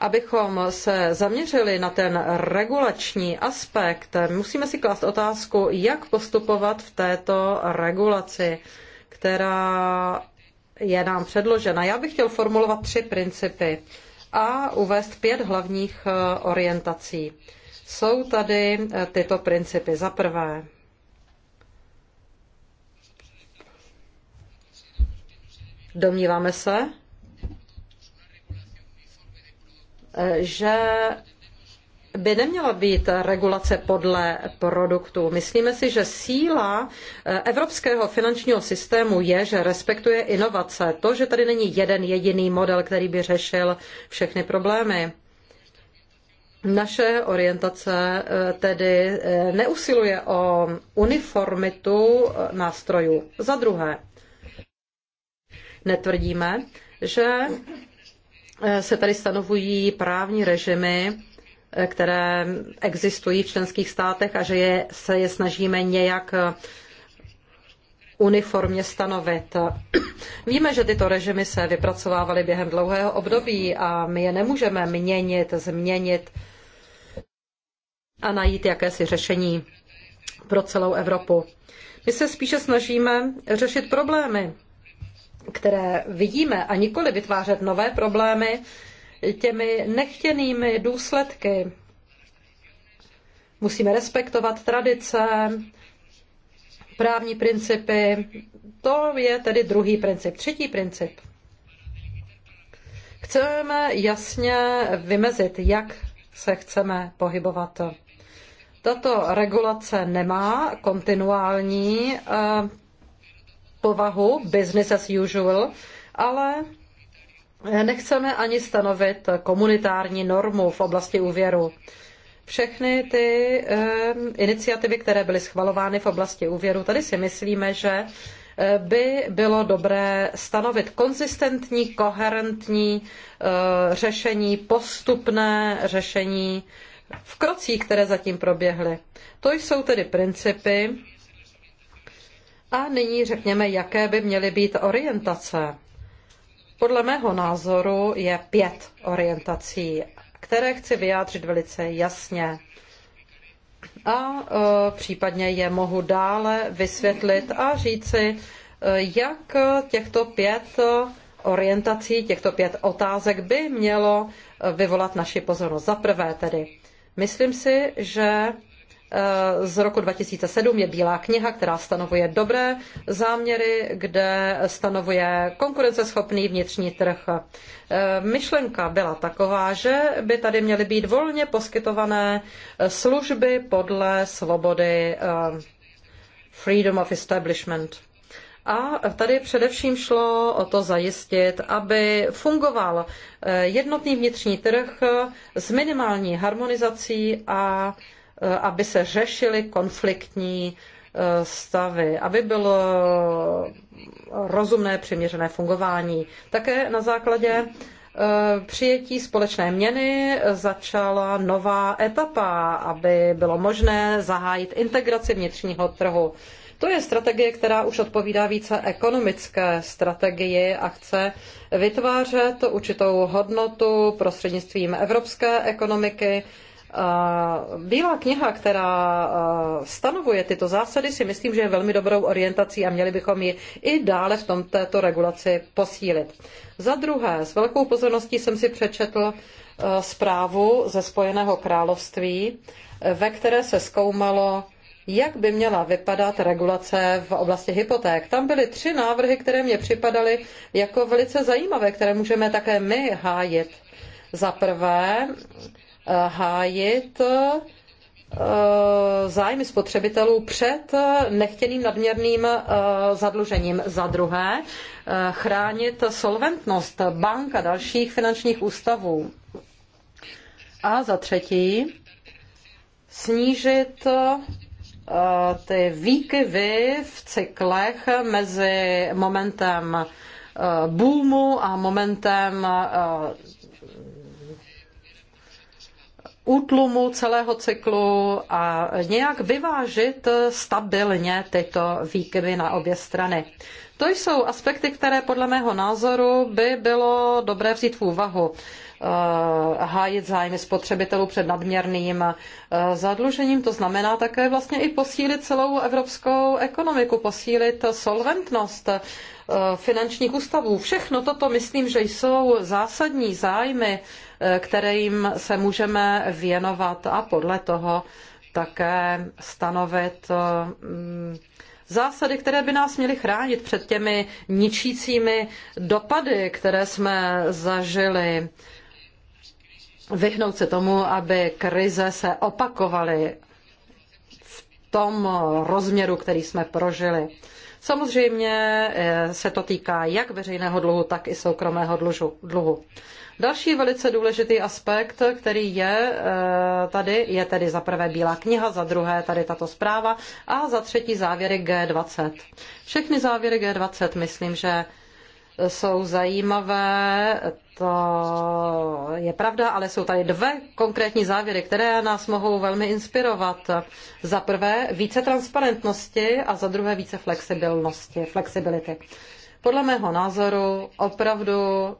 Abychom se zaměřili na ten regulační aspekt, musíme si klást otázku, jak postupovat v této regulaci, která je nám předložena. Já bych chtěl formulovat tři principy a uvést pět hlavních eh, orientací. Jsou tady eh, tyto principy. Za prvé, Domníváme se, eh, že by neměla být regulace podle produktu. Myslíme si, že síla eh, evropského finančního systému je, že respektuje inovace. To, že tady není jeden jediný model, který by řešil všechny problémy. Naše orientace eh, tedy neusiluje o uniformitu nástrojů. Za druhé, netvrdíme, že eh, se tady stanovují právní režimy, eh, které existují v členských státech a že je, se je snažíme nějak eh, uniformně stanovit. [clears throat] Víme, že tyto režimy se vypracovávaly během dlouhého období a my je nemůžeme měnit, změnit a najít jakési řešení pro celou Evropu. My se spíše snažíme řešit problémy které vidíme, a nikoli vytvářet nové problémy těmi nechtěnými důsledky. Musíme respektovat tradice, právní principy. To je tedy druhý princip. Třetí princip. Chceme jasně vymezit, jak se chceme pohybovat. Tato regulace nemá kontinuální eh, povahu business as usual, ale nechceme ani stanovit komunitární normu v oblasti úvěru. Všechny ty iniciativy, které byly schvalovány v oblasti úvěru, tady si myslíme, že eh, by bylo dobré stanovit konzistentní, koherentní eh, řešení, postupné řešení v krocích, které zatím proběhly. To jsou tedy principy, a nyní řekněme, jaké by měly být orientace. Podle mého názoru je pět orientací, které chci vyjádřit velice jasně. A e, případně je mohu dále vysvětlit a říci, e, jak těchto pět orientací, těchto pět otázek by mělo e, vyvolat naši pozornost. Za prvé tedy, myslím si, že Eh, z roku 2007 je Bílá kniha, která stanovuje dobré záměry, kde stanovuje konkurenceschopný vnitřní trh. Eh, myšlenka byla taková, že by tady měly být volně poskytované služby podle svobody eh, Freedom of Establishment. A tady především šlo o to zajistit, aby fungoval jednotný vnitřní trh s minimální harmonizací a Eh, aby se řešily konfliktní eh, stavy, aby bylo rozumné, přiměřené fungování. Také na základě eh, přijetí společné měny začala nová etapa, aby bylo možné zahájit integraci vnitřního trhu. To je strategie, která už odpovídá více ekonomické strategii a chce vytvářet určitou hodnotu prostřednictvím evropské ekonomiky, Eh, Bílá kniha, která eh, stanovuje tyto zásady, si myslím, že je velmi dobrou orientací a měli bychom ji i dále v tomto této regulaci posílit. Za druhé, s velkou pozorností jsem si přečetl eh, zprávu ze Spojeného království, ve které se zkoumalo jak by měla vypadat regulace v oblasti hypoték. Tam byly tři návrhy, které mě připadaly jako velice zajímavé, které můžeme také my hájit. Za prvé, Eh, hájit eh, zájmy spotřebitelů před nechtěným nadměrným eh, zadlužením. Za druhé, chránit solventnost bank a dalších finančních ústavů. A za třetí, snížit ty výkyvy v cyklech mezi momentem boomu a momentem útlumu celého cyklu a nějak vyvážit stabilně tyto výkyvy na obě strany. To jsou aspekty, které podle mého názoru by bylo dobré vzít v úvahu. Eh, hájit zájmy spotřebitelů před nadměrným eh, zadlužením, to znamená také vlastně i posílit celou evropskou ekonomiku, posílit solventnost eh, finančních ústavů. Všechno toto myslím, že jsou zásadní zájmy kterým se můžeme věnovat a podle toho také stanovit eh, mm, zásady, které by nás měly chránit před těmi ničícími dopady, které jsme zažili. Vyhnout se tomu, aby krize se opakovaly v tom rozměru, který jsme prožili. Samozřejmě eh, se to týká jak veřejného dluhu, tak i soukromého dlužu, dluhu. Další velice důležitý aspekt, který je eh, tady, je tedy za prvé Bílá kniha, za druhé tady tato zpráva a za třetí závěry G20. Všechny závěry G20 myslím, že jsou zajímavé, to je pravda, ale jsou tady dvě konkrétní závěry, které nás mohou velmi inspirovat. Za prvé více transparentnosti a za druhé více flexibilnosti, flexibility. Podle mého názoru opravdu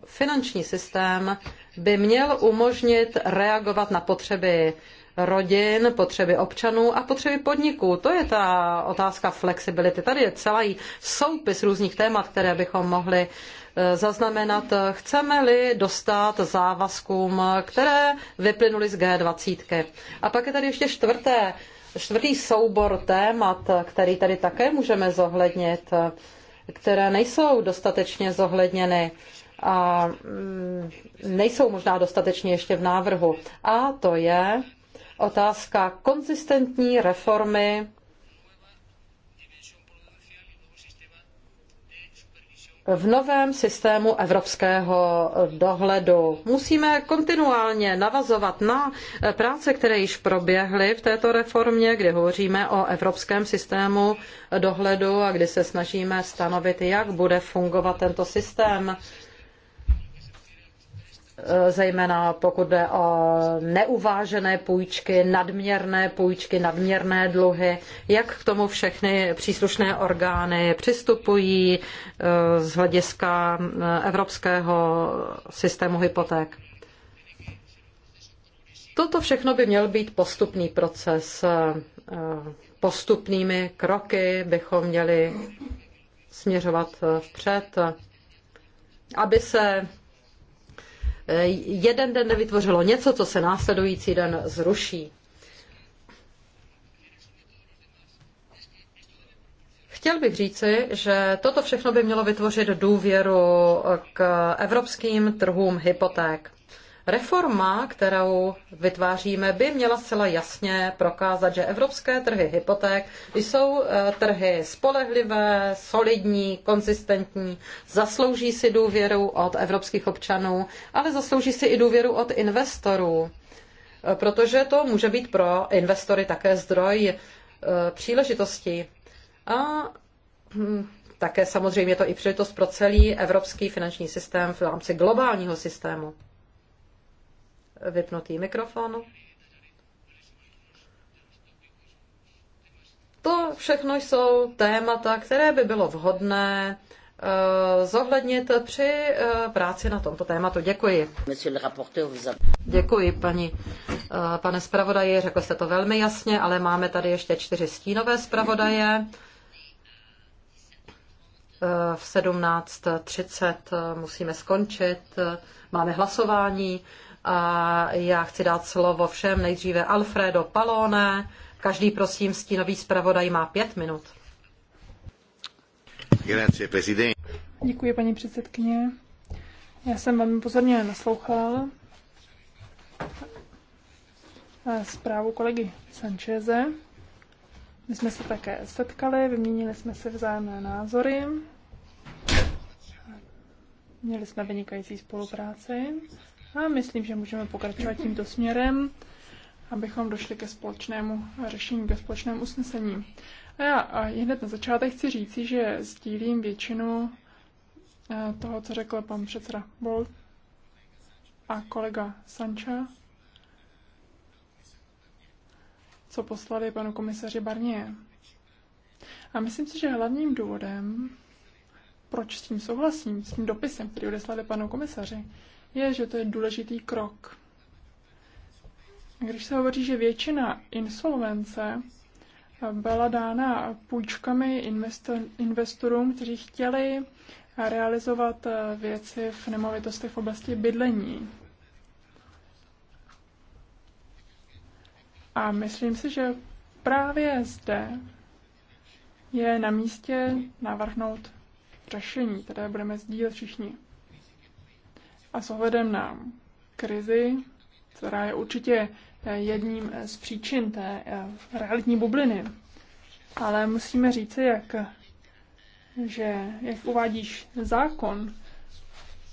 finanční systém by měl umožnit reagovat na potřeby rodin, potřeby občanů a potřeby podniků. To je ta otázka flexibility. Tady je celý soupis různých témat, které bychom mohli e, zaznamenat, chceme-li dostat závazkům, které vyplynuly z G20. A pak je tady ještě čtvrté, čtvrtý soubor témat, který tady také můžeme zohlednit které nejsou dostatečně zohledněny a mm, nejsou možná dostatečně ještě v návrhu. A to je otázka konzistentní reformy v novém systému evropského dohledu. Musíme kontinuálně navazovat na práce, které již proběhly v této reformě, kdy hovoříme o evropském systému dohledu a kdy se snažíme stanovit, jak bude fungovat tento systém Eh, zejména pokud jde o neuvážené půjčky, nadměrné půjčky, nadměrné dluhy, jak k tomu všechny příslušné orgány přistupují eh, z hlediska eh, evropského systému hypoték. Toto všechno by měl být postupný proces. Postupnými kroky bychom měli směřovat vpřed, aby se Eh, jeden den nevytvořilo něco, co se následující den zruší. Chtěl bych říci, že toto všechno by mělo vytvořit důvěru k evropským trhům hypoték. Reforma, kterou vytváříme, by měla zcela jasně prokázat, že evropské trhy hypoték jsou eh, trhy spolehlivé, solidní, konzistentní, zaslouží si důvěru od evropských občanů, ale zaslouží si i důvěru od investorů, eh, protože to může být pro investory také zdroj eh, příležitostí. A hm, také samozřejmě je to i příležitost pro celý evropský finanční systém v rámci globálního systému vypnutý mikrofon. To všechno jsou témata, které by bylo vhodné eh, zohlednit při eh, práci na tomto tématu. Děkuji. Děkuji, paní, eh, pane zpravodaji, řekl jste to velmi jasně, ale máme tady ještě čtyři stínové zpravodaje. V 17.30 musíme skončit, máme hlasování. A já chci dát slovo všem, nejdříve Alfredo Palone. Každý, prosím, stínový zpravodaj má pět minut. Děkuji, paní předsedkyně. Já jsem velmi pozorně naslouchala. Eh, zprávu kolegy Sancheze. My jsme se také setkali, vyměnili jsme si vzájemné názory. Měli jsme vynikající spolupráci a myslím, že můžeme pokračovat tímto směrem, abychom došli ke společnému řešení, ke společnému usnesení. A já a hned na začátek chci říci, že sdílím většinu eh, toho, co řekl pan předseda Bolt a kolega Sanča, co poslali panu komisaři Barnier. A myslím si, že hlavním důvodem, proč s tím souhlasím, s tím dopisem, který odeslali panu komisaři, je, že to je důležitý krok. Když se hovoří, že většina insolvence eh, byla dána půjčkami investor, investorům, kteří chtěli realizovat eh, věci v nemovitostech v oblasti bydlení. A myslím si, že právě zde je na místě navrhnout řešení, které budeme sdílet všichni. A s ohledem na krizi, která je určitě eh, jedním z příčin té eh, realitní bubliny, ale musíme říci, jak, že jak uvádíš zákon,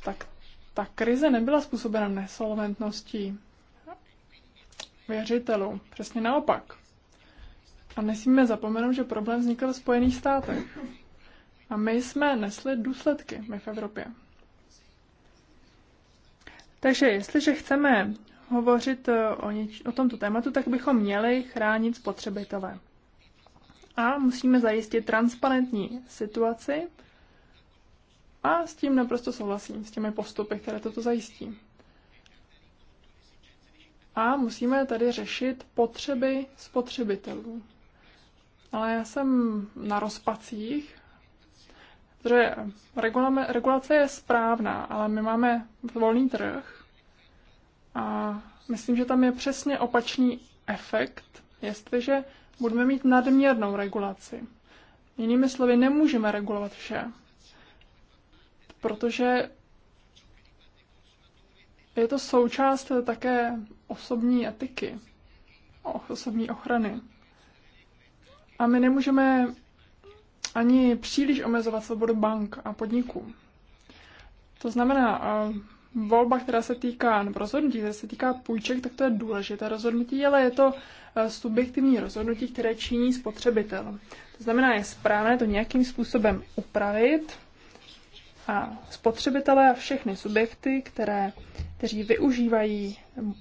tak ta krize nebyla způsobena nesolventností věřitelů. Přesně naopak. A nesmíme zapomenout, že problém vznikl v Spojených státech. A my jsme nesli důsledky, my v Evropě. Takže jestliže chceme hovořit eh, o, něč- o tomto tématu, tak bychom měli chránit spotřebitele. A musíme zajistit transparentní situaci a s tím naprosto souhlasím, s těmi postupy, které toto zajistí. A musíme tady řešit potřeby spotřebitelů. Ale já jsem na rozpacích, Protože regulace je správná, ale my máme volný trh a myslím, že tam je přesně opačný efekt, jestliže budeme mít nadměrnou regulaci. Jinými slovy, nemůžeme regulovat vše, protože je to součást také osobní etiky, osobní ochrany. A my nemůžeme ani příliš omezovat svobodu bank a podniků. To znamená, volba, která se týká, nebo rozhodnutí, které se týká půjček, tak to je důležité rozhodnutí, ale je to e, subjektivní rozhodnutí, které činí spotřebitel. To znamená, je správné to nějakým způsobem upravit a spotřebitelé a všechny subjekty, které, kteří využívají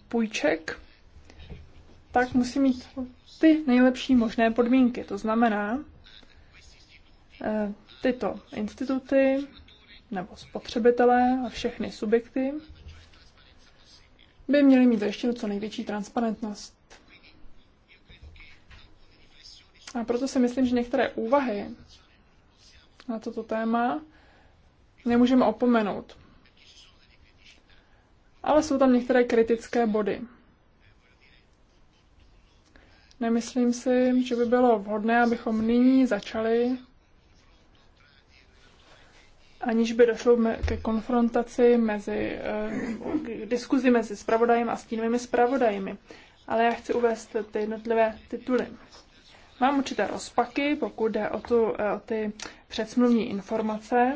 půjček, tak musí mít ty nejlepší možné podmínky. To znamená, Eh, tyto instituty nebo spotřebitelé a všechny subjekty by měli mít zajištěnu co největší transparentnost. A proto si myslím, že některé úvahy na toto téma nemůžeme opomenout. Ale jsou tam některé kritické body. Nemyslím si, že by bylo vhodné, abychom nyní začali aniž by došlo ke konfrontaci mezi, eh, k diskuzi mezi spravodajem a stínovými spravodajmi. Ale já chci uvést ty jednotlivé tituly. Mám určité rozpaky, pokud jde o, tu, eh, o ty předsmluvní informace.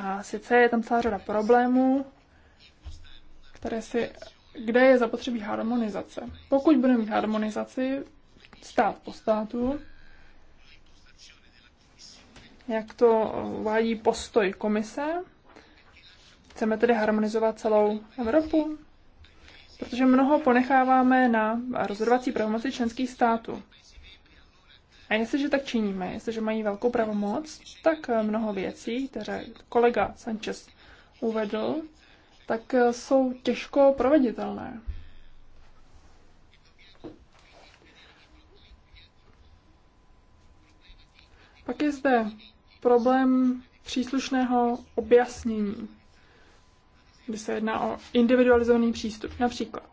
A sice je tam celá řada problémů, které si, kde je zapotřebí harmonizace. Pokud budeme mít harmonizaci stát po státu, jak to uvádí postoj komise. Chceme tedy harmonizovat celou Evropu, protože mnoho ponecháváme na rozhodovací pravomoci členských států. A jestliže tak činíme, jestliže mají velkou pravomoc, tak mnoho věcí, které kolega Sanchez uvedl, tak jsou těžko proveditelné. Pak je zde problém příslušného objasnění, kdy se jedná o individualizovaný přístup. Například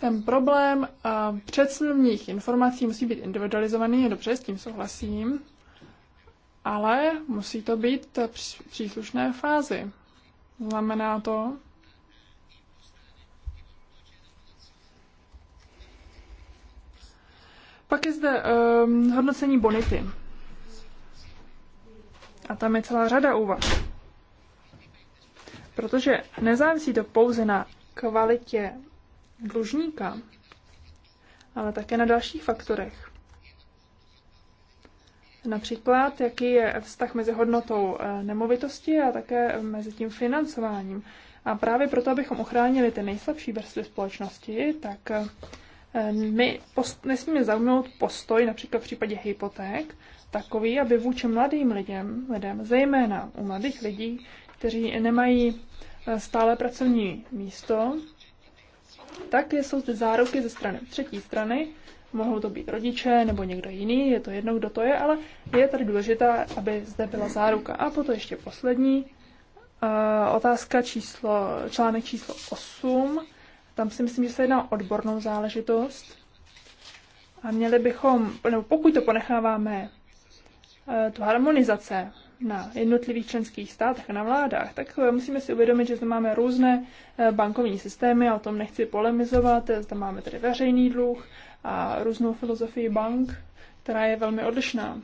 Ten problém předsmluvních informací musí být individualizovaný, je dobře, s tím souhlasím, ale musí to být v příslušné fázi. Znamená to, Pak je zde um, hodnocení bonity. A tam je celá řada úvah. Protože nezávisí to pouze na kvalitě dlužníka, ale také na dalších faktorech. Například, jaký je vztah mezi hodnotou eh, nemovitosti a také mezi tím financováním. A právě proto, abychom ochránili ty nejslabší vrstvy společnosti, tak eh, Ehm, my post, nesmíme zaujmout postoj, například v případě hypoték, takový, aby vůči mladým lidem, lidem, zejména u mladých lidí, kteří nemají eh, stále pracovní místo, tak jsou zde záruky ze strany třetí strany, mohou to být rodiče nebo někdo jiný, je to jedno, kdo to je, ale je tady důležité, aby zde byla záruka. A potom ještě poslední uh, otázka číslo, článek číslo 8, tam si myslím, že se jedná o odbornou záležitost. A měli bychom, nebo pokud to ponecháváme, eh, tu harmonizace na jednotlivých členských státech a na vládách, tak eh, musíme si uvědomit, že zde máme různé eh, bankovní systémy, a o tom nechci polemizovat, zde máme tedy veřejný dluh a různou filozofii bank, která je velmi odlišná.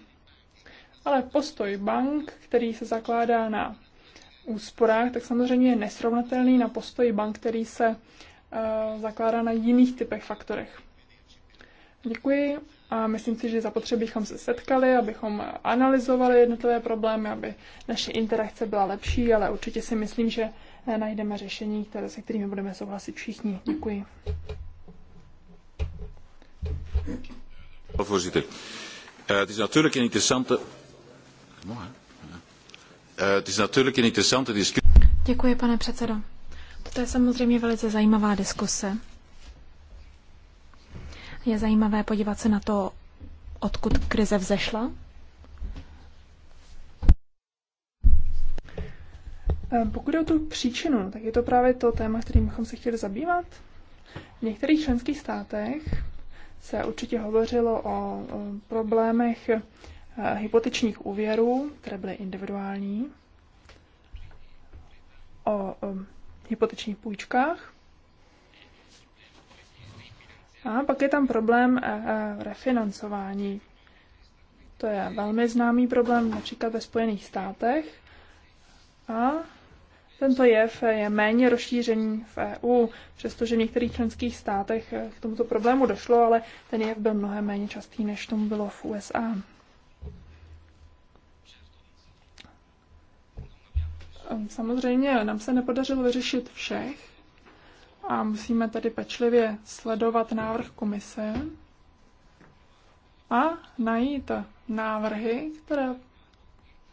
Ale postoj bank, který se zakládá na úsporách, tak samozřejmě je nesrovnatelný na postoj bank, který se Eh, zakládá na jiných typech faktorech. Děkuji a myslím si, že zapotřebí bychom se setkali, abychom analyzovali jednotlivé problémy, aby naše interakce byla lepší, ale určitě si myslím, že eh, najdeme řešení, které, se kterými budeme souhlasit všichni. Děkuji. Voorzitter, uh, het is natuurlijk een interessante. Uh, het is natuurlijk een interessante discussie. Děkuji, pane předsedo. To je samozřejmě velice zajímavá diskuse. Je zajímavé podívat se na to, odkud krize vzešla. Pokud je o tu příčinu, tak je to právě to téma, kterým bychom se chtěli zabývat. V některých členských státech se určitě hovořilo o problémech eh, hypotečních úvěrů, které byly individuální, o hypotečních půjčkách. A pak je tam problém eh, eh, refinancování. To je velmi známý problém například ve Spojených státech. A tento jev je méně rozšířený v EU, přestože v některých členských státech eh, k tomuto problému došlo, ale ten jev byl mnohem méně častý, než tomu bylo v USA. Ehm, samozřejmě nám se nepodařilo vyřešit všech a musíme tady pečlivě sledovat návrh komise a najít návrhy, které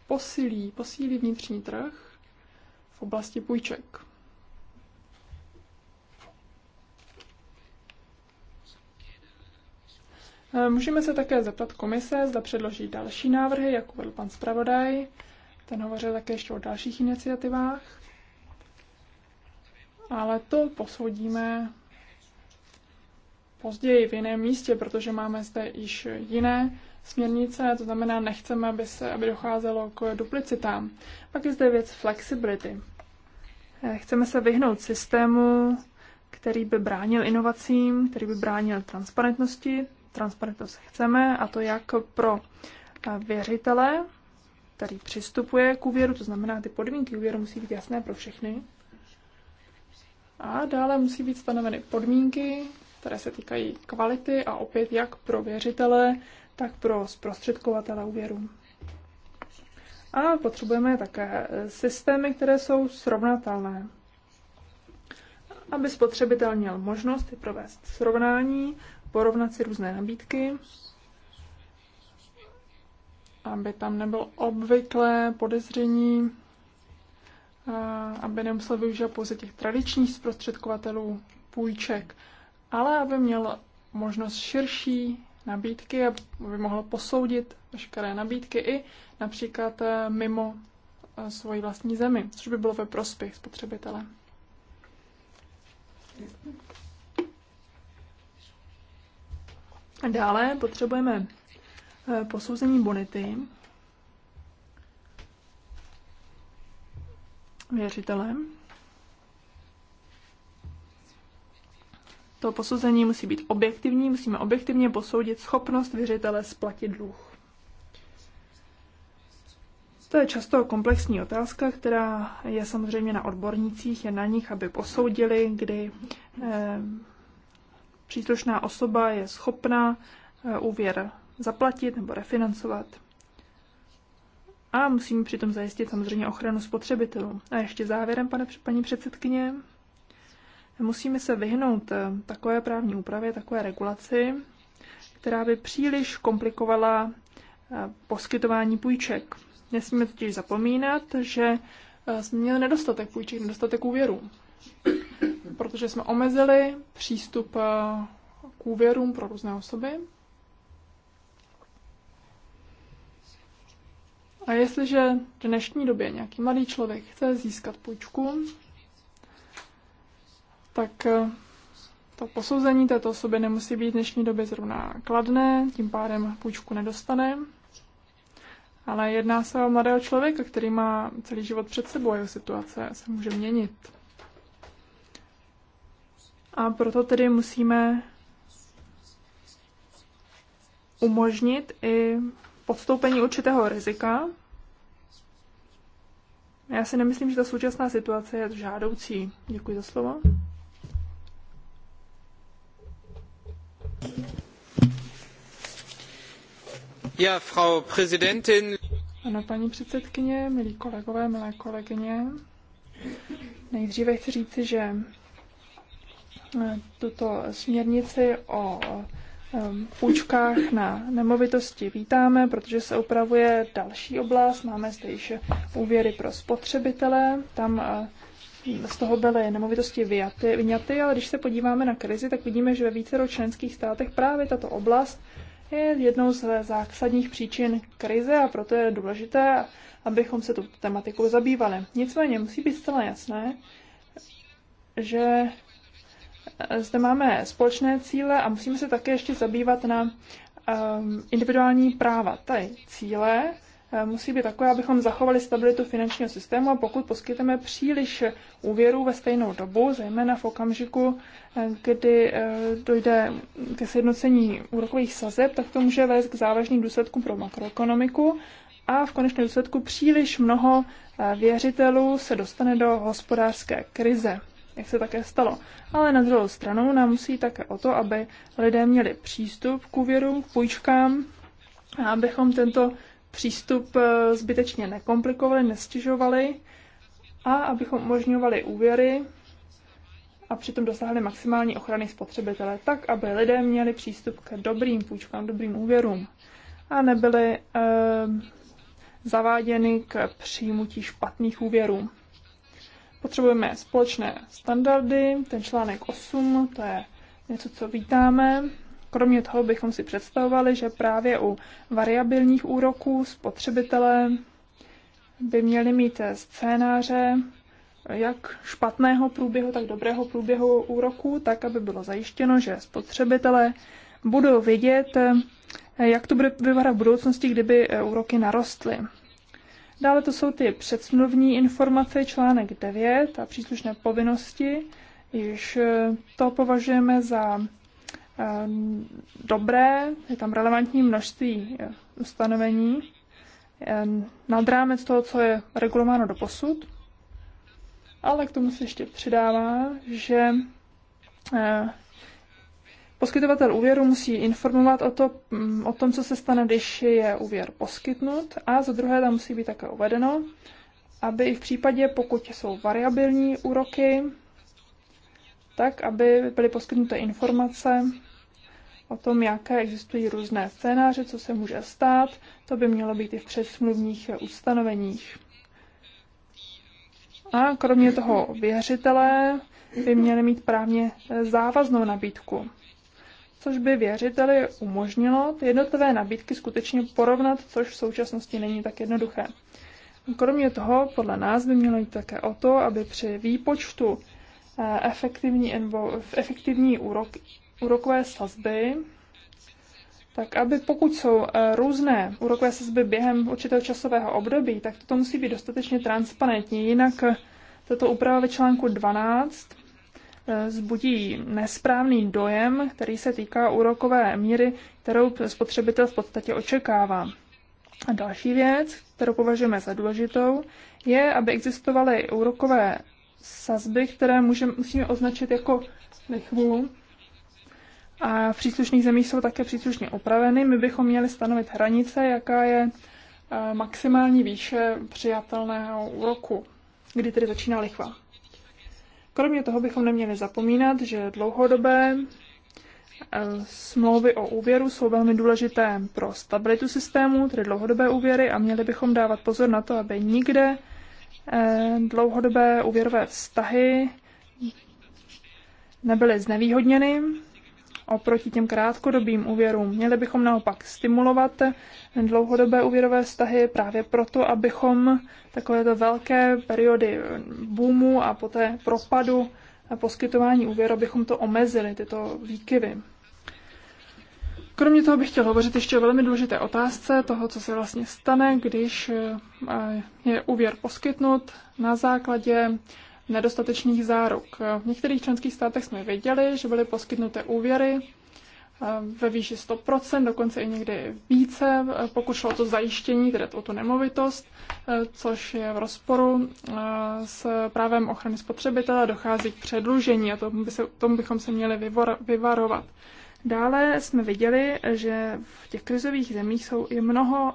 posílí, posílí vnitřní trh v oblasti půjček. Ehm, můžeme se také zeptat komise, zda předloží další návrhy, jak uvedl pan zpravodaj, ten hovořil také ještě o dalších iniciativách. Ale to posoudíme později v jiném místě, protože máme zde již jiné směrnice, to znamená, nechceme, aby, se, aby docházelo k duplicitám. Pak je zde věc flexibility. Eh, chceme se vyhnout systému, který by bránil inovacím, který by bránil transparentnosti. Transparentnost chceme, a to jak pro eh, věřitele, který přistupuje k úvěru, to znamená, ty podmínky úvěru musí být jasné pro všechny. A dále musí být stanoveny podmínky, které se týkají kvality a opět jak pro věřitele, tak pro zprostředkovatele úvěru. A potřebujeme také eh, systémy, které jsou srovnatelné. Aby spotřebitel měl možnost provést srovnání, porovnat si různé nabídky aby tam nebylo obvyklé podezření, eh, aby nemusel využívat pouze těch tradičních zprostředkovatelů půjček, ale aby měl možnost širší nabídky, aby mohl posoudit veškeré nabídky i například eh, mimo eh, svoji vlastní zemi, což by bylo ve prospěch spotřebitele. Dále potřebujeme Eh, posouzení bonity věřitelem. To posouzení musí být objektivní, musíme objektivně posoudit schopnost věřitele splatit dluh. To je často komplexní otázka, která je samozřejmě na odbornících, je na nich, aby posoudili, kdy eh, příslušná osoba je schopna eh, úvěr zaplatit nebo refinancovat. A musíme přitom zajistit samozřejmě ochranu spotřebitelů. A ještě závěrem, pane, paní předsedkyně, musíme se vyhnout eh, takové právní úpravě, takové regulaci, která by příliš komplikovala eh, poskytování půjček. Nesmíme totiž zapomínat, že eh, jsme měli nedostatek půjček, nedostatek úvěrů, protože jsme omezili přístup k úvěrům pro různé osoby A jestliže v dnešní době nějaký mladý člověk chce získat půjčku, tak eh, to posouzení této osoby nemusí být v dnešní době zrovna kladné, tím pádem půjčku nedostane. Ale jedná se o mladého člověka, který má celý život před sebou a jeho situace se může měnit. A proto tedy musíme umožnit i podstoupení určitého rizika. Já si nemyslím, že ta současná situace je žádoucí. Děkuji za slovo. Ja, Frau Präsidentin. Ano, paní předsedkyně, milí kolegové, milé kolegyně. Nejdříve chci říci, že eh, tuto směrnici o Um, půjčkách na nemovitosti vítáme, protože se upravuje další oblast. Máme zde již úvěry pro spotřebitele. Tam eh, z toho byly nemovitosti vyjaty, vyňaty, ale když se podíváme na krizi, tak vidíme, že ve více členských státech právě tato oblast je jednou z zásadních příčin krize a proto je důležité, abychom se tu tematikou zabývali. Nicméně musí být zcela jasné, že zde máme společné cíle a musíme se také ještě zabývat na ehm, individuální práva. Tady cíle eh, musí být takové, abychom zachovali stabilitu finančního systému a pokud poskytneme příliš úvěrů ve stejnou dobu, zejména v okamžiku, eh, kdy eh, dojde ke sjednocení úrokových sazeb, tak to může vést k závažným důsledkům pro makroekonomiku a v konečném důsledku příliš mnoho věřitelů se dostane do hospodářské krize jak se také stalo. Ale na druhou stranu nám musí také o to, aby lidé měli přístup k úvěrům, k půjčkám a abychom tento přístup eh, zbytečně nekomplikovali, nestěžovali a abychom umožňovali úvěry a přitom dosáhli maximální ochrany spotřebitele tak, aby lidé měli přístup k dobrým půjčkám, dobrým úvěrům a nebyli e, eh, zaváděni k přijmutí špatných úvěrů. Potřebujeme společné standardy, ten článek 8, to je něco, co vítáme. Kromě toho bychom si představovali, že právě u variabilních úroků spotřebitelé by měli mít scénáře jak špatného průběhu, tak dobrého průběhu úroku, tak aby bylo zajištěno, že spotřebitelé budou vidět jak to bude vypadat v budoucnosti, kdyby úroky narostly. Dále to jsou ty předsmluvní informace, článek 9 a příslušné povinnosti, již eh, to považujeme za eh, dobré, je tam relevantní množství eh, ustanovení nad rámec toho, co je regulováno do posud. Ale k tomu se ještě přidává, že Poskytovatel úvěru musí informovat o, to, mm, o tom, co se stane, když je úvěr poskytnut a za druhé tam musí být také uvedeno, aby i v případě, pokud jsou variabilní úroky, tak aby byly poskytnuté informace o tom, jaké existují různé scénáře, co se může stát. To by mělo být i v předsmluvních ustanoveních. A kromě toho věřitelé by měli mít právně závaznou nabídku což by věřiteli umožnilo ty jednotlivé nabídky skutečně porovnat, což v současnosti není tak jednoduché. Kromě toho, podle nás by mělo jít také o to, aby při výpočtu eh, efektivní, nebo efektivní úrok, úrokové sazby, tak aby pokud jsou eh, různé úrokové sazby během určitého časového období, tak to musí být dostatečně transparentní, jinak eh, tato úprava ve článku 12 zbudí nesprávný dojem, který se týká úrokové míry, kterou spotřebitel v podstatě očekává. A další věc, kterou považujeme za důležitou, je, aby existovaly úrokové sazby, které můžeme, musíme označit jako lichvu. A v příslušných zemích jsou také příslušně opraveny. My bychom měli stanovit hranice, jaká je eh, maximální výše přijatelného úroku, kdy tedy začíná lichva. Kromě toho bychom neměli zapomínat, že dlouhodobé eh, smlouvy o úvěru jsou velmi důležité pro stabilitu systému, tedy dlouhodobé úvěry, a měli bychom dávat pozor na to, aby nikde eh, dlouhodobé úvěrové vztahy nebyly znevýhodněny oproti těm krátkodobým úvěrům. Měli bychom naopak stimulovat dlouhodobé úvěrové vztahy právě proto, abychom takovéto velké periody boomu a poté propadu a poskytování úvěru, abychom to omezili, tyto výkyvy. Kromě toho bych chtěl hovořit ještě o velmi důležité otázce toho, co se vlastně stane, když eh, je úvěr poskytnut na základě nedostatečných záruk. V některých členských státech jsme věděli, že byly poskytnuté úvěry eh, ve výši 100%, dokonce i někdy více, pokud šlo o to zajištění, tedy o tu nemovitost, eh, což je v rozporu eh, s právem ochrany spotřebitele, dochází k předlužení a tomu, by se, tomu bychom se měli vyvor, vyvarovat. Dále jsme viděli, že v těch krizových zemích jsou i mnoho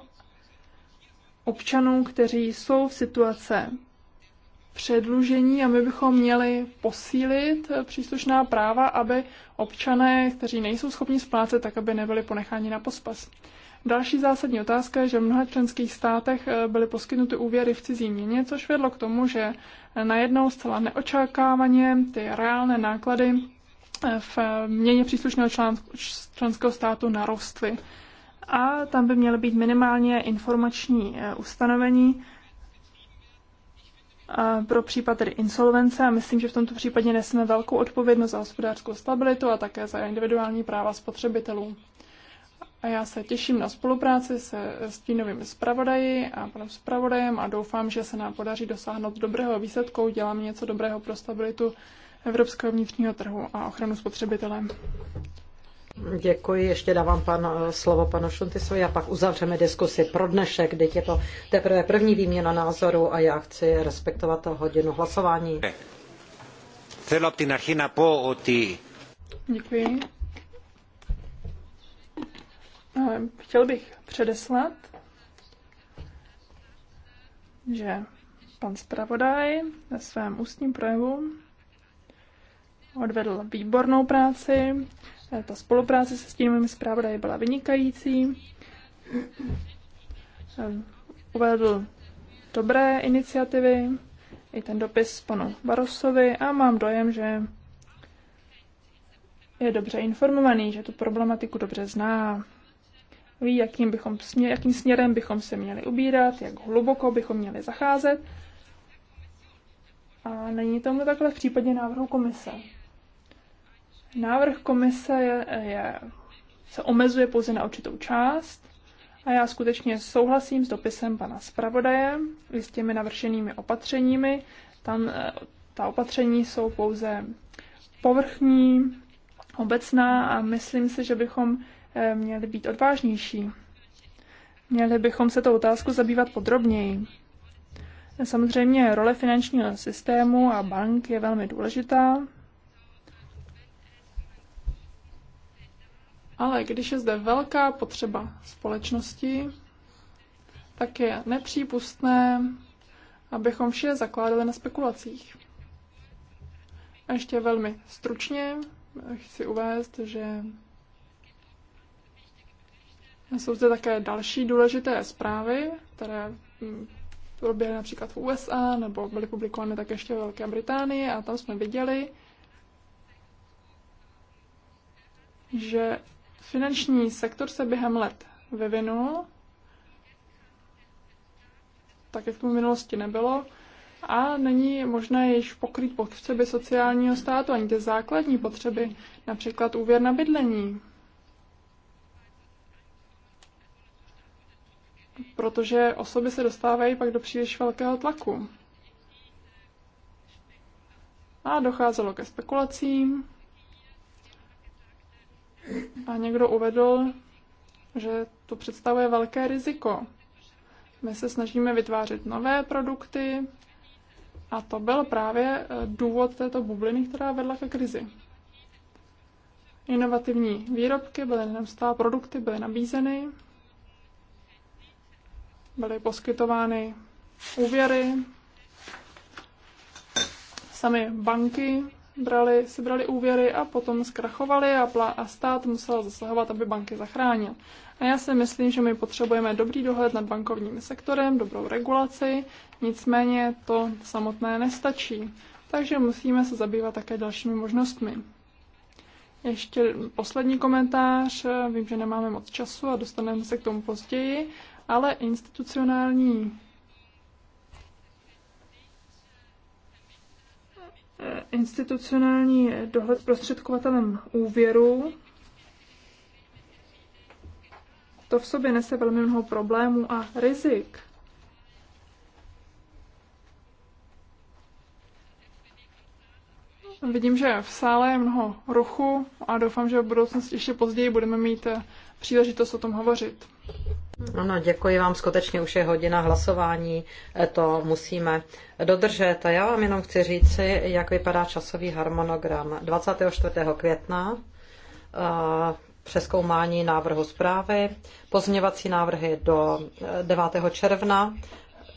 občanů, kteří jsou v situace předlužení a my bychom měli posílit eh, příslušná práva, aby občané, kteří nejsou schopni splácet, tak aby nebyli ponecháni na pospas. Další zásadní otázka je, že v mnoha členských státech eh, byly poskytnuty úvěry v cizí měně, což vedlo k tomu, že eh, najednou zcela neočekávaně ty reálné náklady v měně příslušného členského státu narostly. A tam by měly být minimálně informační ustanovení, pro případ tedy insolvence a myslím, že v tomto případě neseme velkou odpovědnost za hospodářskou stabilitu a také za individuální práva spotřebitelů. A já se těším na spolupráci se stínovými zpravodaji a panem zpravodajem a doufám, že se nám podaří dosáhnout dobrého výsledku, uděláme něco dobrého pro stabilitu evropského vnitřního trhu a ochranu spotřebitele. Děkuji, ještě dávám pan, eh, slovo panu Šuntisovi a pak uzavřeme diskusi pro dnešek, kdy je to teprve první výměna názoru a já chci respektovat hodinu hlasování. Děkuji. Eh, chtěl bych předeslat, že pan zpravodaj ve svém ústním projevu odvedl výbornou práci ta spolupráce se stínovými zpravodaji byla vynikající. Ehm, uvedl dobré iniciativy, i ten dopis panu Barosovi a mám dojem, že je dobře informovaný, že tu problematiku dobře zná. Ví, jakým, bychom, jakým směrem bychom se měli ubírat, jak hluboko bychom měli zacházet. A není tomu takhle v případě návrhu komise. Návrh komise je, je, se omezuje pouze na určitou část a já skutečně souhlasím s dopisem pana zpravodaje i s těmi navršenými opatřeními. Tam eh, ta opatření jsou pouze povrchní, obecná a myslím si, že bychom eh, měli být odvážnější. Měli bychom se tou otázku zabývat podrobněji. Samozřejmě role finančního systému a bank je velmi důležitá, Ale když je zde velká potřeba společnosti, tak je nepřípustné, abychom vše zakládali na spekulacích. A ještě velmi stručně chci uvést, že jsou zde také další důležité zprávy, které mm, proběhly například v USA nebo byly publikovány také ještě v Velké Británii a tam jsme viděli, že Finanční sektor se během let vyvinul, tak jak to v minulosti nebylo, a není možné již pokrýt potřeby sociálního státu, ani ty základní potřeby, například úvěr na bydlení. Protože osoby se dostávají pak do příliš velkého tlaku. A docházelo ke spekulacím, a někdo uvedl, že to představuje velké riziko. My se snažíme vytvářet nové produkty a to byl právě eh, důvod této bubliny, která vedla ke krizi. Inovativní výrobky byly neustále, produkty byly nabízeny, byly poskytovány úvěry, sami banky brali, si brali úvěry a potom zkrachovali a, plá, a stát musel zasahovat, aby banky zachránil. A já si myslím, že my potřebujeme dobrý dohled nad bankovním sektorem, dobrou regulaci, nicméně to samotné nestačí. Takže musíme se zabývat také dalšími možnostmi. Ještě poslední komentář. Vím, že nemáme moc času a dostaneme se k tomu později, ale institucionální institucionální dohled prostředkovatelem úvěru. To v sobě nese velmi mnoho problémů a rizik. Vidím, že v sále je mnoho ruchu a doufám, že v budoucnosti ještě později budeme mít příležitost o tom hovořit. Mhm. Ano, děkuji vám, skutečně už je hodina hlasování, eh, to musíme dodržet. A já vám jenom chci říci, jak vypadá časový harmonogram. 24. května eh, přeskoumání návrhu zprávy, pozměvací návrhy do 9. Eh, června,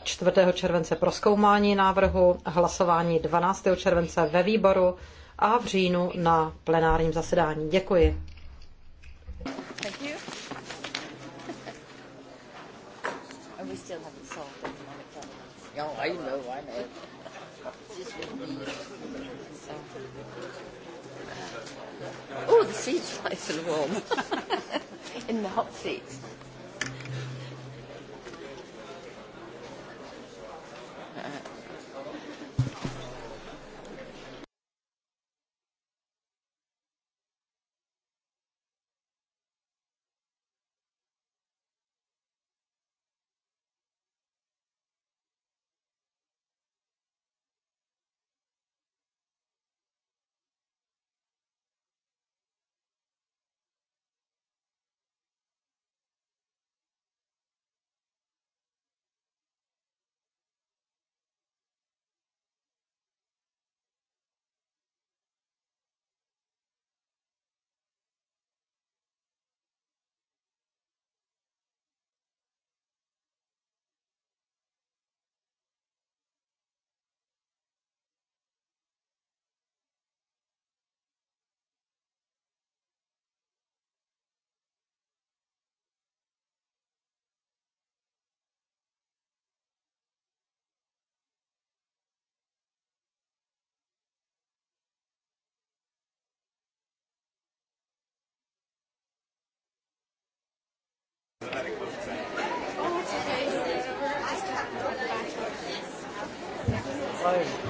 4. července proskoumání návrhu, hlasování 12. července ve výboru a v říjnu na plenárním zasedání. Děkuji. And we still haven't solved economic governance. No, I know, I know. Oh, the seat's nice and warm. [laughs] In the hot seats. pleasure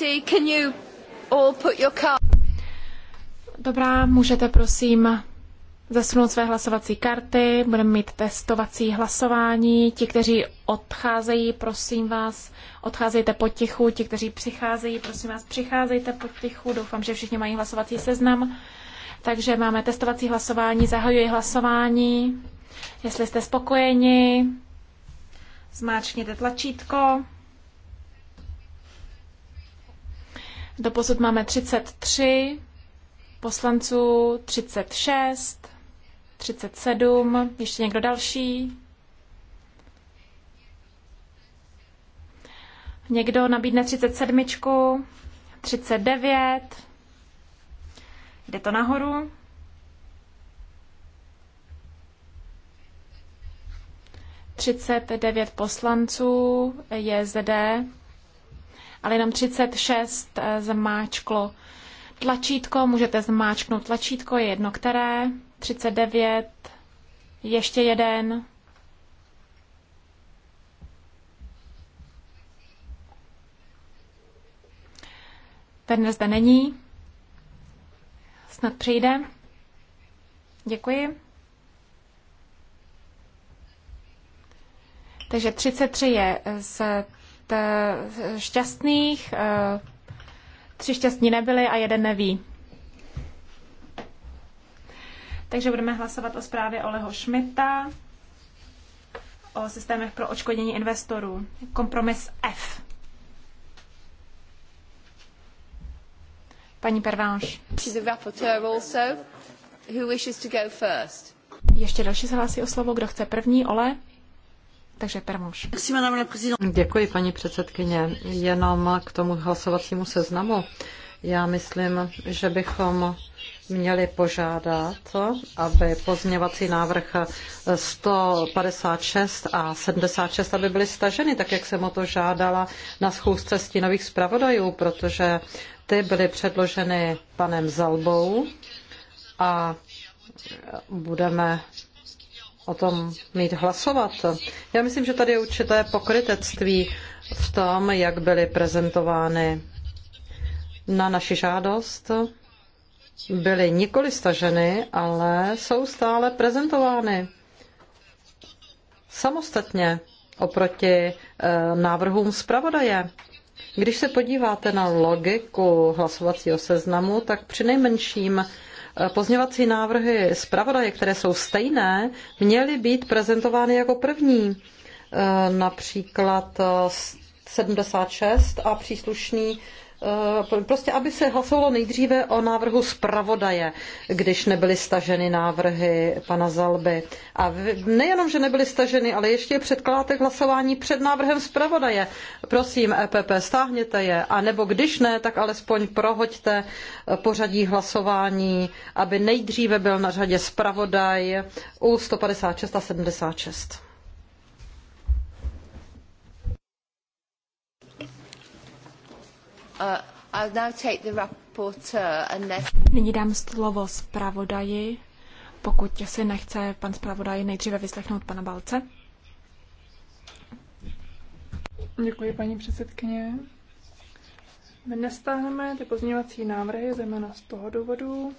can you all put your Dobrá, můžete prosím zasunout své hlasovací karty, budeme mít testovací hlasování. Ti, kteří odcházejí, prosím vás, odcházejte potichu. Ti, kteří přicházejí, prosím vás, přicházejte potichu. Doufám, že všichni mají hlasovací seznam. Takže máme testovací hlasování, zahajuji hlasování. Jestli jste spokojeni, zmáčkněte tlačítko. Doposud máme 33 poslanců, 36, 37, ještě někdo další? Někdo nabídne 37, 39, jde to nahoru. Třicet devět poslanců je zde ale jenom 36 eh, zmáčklo tlačítko, můžete zmáčknout tlačítko, je jedno které, 39, ještě jeden, Ten zde není. Snad přijde. Děkuji. Takže 33 je z Eh, šťastných, eh, tři šťastní nebyli a jeden neví. Takže budeme hlasovat o zprávě Oleho Šmita o systémech pro očkodnění investorů. Kompromis F. Paní Pervánš. Ještě další se hlásí o slovo. Kdo chce první? Ole? Takže Permuš. Děkuji, paní předsedkyně. Jenom k tomu hlasovacímu seznamu. Já myslím, že bychom měli požádat, aby pozměvací návrh 156 a 76, aby byly staženy, tak jak jsem o to žádala na schůzce stínových zpravodajů, protože ty byly předloženy panem Zalbou a budeme o tom mít hlasovat. Já myslím, že tady je určité pokrytectví v tom, jak byly prezentovány na naši žádost. Byly nikoli staženy, ale jsou stále prezentovány samostatně oproti eh, návrhům zpravodaje. Když se podíváte na logiku hlasovacího seznamu, tak při nejmenším pozněvací návrhy zpravodaje, které jsou stejné, měly být prezentovány jako první. E, například 76 e, a příslušný Eh, prostě aby se hlasovalo nejdříve o návrhu zpravodaje, když nebyly staženy návrhy pana Zalby. A nejenom, že nebyly staženy, ale ještě je předkládáte k hlasování před návrhem zpravodaje. Prosím, EPP, stáhněte je. A nebo když ne, tak alespoň prohoďte eh, pořadí hlasování, aby nejdříve byl na řadě zpravodaj u 156 a 76. Uh, Nyní dám slovo zpravodaji, pokud si nechce pan zpravodaj nejdříve vyslechnout pana Balce. Děkuji, paní předsedkyně. My nestáhneme ty pozměňovací návrhy, zejména z toho důvodu,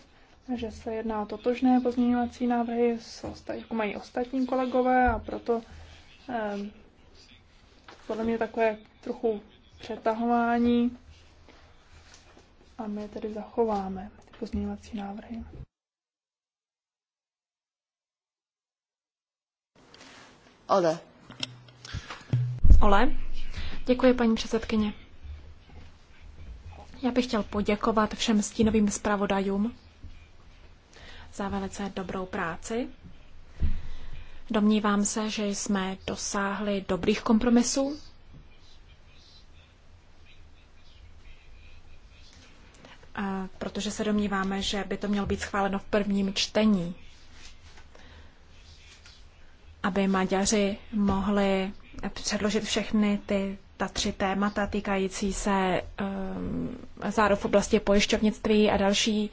že se jedná o totožné pozměňovací návrhy, jako mají ostatní kolegové a proto eh, podle mě takové trochu přetahování a my tedy zachováme ty pozměňovací návrhy. Ole. Ole. Děkuji, paní předsedkyně. Já bych chtěl poděkovat všem stínovým zpravodajům za velice dobrou práci. Domnívám se, že jsme dosáhli dobrých kompromisů protože se domníváme, že by to mělo být schváleno v prvním čtení, aby Maďaři mohli předložit všechny ty ta tři témata týkající se um, zárov v oblasti pojišťovnictví a dalších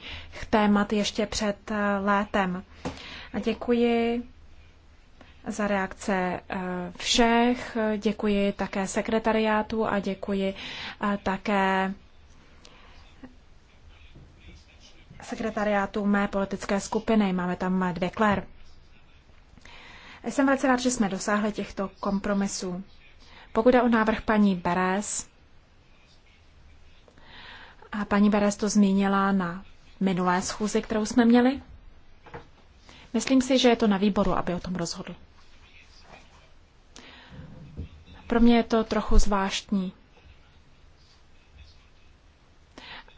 témat ještě před uh, létem. A děkuji za reakce uh, všech, děkuji také sekretariátu a děkuji uh, také sekretariátu mé politické skupiny. Máme tam dvě klér. Jsem velice rád, že jsme dosáhli těchto kompromisů. Pokud jde o návrh paní Beres, a paní Beres to zmínila na minulé schůzi, kterou jsme měli, myslím si, že je to na výboru, aby o tom rozhodl. Pro mě je to trochu zvláštní.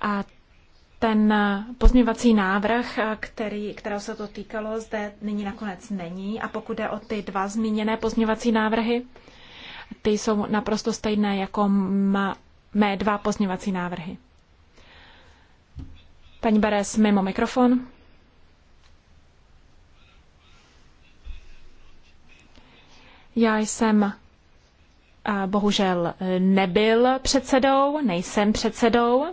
A ten pozměňovací návrh, který, kterého se to týkalo, zde nyní nakonec není. A pokud jde o ty dva zmíněné pozměňovací návrhy, ty jsou naprosto stejné jako mé dva pozměňovací návrhy. Paní Beres, mimo mikrofon. Já jsem bohužel nebyl předsedou, nejsem předsedou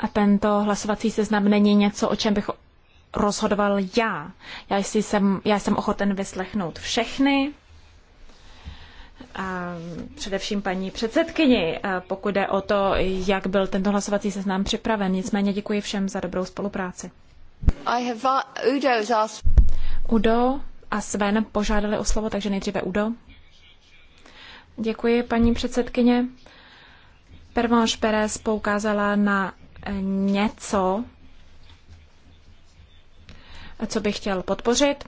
A tento hlasovací seznam není něco, o čem bych rozhodoval já. Já jsem, já jsem ochoten vyslechnout všechny, a především paní předsedkyni, pokud jde o to, jak byl tento hlasovací seznam připraven. Nicméně děkuji všem za dobrou spolupráci. I Have, uh, Udo, asked... Udo a Sven požádali o slovo, takže nejdříve Udo. Děkuji, paní předsedkyně. Pervanche Perez poukázala na něco, co bych chtěl podpořit.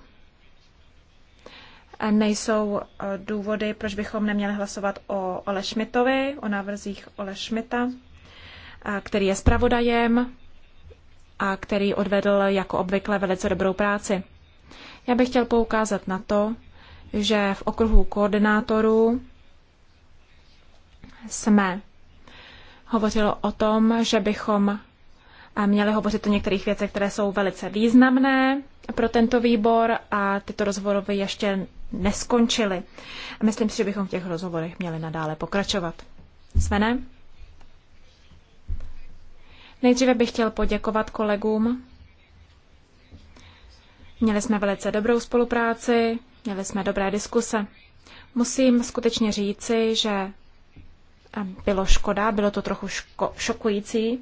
Nejsou eh, důvody, proč bychom neměli hlasovat o Ole Schmidtovi, o návrzích Ole Schmidta, eh, který je zpravodajem a který odvedl jako obvykle velice dobrou práci. Já bych chtěl poukázat na to, že v okruhu koordinátorů jsme hovořilo o tom, že bychom měli hovořit o některých věcech, které jsou velice významné pro tento výbor a tyto rozhovory ještě neskončily. Myslím si, že bychom v těch rozhovorech měli nadále pokračovat. Svene? Nejdříve bych chtěl poděkovat kolegům. Měli jsme velice dobrou spolupráci, měli jsme dobré diskuse. Musím skutečně říci, že bylo škoda, bylo to trochu ško- šokující,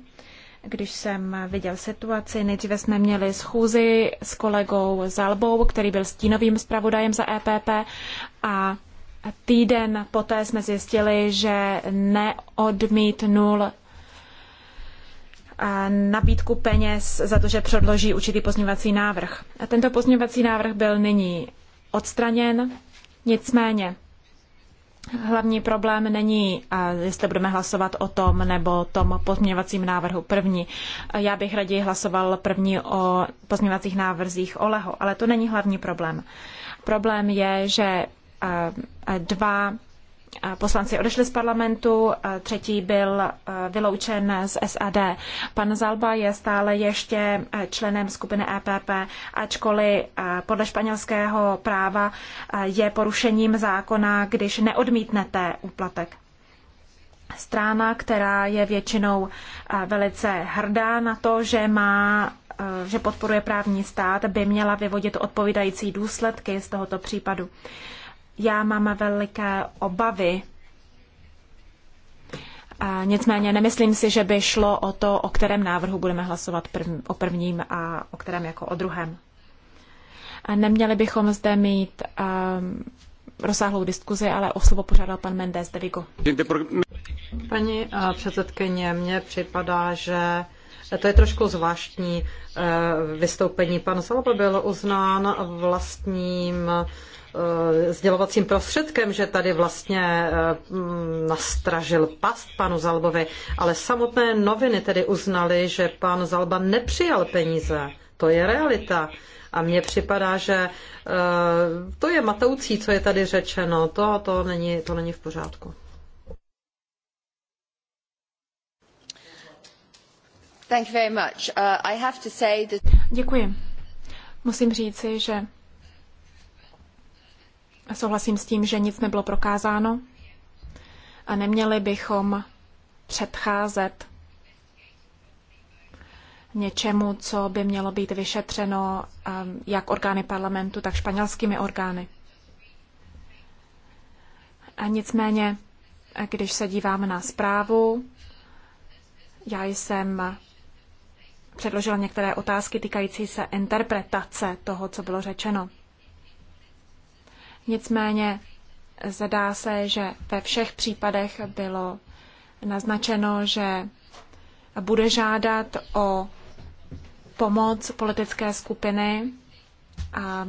když jsem viděl situaci. Nejdříve jsme měli schůzi s kolegou Zalbou, který byl stínovým zpravodajem za EPP a týden poté jsme zjistili, že neodmítnul nabídku peněz za to, že předloží určitý pozměňovací návrh. A tento pozměňovací návrh byl nyní odstraněn, nicméně Hlavní problém není, jestli budeme hlasovat o tom nebo tom pozměňovacím návrhu první. Já bych raději hlasoval první o pozměňovacích návrzích Oleho, ale to není hlavní problém. Problém je, že eh, dva poslanci odešli z parlamentu, třetí byl vyloučen z SAD. Pan Zalba je stále ještě členem skupiny EPP, ačkoliv podle španělského práva je porušením zákona, když neodmítnete úplatek. Strana, která je většinou velice hrdá na to, že má že podporuje právní stát, by měla vyvodit odpovídající důsledky z tohoto případu. Já mám veliké obavy. A nicméně nemyslím si, že by šlo o to, o kterém návrhu budeme hlasovat prv, o prvním a o kterém jako o druhém. A neměli bychom zde mít um, rozsáhlou diskuzi, ale o slovo požádal pan Mendes de Vigo. Paní eh, předsedkyně, mně připadá, že to je trošku zvláštní eh, vystoupení. Pan Salaba byl uznán vlastním Eh, sdělovacím prostředkem, že tady vlastně eh, mm, nastražil past panu Zalbovi, ale samotné noviny tedy uznaly, že pan Zalba nepřijal peníze. To je realita. A mně připadá, že eh, to je matoucí, co je tady řečeno. To, to, není, to není v pořádku. Uh, Děkuji. Musím říci, že Souhlasím s tím, že nic nebylo prokázáno a neměli bychom předcházet něčemu, co by mělo být vyšetřeno um, jak orgány parlamentu, tak španělskými orgány. A nicméně, když se dívám na zprávu, já jsem předložila některé otázky týkající se interpretace toho, co bylo řečeno. Nicméně zdá se, že ve všech případech bylo naznačeno, že bude žádat o pomoc politické skupiny a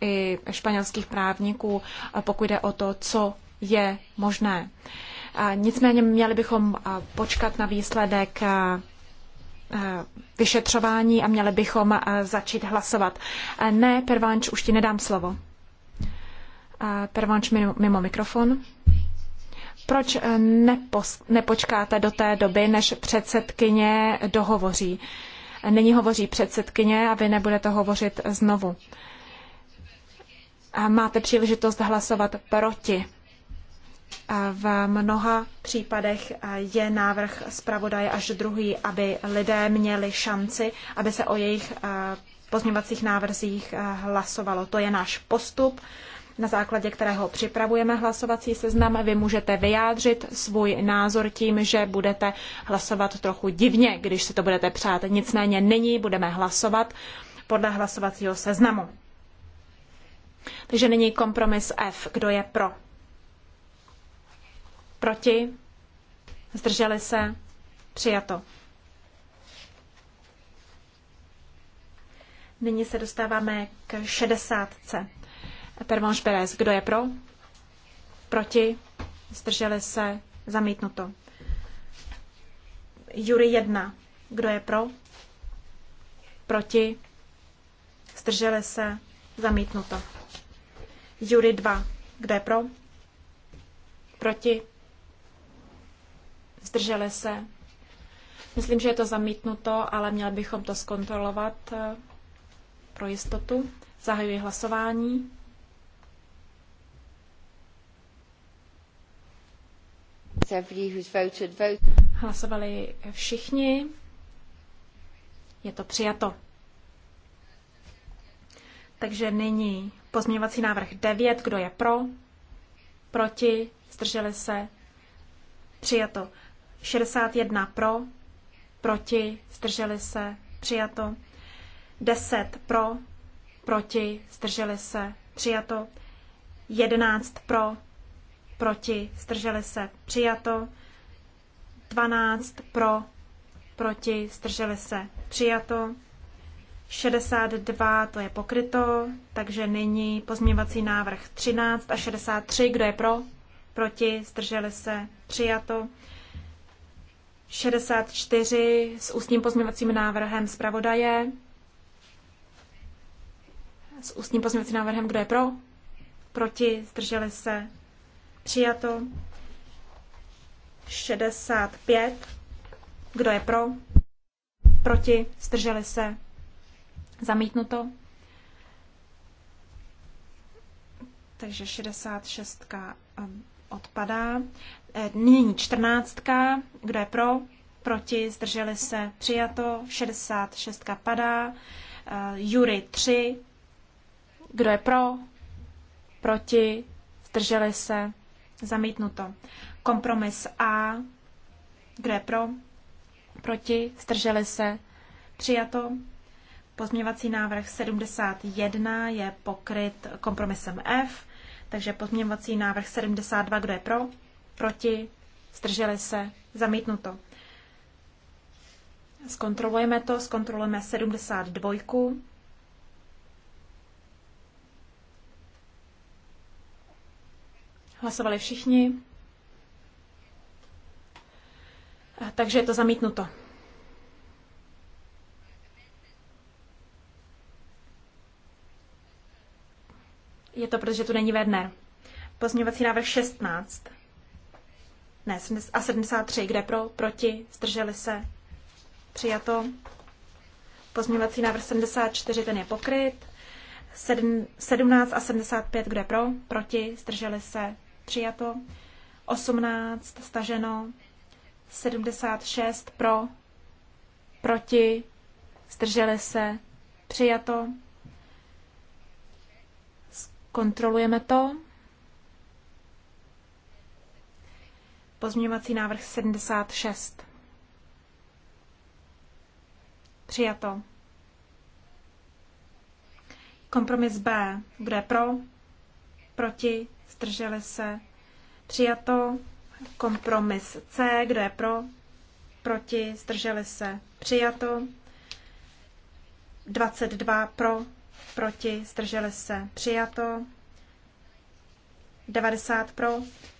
i španělských právníků, pokud jde o to, co je možné. Nicméně měli bychom počkat na výsledek vyšetřování a měli bychom začít hlasovat. Ne, Pervanč, už ti nedám slovo. Pervanč mimo mikrofon. Proč eh, nepos- nepočkáte do té doby, než předsedkyně dohovoří? Nyní hovoří předsedkyně a vy nebudete hovořit znovu. A máte příležitost hlasovat proti. A v mnoha případech eh, je návrh zpravodaje až druhý, aby lidé měli šanci, aby se o jejich eh, pozměňovacích návrzích hlasovalo. To je náš postup na základě kterého připravujeme hlasovací seznam. Vy můžete vyjádřit svůj názor tím, že budete hlasovat trochu divně, když si to budete přát. Nicméně nyní budeme hlasovat podle hlasovacího seznamu. Takže nyní kompromis F. Kdo je pro? Proti? Zdrželi se? Přijato. Nyní se dostáváme k šedesátce. Pervanš Perez, kdo je pro? Proti? Zdrželi se? Zamítnuto. Jury 1, kdo je pro? Proti? Zdrželi se? Zamítnuto. Jury 2, kdo je pro? Proti? Zdrželi se? Myslím, že je to zamítnuto, ale měli bychom to zkontrolovat eh, pro jistotu. Zahajuji hlasování. Hlasovali všichni. Je to přijato. Takže nyní pozměňovací návrh 9. Kdo je pro? Proti? Zdrželi se? Přijato. 61 pro? Proti? Zdrželi se? Přijato. 10 pro? Proti? Zdrželi se? Přijato. 11 pro? proti, zdrželi se, přijato. 12 pro, proti, zdrželi se, přijato. 62 to je pokryto, takže nyní pozměvací návrh 13 a 63, kdo je pro, proti, zdrželi se, přijato. 64 s ústním pozměvacím návrhem zpravodaje. S ústním pozměvacím návrhem, kdo je pro, proti, zdrželi se, Přijato. 65. Kdo je pro? Proti? Zdrželi se? Zamítnuto. Takže 66 ehm, odpadá. E, nyní 14. Kdo je pro? Proti? Zdrželi se? Přijato. 66 padá. E, jury 3. Kdo je pro? Proti? Zdrželi se? Zamítnuto. Kompromis A. Kdo je pro? Proti? Zdrželi se? Přijato. Pozměňovací návrh 71 je pokryt kompromisem F, takže pozměňovací návrh 72, kdo je pro? Proti? Zdrželi se? Zamítnuto. Zkontrolujeme to, zkontrolujeme 72. Hlasovali všichni. Takže je to zamítnuto. Je to, protože tu není Werner. Pozměňovací návrh 16. Ne, a 73. Kde pro, proti, zdrželi se. Přijato. Pozměňovací návrh 74, ten je pokryt. 17 a 75, kde pro, proti, zdrželi se přijato, 18 staženo, 76 pro, proti, zdrželi se, přijato. Kontrolujeme to. Pozměňovací návrh 76. Přijato. Kompromis B. Kdo je pro? Proti? zdrželi se, přijato. Kompromis C, kdo je pro, proti, zdrželi se, přijato. 22 pro, proti, zdrželi se, přijato. 90 pro,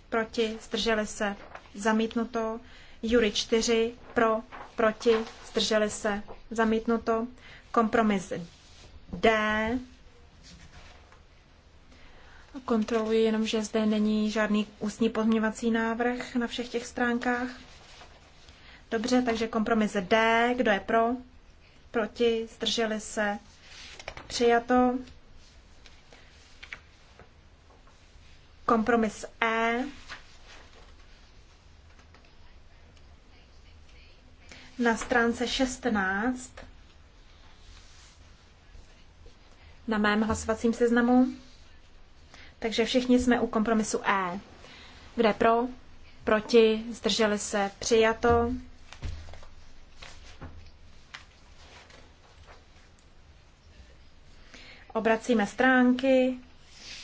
proti, zdrželi se, zamítnuto. Jury 4 pro, proti, zdrželi se, zamítnuto. Kompromis D, Kontroluji jenom, že zde není žádný ústní pozměňovací návrh na všech těch stránkách. Dobře, takže kompromis D. Kdo je pro? Proti? Zdrželi se? Přijato. Kompromis E. Na stránce 16 na mém hlasovacím seznamu. Takže všichni jsme u kompromisu E. Kde pro, proti, zdrželi se, přijato. Obracíme stránky.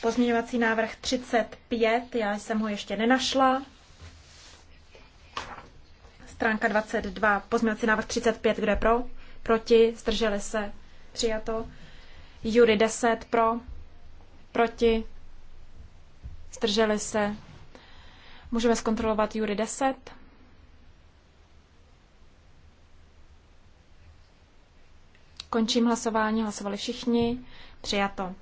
Pozměňovací návrh 35, já jsem ho ještě nenašla. Stránka 22, pozměňovací návrh 35, kde pro? Proti, zdrželi se, přijato. Jury 10, pro, proti, Zdrželi se? Můžeme zkontrolovat Jury 10. Končím hlasování, hlasovali všichni. Přijato.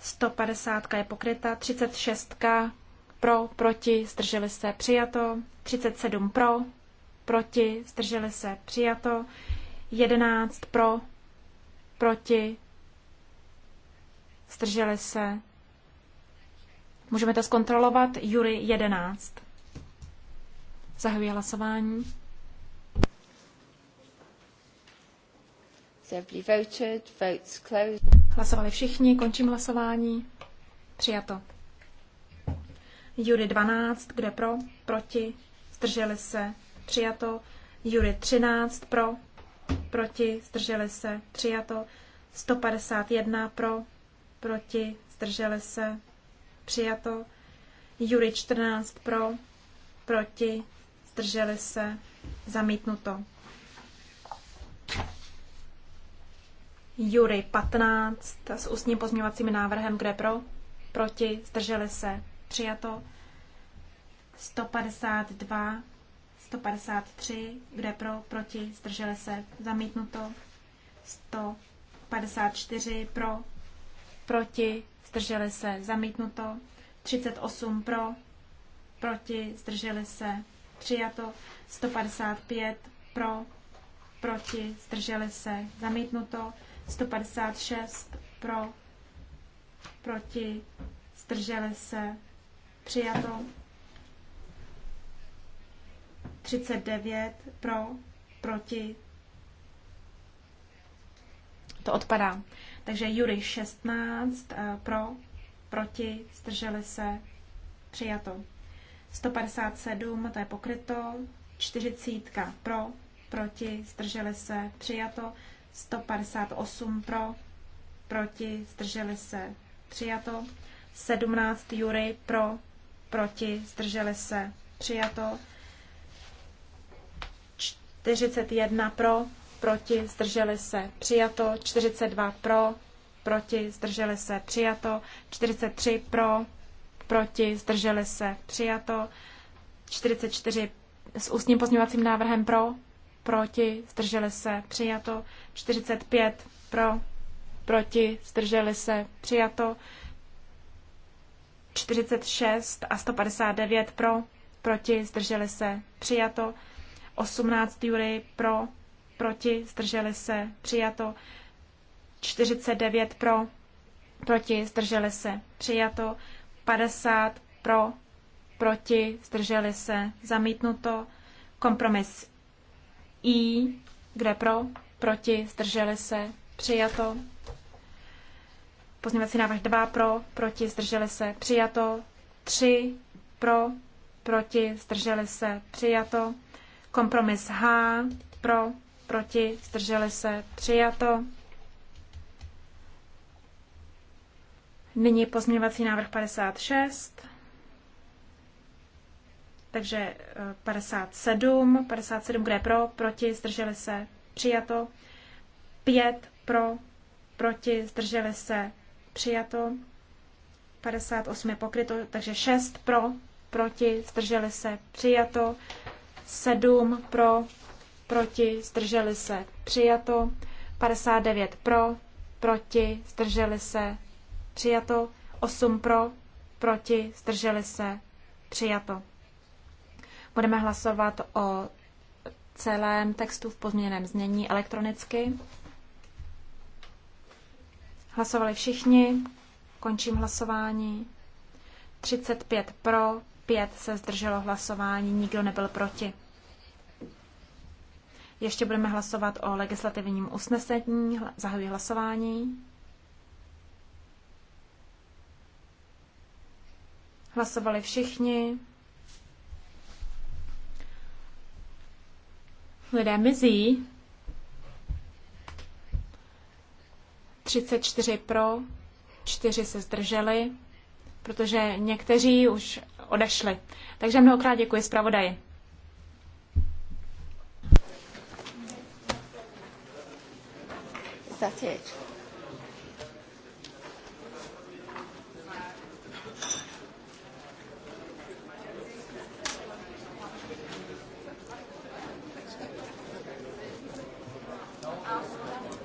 150 je pokryta, 36 pro, proti, zdrželi se, přijato, 37 pro, proti, zdrželi se, přijato, 11 pro, proti, zdrželi se, Můžeme to zkontrolovat. Jury 11. Zahajuji hlasování. Voted, votes closed. Hlasovali všichni, končím hlasování. Přijato. Jury 12, kde pro, proti, zdrželi se, přijato. Jury 13, pro, proti, zdrželi se, přijato. 151 pro, proti, zdrželi se, přijato. Jury 14 pro, proti, zdrželi se, zamítnuto. Jury 15 s ústním pozměňovacím návrhem, kde pro, proti, zdrželi se, přijato. 152, 153, kde pro, proti, zdrželi se, zamítnuto. 154 pro, proti, zdrželi se, zamítnuto. 38 pro, proti, zdrželi se, přijato. 155 pro, proti, zdrželi se, zamítnuto. 156 pro, proti, zdrželi se, přijato. 39 pro, proti. To odpadá. Takže Jury 16 eh, pro, proti, zdrželi se, přijato. 157, to je pokryto, 40 pro, proti, zdrželi se, přijato. 158 pro, proti, zdrželi se, přijato. 17 jury pro, proti, zdrželi se, přijato. 41 pro, proti, zdrželi se, přijato, 42 pro, proti, zdrželi se, přijato, 43 pro, proti, zdrželi se, přijato, 44 s ústním pozměňovacím návrhem pro, proti, zdrželi se, přijato, 45 pro, proti, zdrželi se, přijato, 46 a 159 pro, proti, zdrželi se, přijato, 18 jury pro, proti, zdrželi se, přijato. 49 pro, proti, zdrželi se, přijato. 50 pro, proti, zdrželi se, zamítnuto. Kompromis I, kde pro, proti, zdrželi se, přijato. Pozměňovací návrh 2 pro, proti, zdrželi se, přijato. 3 pro, proti, zdrželi se, přijato. Kompromis H pro, proti, zdrželi se, přijato. Nyní pozměňovací návrh 56, takže 57, eh, 57, kde pro, proti, zdrželi se, přijato. 5 pro, proti, zdrželi se, přijato. 58 je pokryto, takže 6 pro, proti, zdrželi se, přijato. 7 pro, proti, zdrželi se, přijato. 59 pro, proti, zdrželi se, přijato. 8 pro, proti, zdrželi se, přijato. Budeme hlasovat o celém textu v pozměněném znění elektronicky. Hlasovali všichni, končím hlasování. 35 pro, 5 se zdrželo hlasování, nikdo nebyl proti. Ještě budeme hlasovat o legislativním usnesení. Zahajuji hlasování. Hlasovali všichni. Lidé mizí. 34 pro, 4 se zdrželi, protože někteří už odešli. Takže mnohokrát děkuji zpravodaji. that it?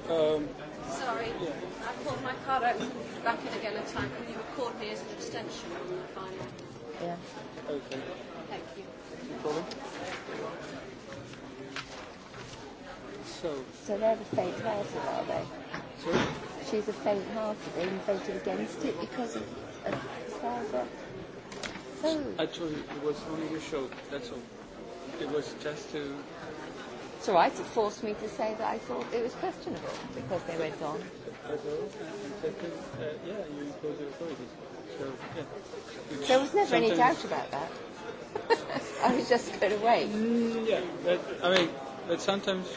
Um, Sorry, I pulled my card out and back in again in time. Can you record me as an on the final? Yeah. Okay. Thank you. No problem. So. So they're the faint-hearted, are they? Sorry? She's a faint-hearted and voted against it because of, of father. So Actually, it was only a show. That's all. It was just to. It's all right. It forced me to say that I thought it was questionable because they went on. there was never sometimes... any doubt about that. [laughs] [laughs] I was just going to wait. Mm, yeah, but I mean, but sometimes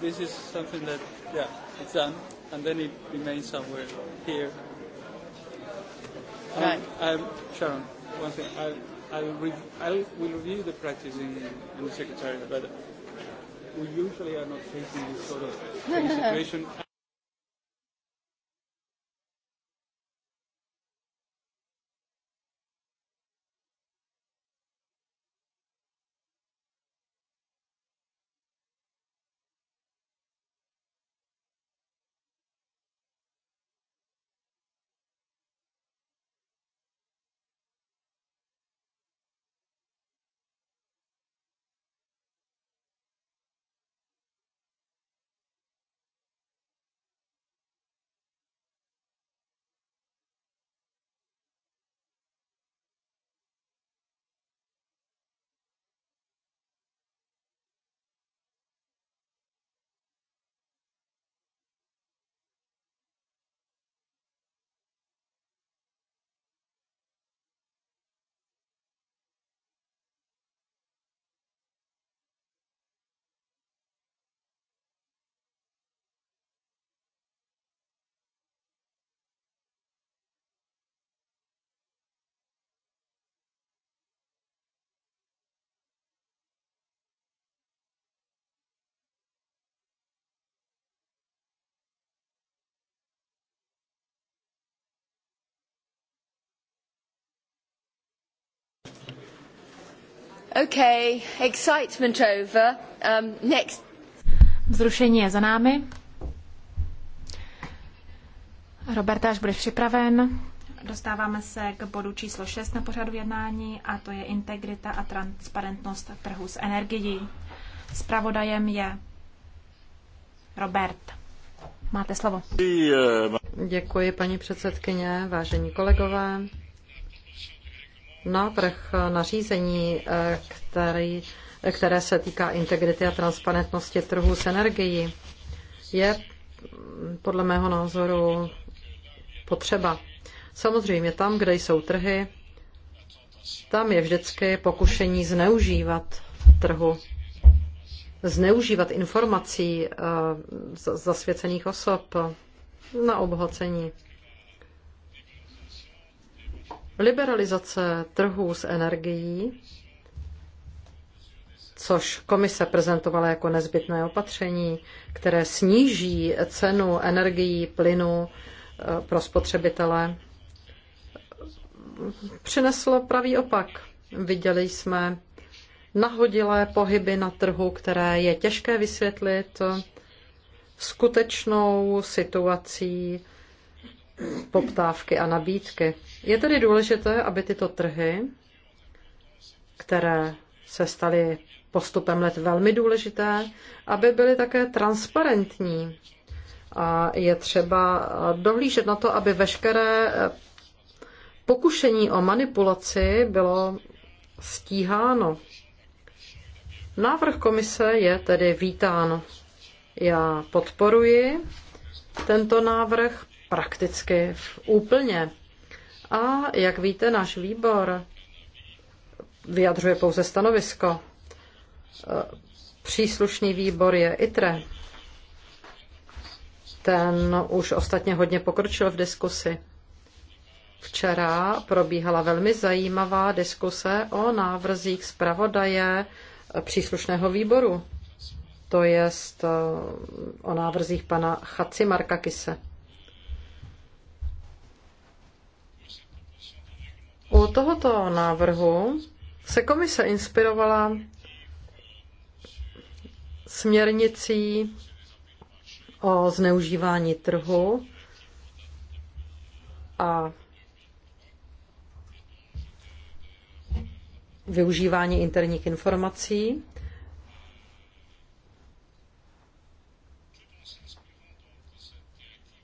this is something that, yeah, it's done, and then it remains somewhere here. Um, right. I'm, um, Sharon, one thing. I, I will, re- I will review the practice in, in the Secretariat, but we usually are not facing this sort of [laughs] situation. Okay, excitement over. Um, next. Vzrušení je za námi. Roberta, až budeš připraven. Dostáváme se k bodu číslo 6 na pořadu jednání a to je integrita a transparentnost trhu s energií. Spravodajem je Robert. Máte slovo. Děkuji, paní předsedkyně, vážení kolegové návrh nařízení, eh, který, eh, které se týká integrity a transparentnosti trhu s energií, je mm, podle mého názoru potřeba. Samozřejmě tam, kde jsou trhy, tam je vždycky pokušení zneužívat trhu, zneužívat informací eh, zasvěcených osob na obohacení Liberalizace trhů s energií, což komise prezentovala jako nezbytné opatření, které sníží cenu energií, plynu eh, pro spotřebitele, přineslo pravý opak. Viděli jsme nahodilé pohyby na trhu, které je těžké vysvětlit skutečnou situací poptávky a nabídky. Je tedy důležité, aby tyto trhy, které se staly postupem let velmi důležité, aby byly také transparentní. A je třeba dohlížet na to, aby veškeré pokušení o manipulaci bylo stíháno. Návrh komise je tedy vítán. Já podporuji tento návrh, prakticky úplně. A jak víte, náš výbor vyjadřuje pouze stanovisko. Příslušný výbor je ITRE. Ten už ostatně hodně pokročil v diskusi. Včera probíhala velmi zajímavá diskuse o návrzích zpravodaje příslušného výboru, to jest eh, o návrzích pana Chaci Marka Kise. U tohoto návrhu se komise inspirovala směrnicí o zneužívání trhu a využívání interních informací.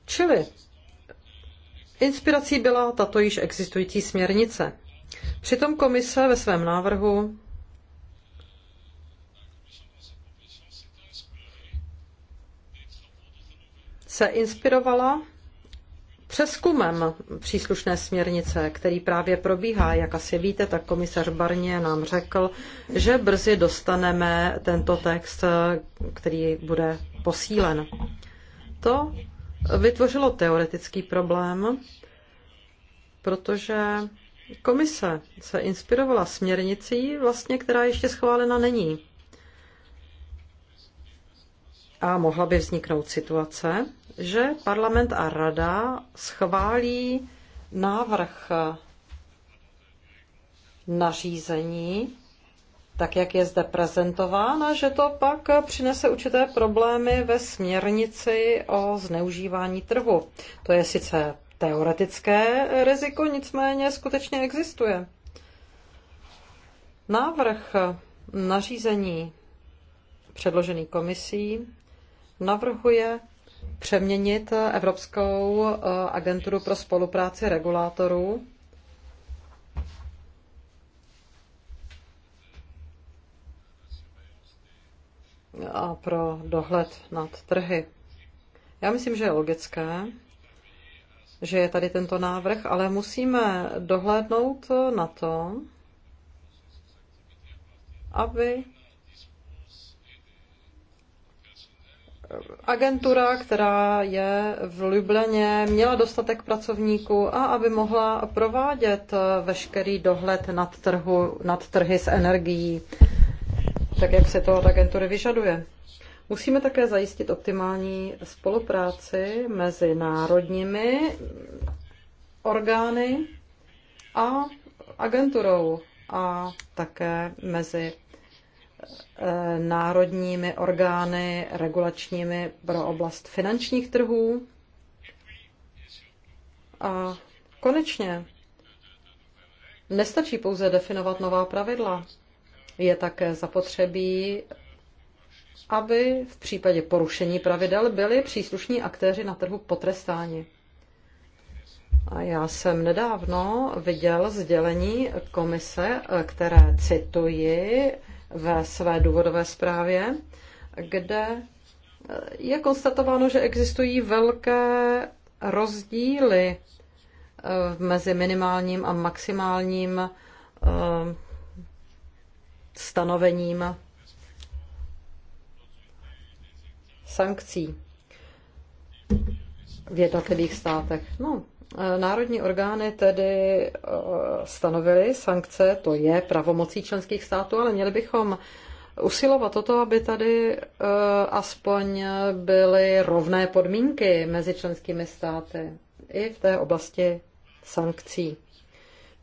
Čili Inspirací byla tato již existující směrnice. Přitom komise ve svém návrhu se inspirovala přeskumem příslušné směrnice, který právě probíhá. Jak asi víte, tak komisař Barně nám řekl, že brzy dostaneme tento text, který bude posílen. To vytvořilo teoretický problém, protože komise se inspirovala směrnicí, vlastně, která ještě schválena není. A mohla by vzniknout situace, že parlament a rada schválí návrh nařízení tak jak je zde prezentována, že to pak přinese určité problémy ve směrnici o zneužívání trhu. To je sice teoretické riziko, nicméně skutečně existuje. Návrh nařízení předložený komisí navrhuje přeměnit Evropskou eh, agenturu pro spolupráci regulátorů a pro dohled nad trhy. Já myslím, že je logické, že je tady tento návrh, ale musíme dohlédnout na to, aby agentura, která je v Lubleně, měla dostatek pracovníků a aby mohla provádět veškerý dohled nad, trhu, nad trhy s energií tak jak se to od agentury vyžaduje. Musíme také zajistit optimální spolupráci mezi národními orgány a agenturou a také mezi eh, národními orgány regulačními pro oblast finančních trhů. A konečně nestačí pouze definovat nová pravidla, je také zapotřebí, aby v případě porušení pravidel byli příslušní aktéři na trhu potrestáni. A já jsem nedávno viděl sdělení komise, které cituji ve své důvodové zprávě, kde je konstatováno, že existují velké rozdíly eh, mezi minimálním a maximálním eh, stanovením sankcí v jednotlivých státech. No, e, národní orgány tedy e, stanovily sankce, to je pravomocí členských států, ale měli bychom usilovat o to, aby tady e, aspoň byly rovné podmínky mezi členskými státy i v té oblasti sankcí.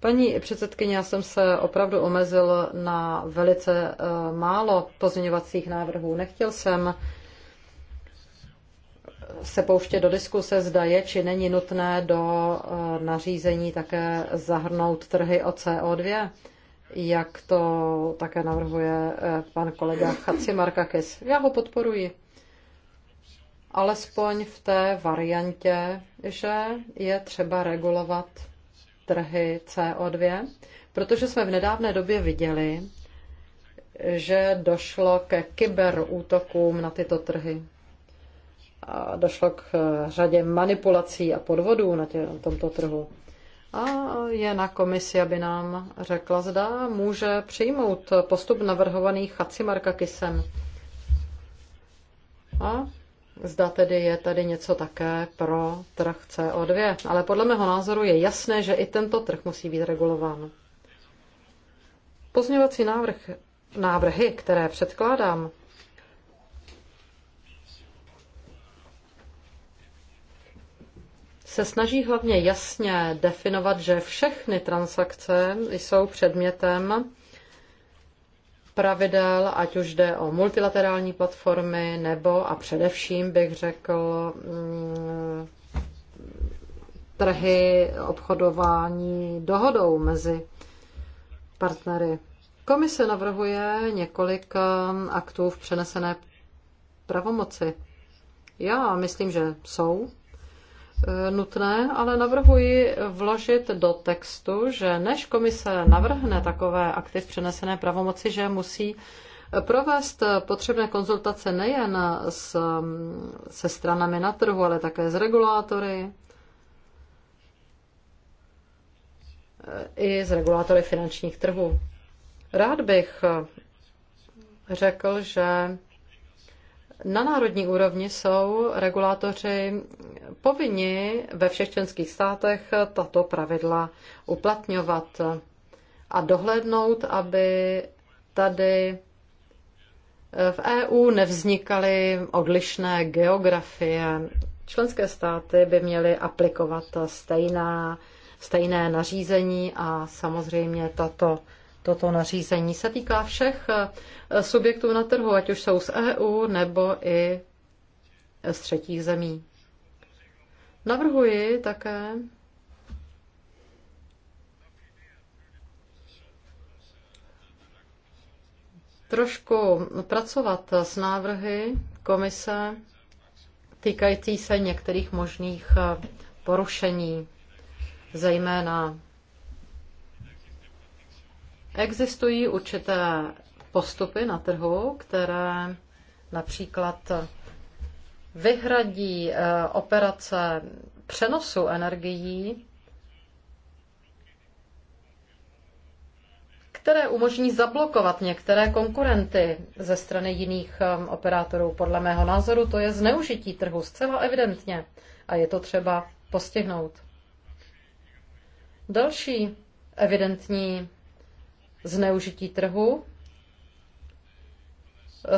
Paní předsedkyně, já jsem se opravdu omezil na velice eh, málo pozměňovacích návrhů. Nechtěl jsem se pouštět do diskuse, zda je či není nutné do eh, nařízení také zahrnout trhy o CO2, jak to také navrhuje eh, pan kolega Chacimarkakis. Já ho podporuji. Alespoň v té variantě, že je třeba regulovat trhy CO2, protože jsme v nedávné době viděli, že došlo ke kyberútokům na tyto trhy. A došlo k eh, řadě manipulací a podvodů na, tě, na tomto trhu. A je na komisi, aby nám řekla, zda může přijmout postup navrhovaný Chacimarka Kisem. A Zda tedy je tady něco také pro trh CO2. Ale podle mého názoru je jasné, že i tento trh musí být regulován. Pozměňovací návrh, návrhy, které předkládám, se snaží hlavně jasně definovat, že všechny transakce jsou předmětem pravidel, ať už jde o multilaterální platformy nebo a především bych řekl mm, trhy obchodování dohodou mezi partnery. Komise navrhuje několik mm, aktů v přenesené pravomoci. Já myslím, že jsou Eh, nutné, ale navrhuji vložit do textu, že než komise navrhne takové akty v přenesené pravomoci, že musí eh, provést eh, potřebné konzultace nejen s, mm, se stranami na trhu, ale také s regulátory i s regulátory finančních trhů. Rád bych řekl, že na národní úrovni jsou regulátoři povinni ve všech členských státech tato pravidla uplatňovat a dohlédnout, aby tady v EU nevznikaly odlišné geografie. Členské státy by měly aplikovat stejná, stejné nařízení a samozřejmě tato Toto nařízení se týká všech eh, subjektů na trhu, ať už jsou z EU nebo i z třetích zemí. Navrhuji také trošku pracovat s návrhy komise týkající se některých možných eh, porušení, zejména Existují určité postupy na trhu, které například vyhradí eh, operace přenosu energií, které umožní zablokovat některé konkurenty ze strany jiných eh, operátorů. Podle mého názoru to je zneužití trhu zcela evidentně a je to třeba postihnout. Další evidentní zneužití trhu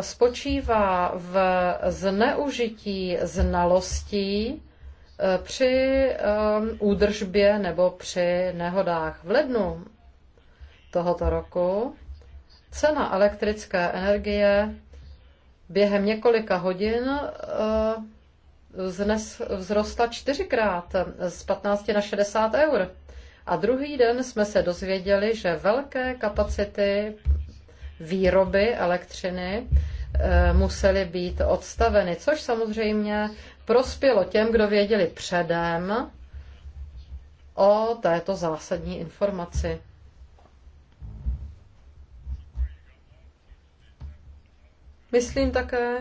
spočívá v zneužití znalostí eh, při eh, údržbě nebo při nehodách. V lednu tohoto roku cena elektrické energie během několika hodin eh, vznes, vzrostla čtyřikrát z 15 na 60 eur. A druhý den jsme se dozvěděli, že velké kapacity výroby elektřiny eh, musely být odstaveny, což samozřejmě prospělo těm, kdo věděli předem o této zásadní informaci. Myslím také,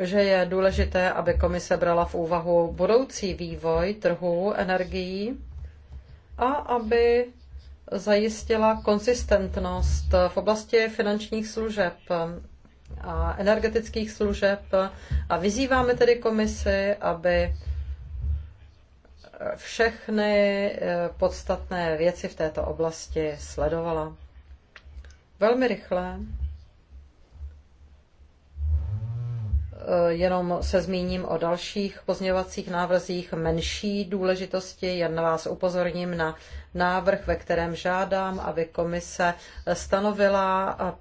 že je důležité, aby komise brala v úvahu budoucí vývoj trhu energií a aby zajistila konsistentnost v oblasti finančních služeb a energetických služeb a vyzýváme tedy komisi, aby všechny eh, podstatné věci v této oblasti sledovala. Velmi rychle Eh, jenom se zmíním o dalších pozměňovacích návrzích menší důležitosti. Jen vás upozorním na návrh, ve kterém žádám, aby komise stanovila eh,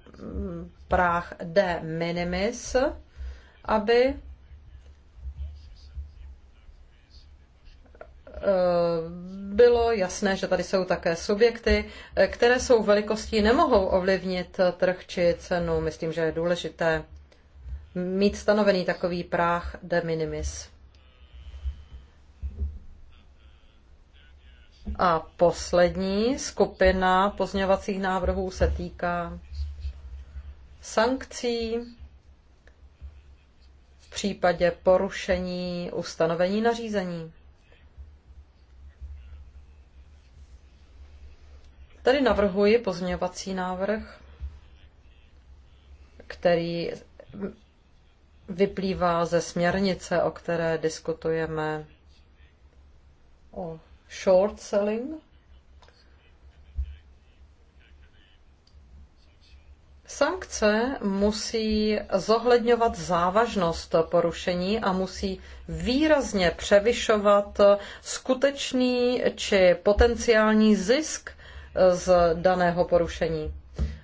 práh de minimis, aby eh, bylo jasné, že tady jsou také subjekty, které jsou velikostí nemohou ovlivnit trh či cenu. Myslím, že je důležité mít stanovený takový práh de minimis. A poslední skupina pozměňovacích návrhů se týká sankcí v případě porušení ustanovení nařízení. Tady navrhuji pozměňovací návrh, který vyplývá ze směrnice, o které diskutujeme, o short selling. Sankce musí zohledňovat závažnost porušení a musí výrazně převyšovat skutečný či potenciální zisk eh, z daného porušení.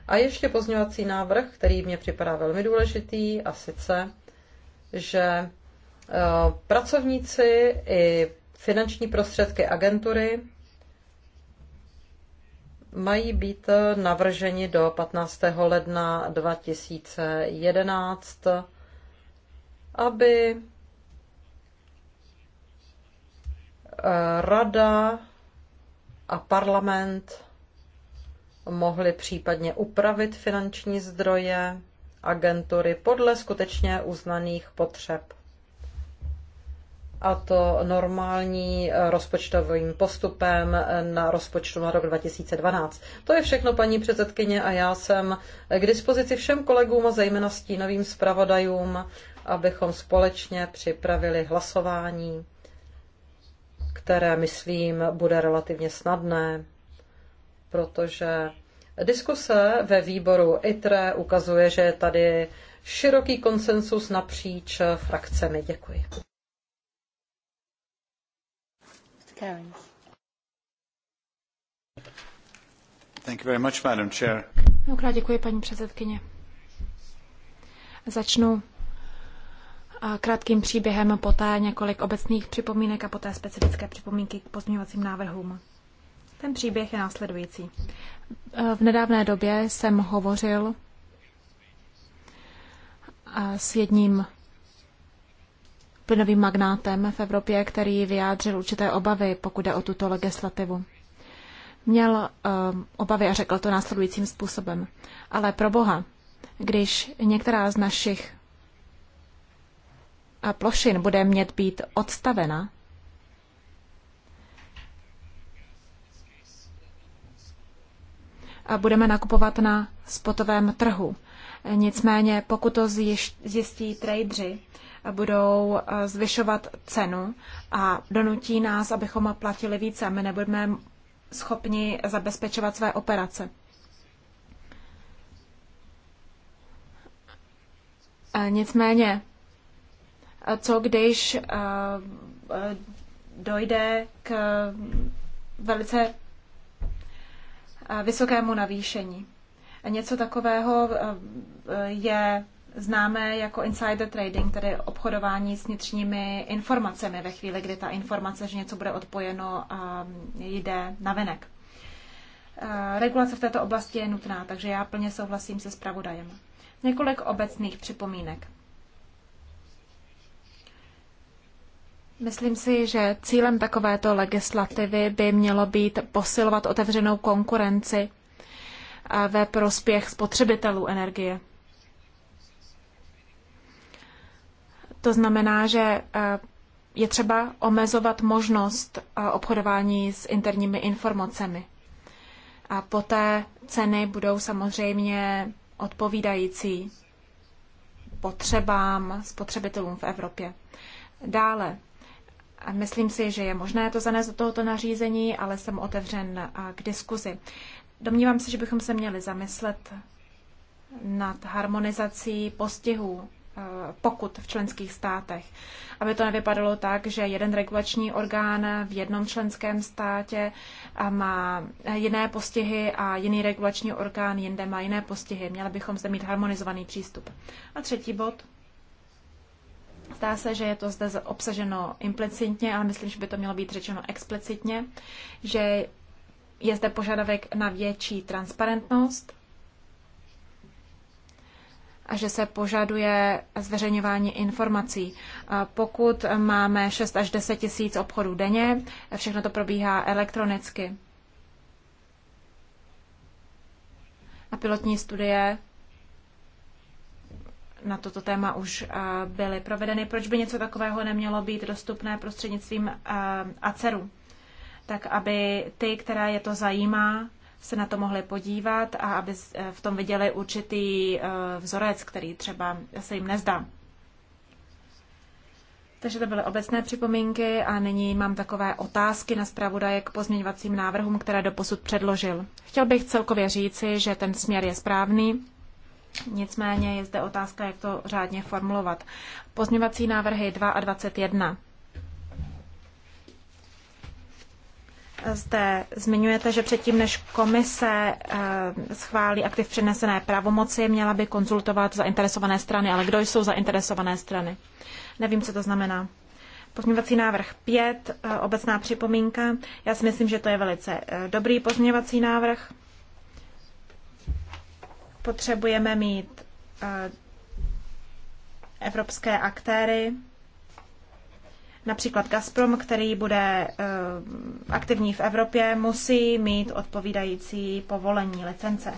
A ještě pozňovací návrh, který mě připadá velmi důležitý, a sice že e, pracovníci i finanční prostředky agentury mají být navrženi do 15. ledna 2011, aby e, rada a parlament mohli případně upravit finanční zdroje agentury podle skutečně uznaných potřeb. A to normální rozpočtovým postupem na rozpočtu na rok 2012. To je všechno, paní předsedkyně, a já jsem k dispozici všem kolegům a zejména stínovým zpravodajům, abychom společně připravili hlasování, které, myslím, bude relativně snadné, protože Diskuse ve výboru ITRE ukazuje, že je tady široký konsensus napříč frakcemi. Děkuji. Thank you very much, Madam Chair. Mnohokrát děkuji, paní předsedkyně. Začnu krátkým příběhem, poté několik obecných připomínek a poté specifické připomínky k pozměňovacím návrhům. Ten příběh je následující. V nedávné době jsem hovořil s jedním plynovým magnátem v Evropě, který vyjádřil určité obavy, pokud jde o tuto legislativu. Měl e, obavy a řekl to následujícím způsobem. Ale pro boha, když některá z našich plošin bude mět být odstavena, budeme nakupovat na spotovém trhu. Nicméně, pokud to zjistí tradeři, budou eh, zvyšovat cenu a donutí nás, abychom platili více. My nebudeme schopni zabezpečovat své operace. Eh, nicméně, eh, co když dojde k velice vysokému navýšení. Něco takového eh, eh, je známé jako insider trading, tedy obchodování s vnitřními informacemi ve chvíli, kdy ta informace, že něco bude odpojeno, mm, jde na venek. Eh, regulace v této oblasti je nutná, takže já plně souhlasím se zpravodajem. Několik obecných připomínek. Myslím si, že cílem takovéto legislativy by mělo být posilovat otevřenou konkurenci ve prospěch spotřebitelů energie. To znamená, že eh, je třeba omezovat možnost eh, obchodování s interními informacemi. A poté ceny budou samozřejmě odpovídající potřebám spotřebitelům v Evropě. Dále Myslím si, že je možné to zanést do tohoto nařízení, ale jsem otevřen k diskuzi. Domnívám se, že bychom se měli zamyslet nad harmonizací postihů e, pokud v členských státech. Aby to nevypadalo tak, že jeden regulační orgán v jednom členském státě má jiné postihy a jiný regulační orgán jinde má jiné postihy. Měli bychom zde mít harmonizovaný přístup. A třetí bod. Zdá se, že je to zde obsaženo implicitně, ale myslím, že by to mělo být řečeno explicitně, že je zde požadavek na větší transparentnost a že se požaduje zveřejňování informací. Pokud máme 6 až 10 tisíc obchodů denně, všechno to probíhá elektronicky. A pilotní studie na toto téma už eh, byly provedeny. Proč by něco takového nemělo být dostupné prostřednictvím eh, ACERu? Tak aby ty, které je to zajímá, se na to mohli podívat a aby eh, v tom viděli určitý vzorec, který třeba se jim nezdá. Takže to byly obecné připomínky a nyní mám takové otázky na zpravodaje k pozměňovacím návrhům, které doposud předložil. Chtěl bych celkově říci, že ten směr je správný, Nicméně je zde otázka, jak to řádně formulovat. Pozměvací návrhy 2 a 21. Zde zmiňujete, že předtím, než komise eh, schválí aktiv přenesené pravomoci, měla by konzultovat zainteresované strany. Ale kdo jsou zainteresované strany? Nevím, co to znamená. Pozměňovací návrh 5, eh, obecná připomínka. Já si myslím, že to je velice eh, dobrý pozměňovací návrh. Potřebujeme mít eh, evropské aktéry, například Gazprom, který bude eh, aktivní v Evropě, musí mít odpovídající povolení, licence.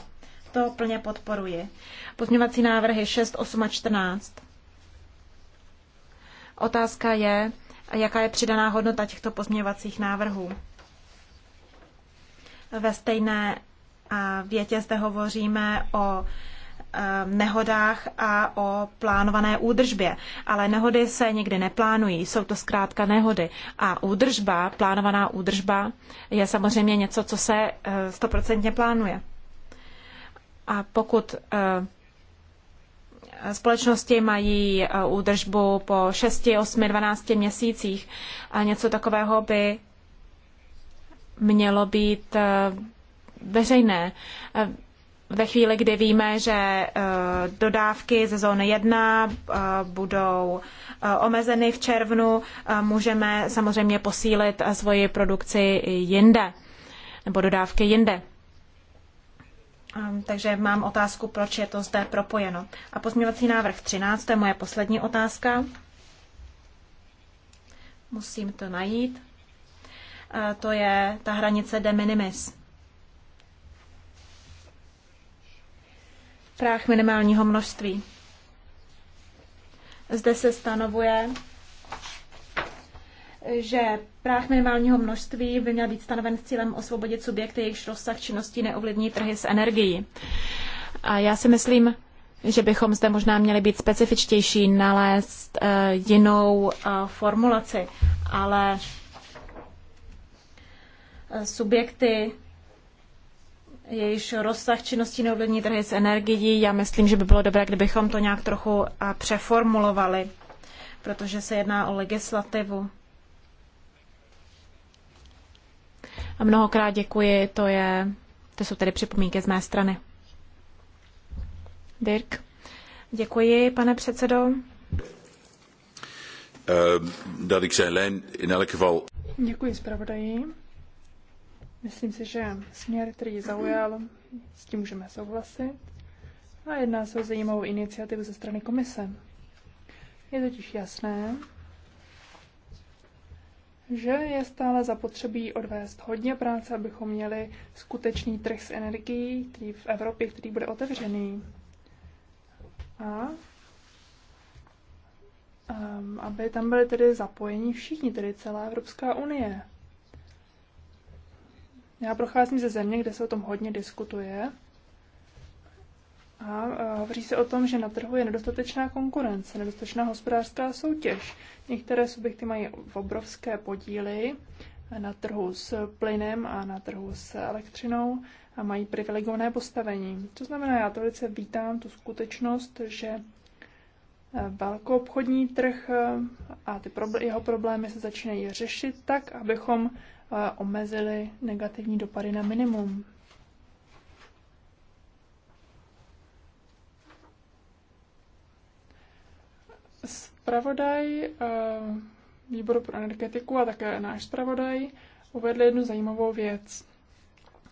To plně podporuji. Pozměňovací návrhy 6, 8 a 14. Otázka je, jaká je přidaná hodnota těchto pozměňovacích návrhů. Ve stejné větě zde hovoříme o eh, nehodách a o plánované údržbě. Ale nehody se nikdy neplánují, jsou to zkrátka nehody. A údržba, plánovaná údržba, je samozřejmě něco, co se eh, stoprocentně plánuje. A pokud eh, společnosti mají údržbu po 6, 8, 12 měsících, a něco takového by mělo být veřejné. Eh, ve chvíli, kdy víme, že eh, dodávky ze zóny 1 eh, budou omezeny v červnu, můžeme samozřejmě posílit svoji produkci jinde nebo dodávky jinde. Takže mám otázku, proč je to zde propojeno. A pozměňovací návrh 13, to je moje poslední otázka. Musím to najít. To je ta hranice de minimis. práh minimálního množství. Zde se stanovuje, že práh minimálního množství by měl být stanoven s cílem osvobodit subjekty, jejichž rozsah činností neovlivní trhy s energií. A já si myslím, že bychom zde možná měli být specifičtější, nalézt uh, jinou uh, formulaci, ale eh, subjekty jejíž rozsah činnosti neovlivní trhy s energií. Já myslím, že by bylo dobré, kdybychom to nějak trochu přeformulovali, protože se jedná o legislativu. A mnohokrát děkuji, to, je, to jsou tedy připomínky z mé strany. Dirk. Děkuji, pane předsedo. Uh, dat ik zei, lijn in elk geval... Děkuji zpravodaji. Myslím si, že směr, který zaujal, s tím můžeme souhlasit. A jedná se o zajímavou iniciativu ze strany komise. Je totiž jasné, že je stále zapotřebí odvést hodně práce, abychom měli skutečný trh s energií, který v Evropě, který bude otevřený. A um, aby tam byly tedy zapojeni všichni, tedy celá Evropská unie. Já procházím ze země, kde se o tom hodně diskutuje. A hovoří se o tom, že na trhu je nedostatečná konkurence, nedostatečná hospodářská soutěž. Některé subjekty mají obrovské podíly na trhu s plynem a na trhu s elektřinou a mají privilegované postavení. To znamená, já to velice vítám, tu skutečnost, že obchodní trh a ty jeho problémy se začínají řešit tak, abychom omezili negativní dopady na minimum. Spravodaj eh, výboru pro energetiku a také náš spravodaj uvedl jednu zajímavou věc.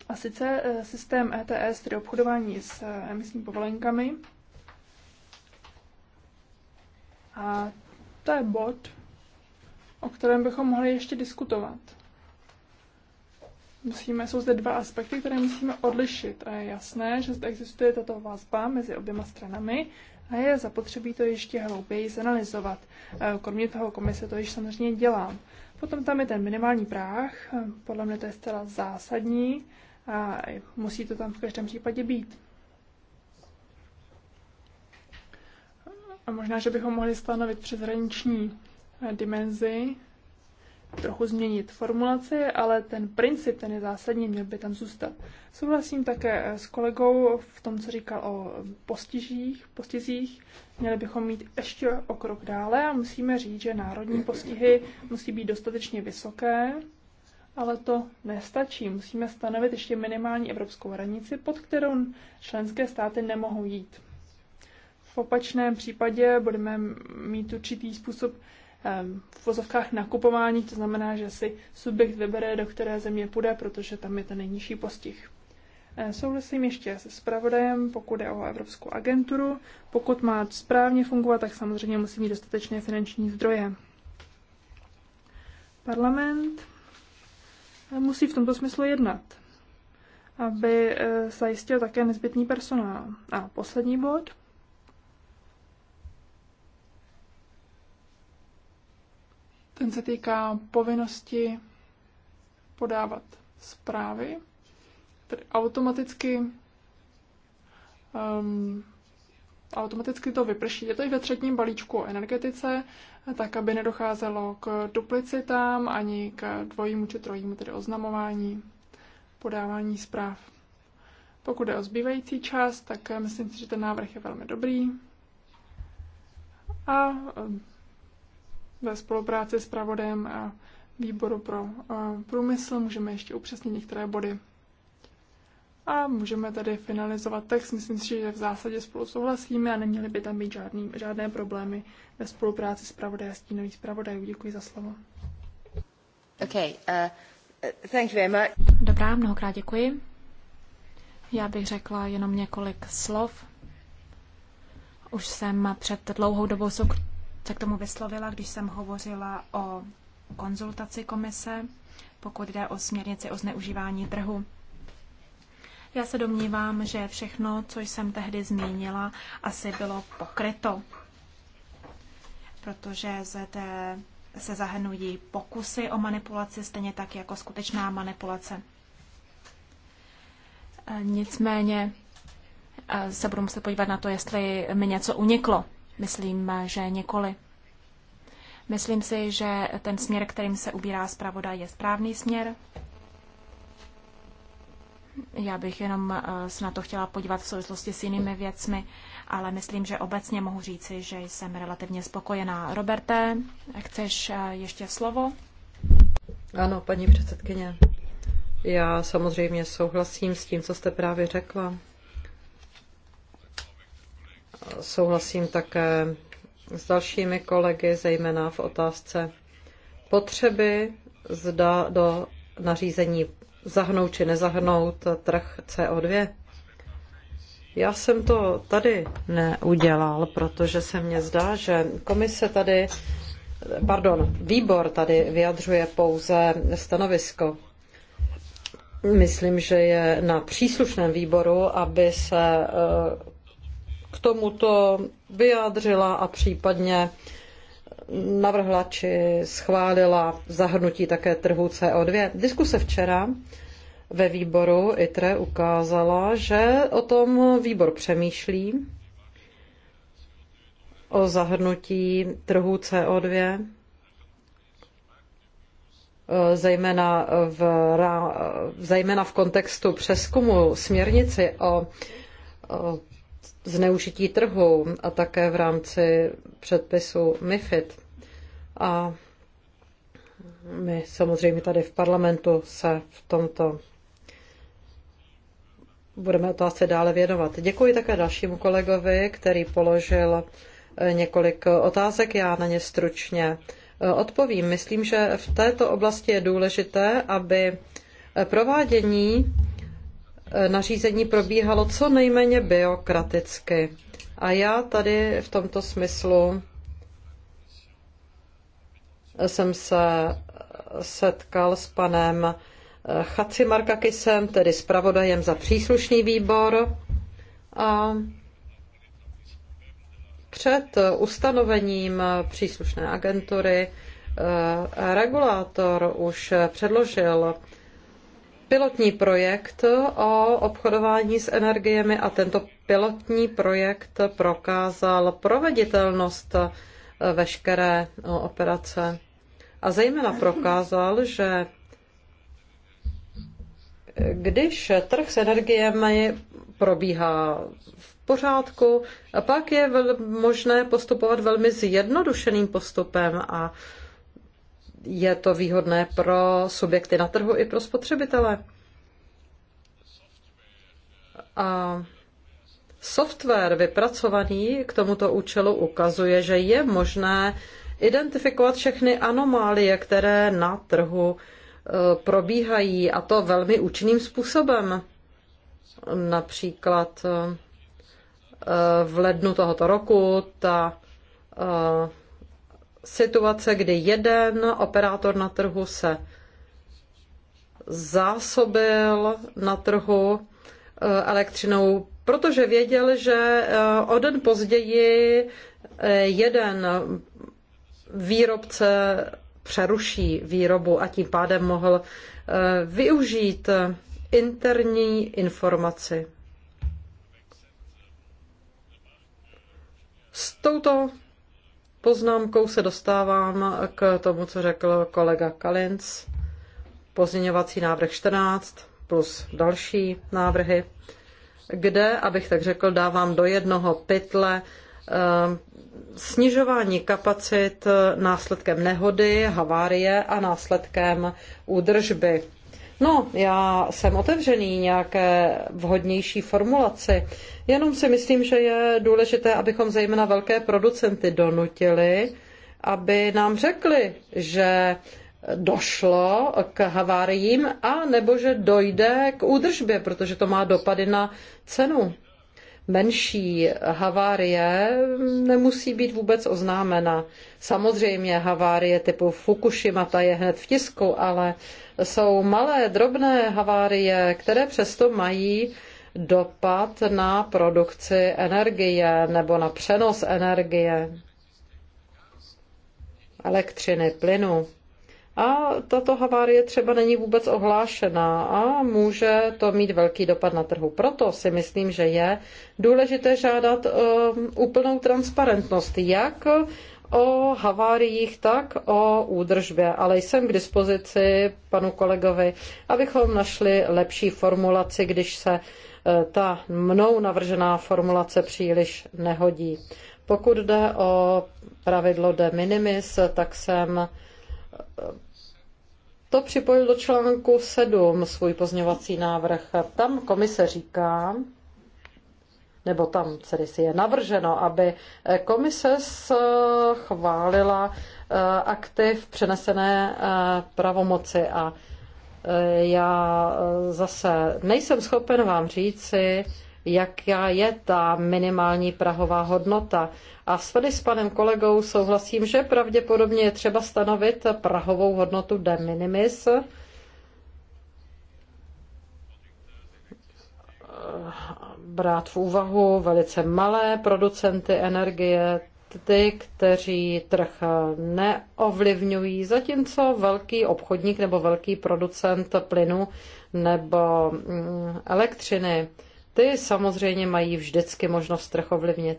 A sice eh, systém ETS, tedy obchodování s eh, emisními povolenkami. A to je bod, o kterém bychom mohli ještě diskutovat musíme, jsou zde dva aspekty, které musíme odlišit. A je jasné, že zde existuje tato vazba mezi oběma stranami a je zapotřebí to ještě hlouběji zanalizovat. E, kromě toho komise to již samozřejmě dělá. Potom tam je ten minimální práh, e, podle mě to je zcela zásadní a musí to tam v každém případě být. A možná, že bychom mohli stanovit přeshraniční e, dimenzi trochu změnit formulaci, ale ten princip, ten je zásadní, měl by tam zůstat. Souhlasím také eh, s kolegou v tom, co říkal o postižích, postizích. Měli bychom mít ještě o krok dále a musíme říct, že národní postihy musí být dostatečně vysoké, ale to nestačí. Musíme stanovit ještě minimální evropskou hranici, pod kterou členské státy nemohou jít. V opačném případě budeme mít určitý způsob Ehm, v vozovkách nakupování, to znamená, že si subjekt vybere, do které země půjde, protože tam je ten nejnižší postih. Ehm, souhlasím ještě se zpravodajem, pokud je o Evropskou agenturu. Pokud má správně fungovat, tak samozřejmě musí mít dostatečné finanční zdroje. Parlament ehm, musí v tomto smyslu jednat, aby zajistil také nezbytný personál. A poslední bod – Ten se týká povinnosti podávat zprávy, tedy automaticky um, automaticky to vyprší. Je to i ve třetím balíčku o energetice, tak aby nedocházelo k duplicitám ani k dvojímu či trojímu, tedy oznamování, podávání zpráv. Pokud je o zbývající část, tak myslím si, že ten návrh je velmi dobrý. A um, ve spolupráci s pravodem a výboru pro eh, průmysl můžeme ještě upřesnit některé body. A můžeme tady finalizovat text. Myslím si, že v zásadě spolu souhlasíme a neměly by tam být žádný, žádné problémy ve spolupráci s pravodem a stínových zpravodajů. Děkuji za slovo. Okay, uh, thank you very much. Dobrá, mnohokrát děkuji. Já bych řekla jenom několik slov. Už jsem před dlouhou dobou se k tomu vyslovila, když jsem hovořila o konzultaci komise, pokud jde o směrnici o zneužívání trhu. Já se domnívám, že všechno, co jsem tehdy zmínila, asi bylo pokryto, protože zde se zahrnují pokusy o manipulaci, stejně tak jako skutečná manipulace. Nicméně eh, se budu muset podívat na to, jestli mi něco uniklo. Myslím, že nikoli. Myslím si, že ten směr, kterým se ubírá zpravodaj, je správný směr. Já bych jenom eh, se na to chtěla podívat v souvislosti s jinými věcmi, ale myslím, že obecně mohu říci, že jsem relativně spokojená. Roberte, chceš eh, ještě slovo? Ano, paní předsedkyně. Já samozřejmě souhlasím s tím, co jste právě řekla. Souhlasím také s dalšími kolegy, zejména v otázce potřeby, zda do nařízení zahnout či nezahrnout trh CO2. Já jsem to tady neudělal, protože se mně zdá, že komise tady, pardon, výbor tady vyjadřuje pouze stanovisko. Myslím, že je na příslušném výboru, aby se eh, k tomuto vyjádřila a případně navrhla či schválila zahrnutí také trhu CO2. Diskuse včera ve výboru ITRE ukázala, že o tom výbor přemýšlí, o zahrnutí trhu CO2, zejména v, zejména v kontextu přeskumu směrnici o zneužití trhu a také v rámci předpisu MIFID. A my samozřejmě tady v parlamentu se v tomto budeme otázce dále věnovat. Děkuji také dalšímu kolegovi, který položil eh, několik otázek. Já na ně stručně eh, odpovím. Myslím, že v této oblasti je důležité, aby eh, provádění nařízení probíhalo co nejméně byrokraticky. A já tady v tomto smyslu jsem se setkal s panem eh, Chaci Markakisem, tedy zpravodajem za příslušný výbor. A před ustanovením příslušné agentury eh, regulátor už předložil pilotní projekt o obchodování s energiemi a tento pilotní projekt prokázal proveditelnost eh, veškeré eh, operace. A zejména prokázal, že když trh s energiemi probíhá v pořádku, pak je možné postupovat velmi zjednodušeným postupem a je to výhodné pro subjekty na trhu i pro spotřebitele. A software vypracovaný k tomuto účelu ukazuje, že je možné identifikovat všechny anomálie, které na trhu e, probíhají a to velmi účinným způsobem. Například e, e, v lednu tohoto roku ta situace, kdy jeden operátor na trhu se zásobil na trhu eh, elektřinou, protože věděl, že eh, o den později eh, jeden výrobce přeruší výrobu a tím pádem mohl využít interní informaci. S touto poznámkou se dostávám k tomu, co řekl kolega Kalins. Pozměňovací návrh 14 plus další návrhy, kde, abych tak řekl, dávám do jednoho pytle eh, snižování kapacit následkem nehody, havárie a následkem údržby. No, já jsem otevřený nějaké vhodnější formulaci, jenom si myslím, že je důležité, abychom zejména velké producenty donutili, aby nám řekli, že došlo k haváriím a nebo že dojde k údržbě, protože to má dopady na cenu menší havárie nemusí být vůbec oznámena. Samozřejmě havárie typu Fukushima, ta je hned v tisku, ale jsou malé, drobné havárie, které přesto mají dopad na produkci energie nebo na přenos energie, elektřiny, plynu. A tato havárie třeba není vůbec ohlášená a může to mít velký dopad na trhu. Proto si myslím, že je důležité žádat um, úplnou transparentnost, jak o haváriích, tak o údržbě. Ale jsem k dispozici panu kolegovi, abychom našli lepší formulaci, když se eh, ta mnou navržená formulace příliš nehodí. Pokud jde o pravidlo de minimis, tak jsem eh, to připojil do článku 7 svůj pozněvací návrh. Tam komise říká, nebo tam tedy si je navrženo, aby komise schválila eh, aktiv přenesené eh, pravomoci a eh, já zase nejsem schopen vám říci, jaká je ta minimální prahová hodnota. A s s panem kolegou souhlasím, že pravděpodobně je třeba stanovit prahovou hodnotu de minimis, brát v úvahu velice malé producenty energie, ty, kteří trh neovlivňují, zatímco velký obchodník nebo velký producent plynu nebo mm, elektřiny ty samozřejmě mají vždycky možnost trh ovlivnit.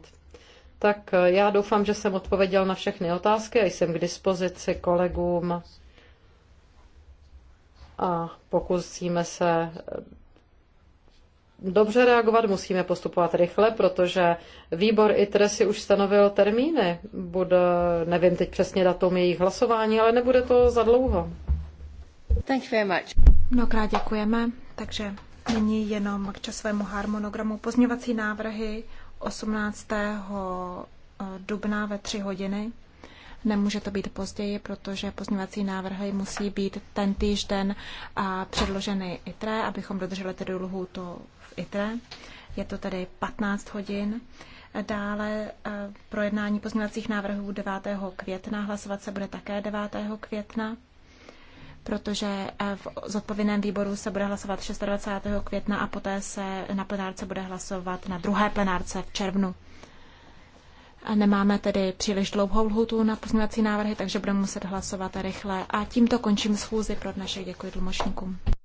Tak eh, já doufám, že jsem odpověděl na všechny otázky a jsem k dispozici kolegům a pokusíme se eh, dobře reagovat, musíme postupovat rychle, protože výbor ITRE si už stanovil termíny. Bude, nevím teď přesně datum jejich hlasování, ale nebude to za dlouho. Thank you very much. Mnohokrát děkujeme, takže Nyní jenom k časovému harmonogramu. Pozměvací návrhy 18. Eh, dubna ve 3 hodiny. Nemůže to být později, protože pozměvací návrhy musí být ten týžden předloženy ITRE, abychom dodrželi tedy lhůtu v ITRE. Je to tedy 15 hodin. Dále eh, projednání pozměňovacích návrhů 9. května. Hlasovat se bude také 9. května protože eh, v zodpovědném výboru se bude hlasovat 26. května a poté se na plenárce bude hlasovat na druhé plenárce v červnu. A nemáme tedy příliš dlouhou lhutu na pozměňovací návrhy, takže budeme muset hlasovat rychle. A tímto končím schůzi pro dnešek. Děkuji tlumočníkům.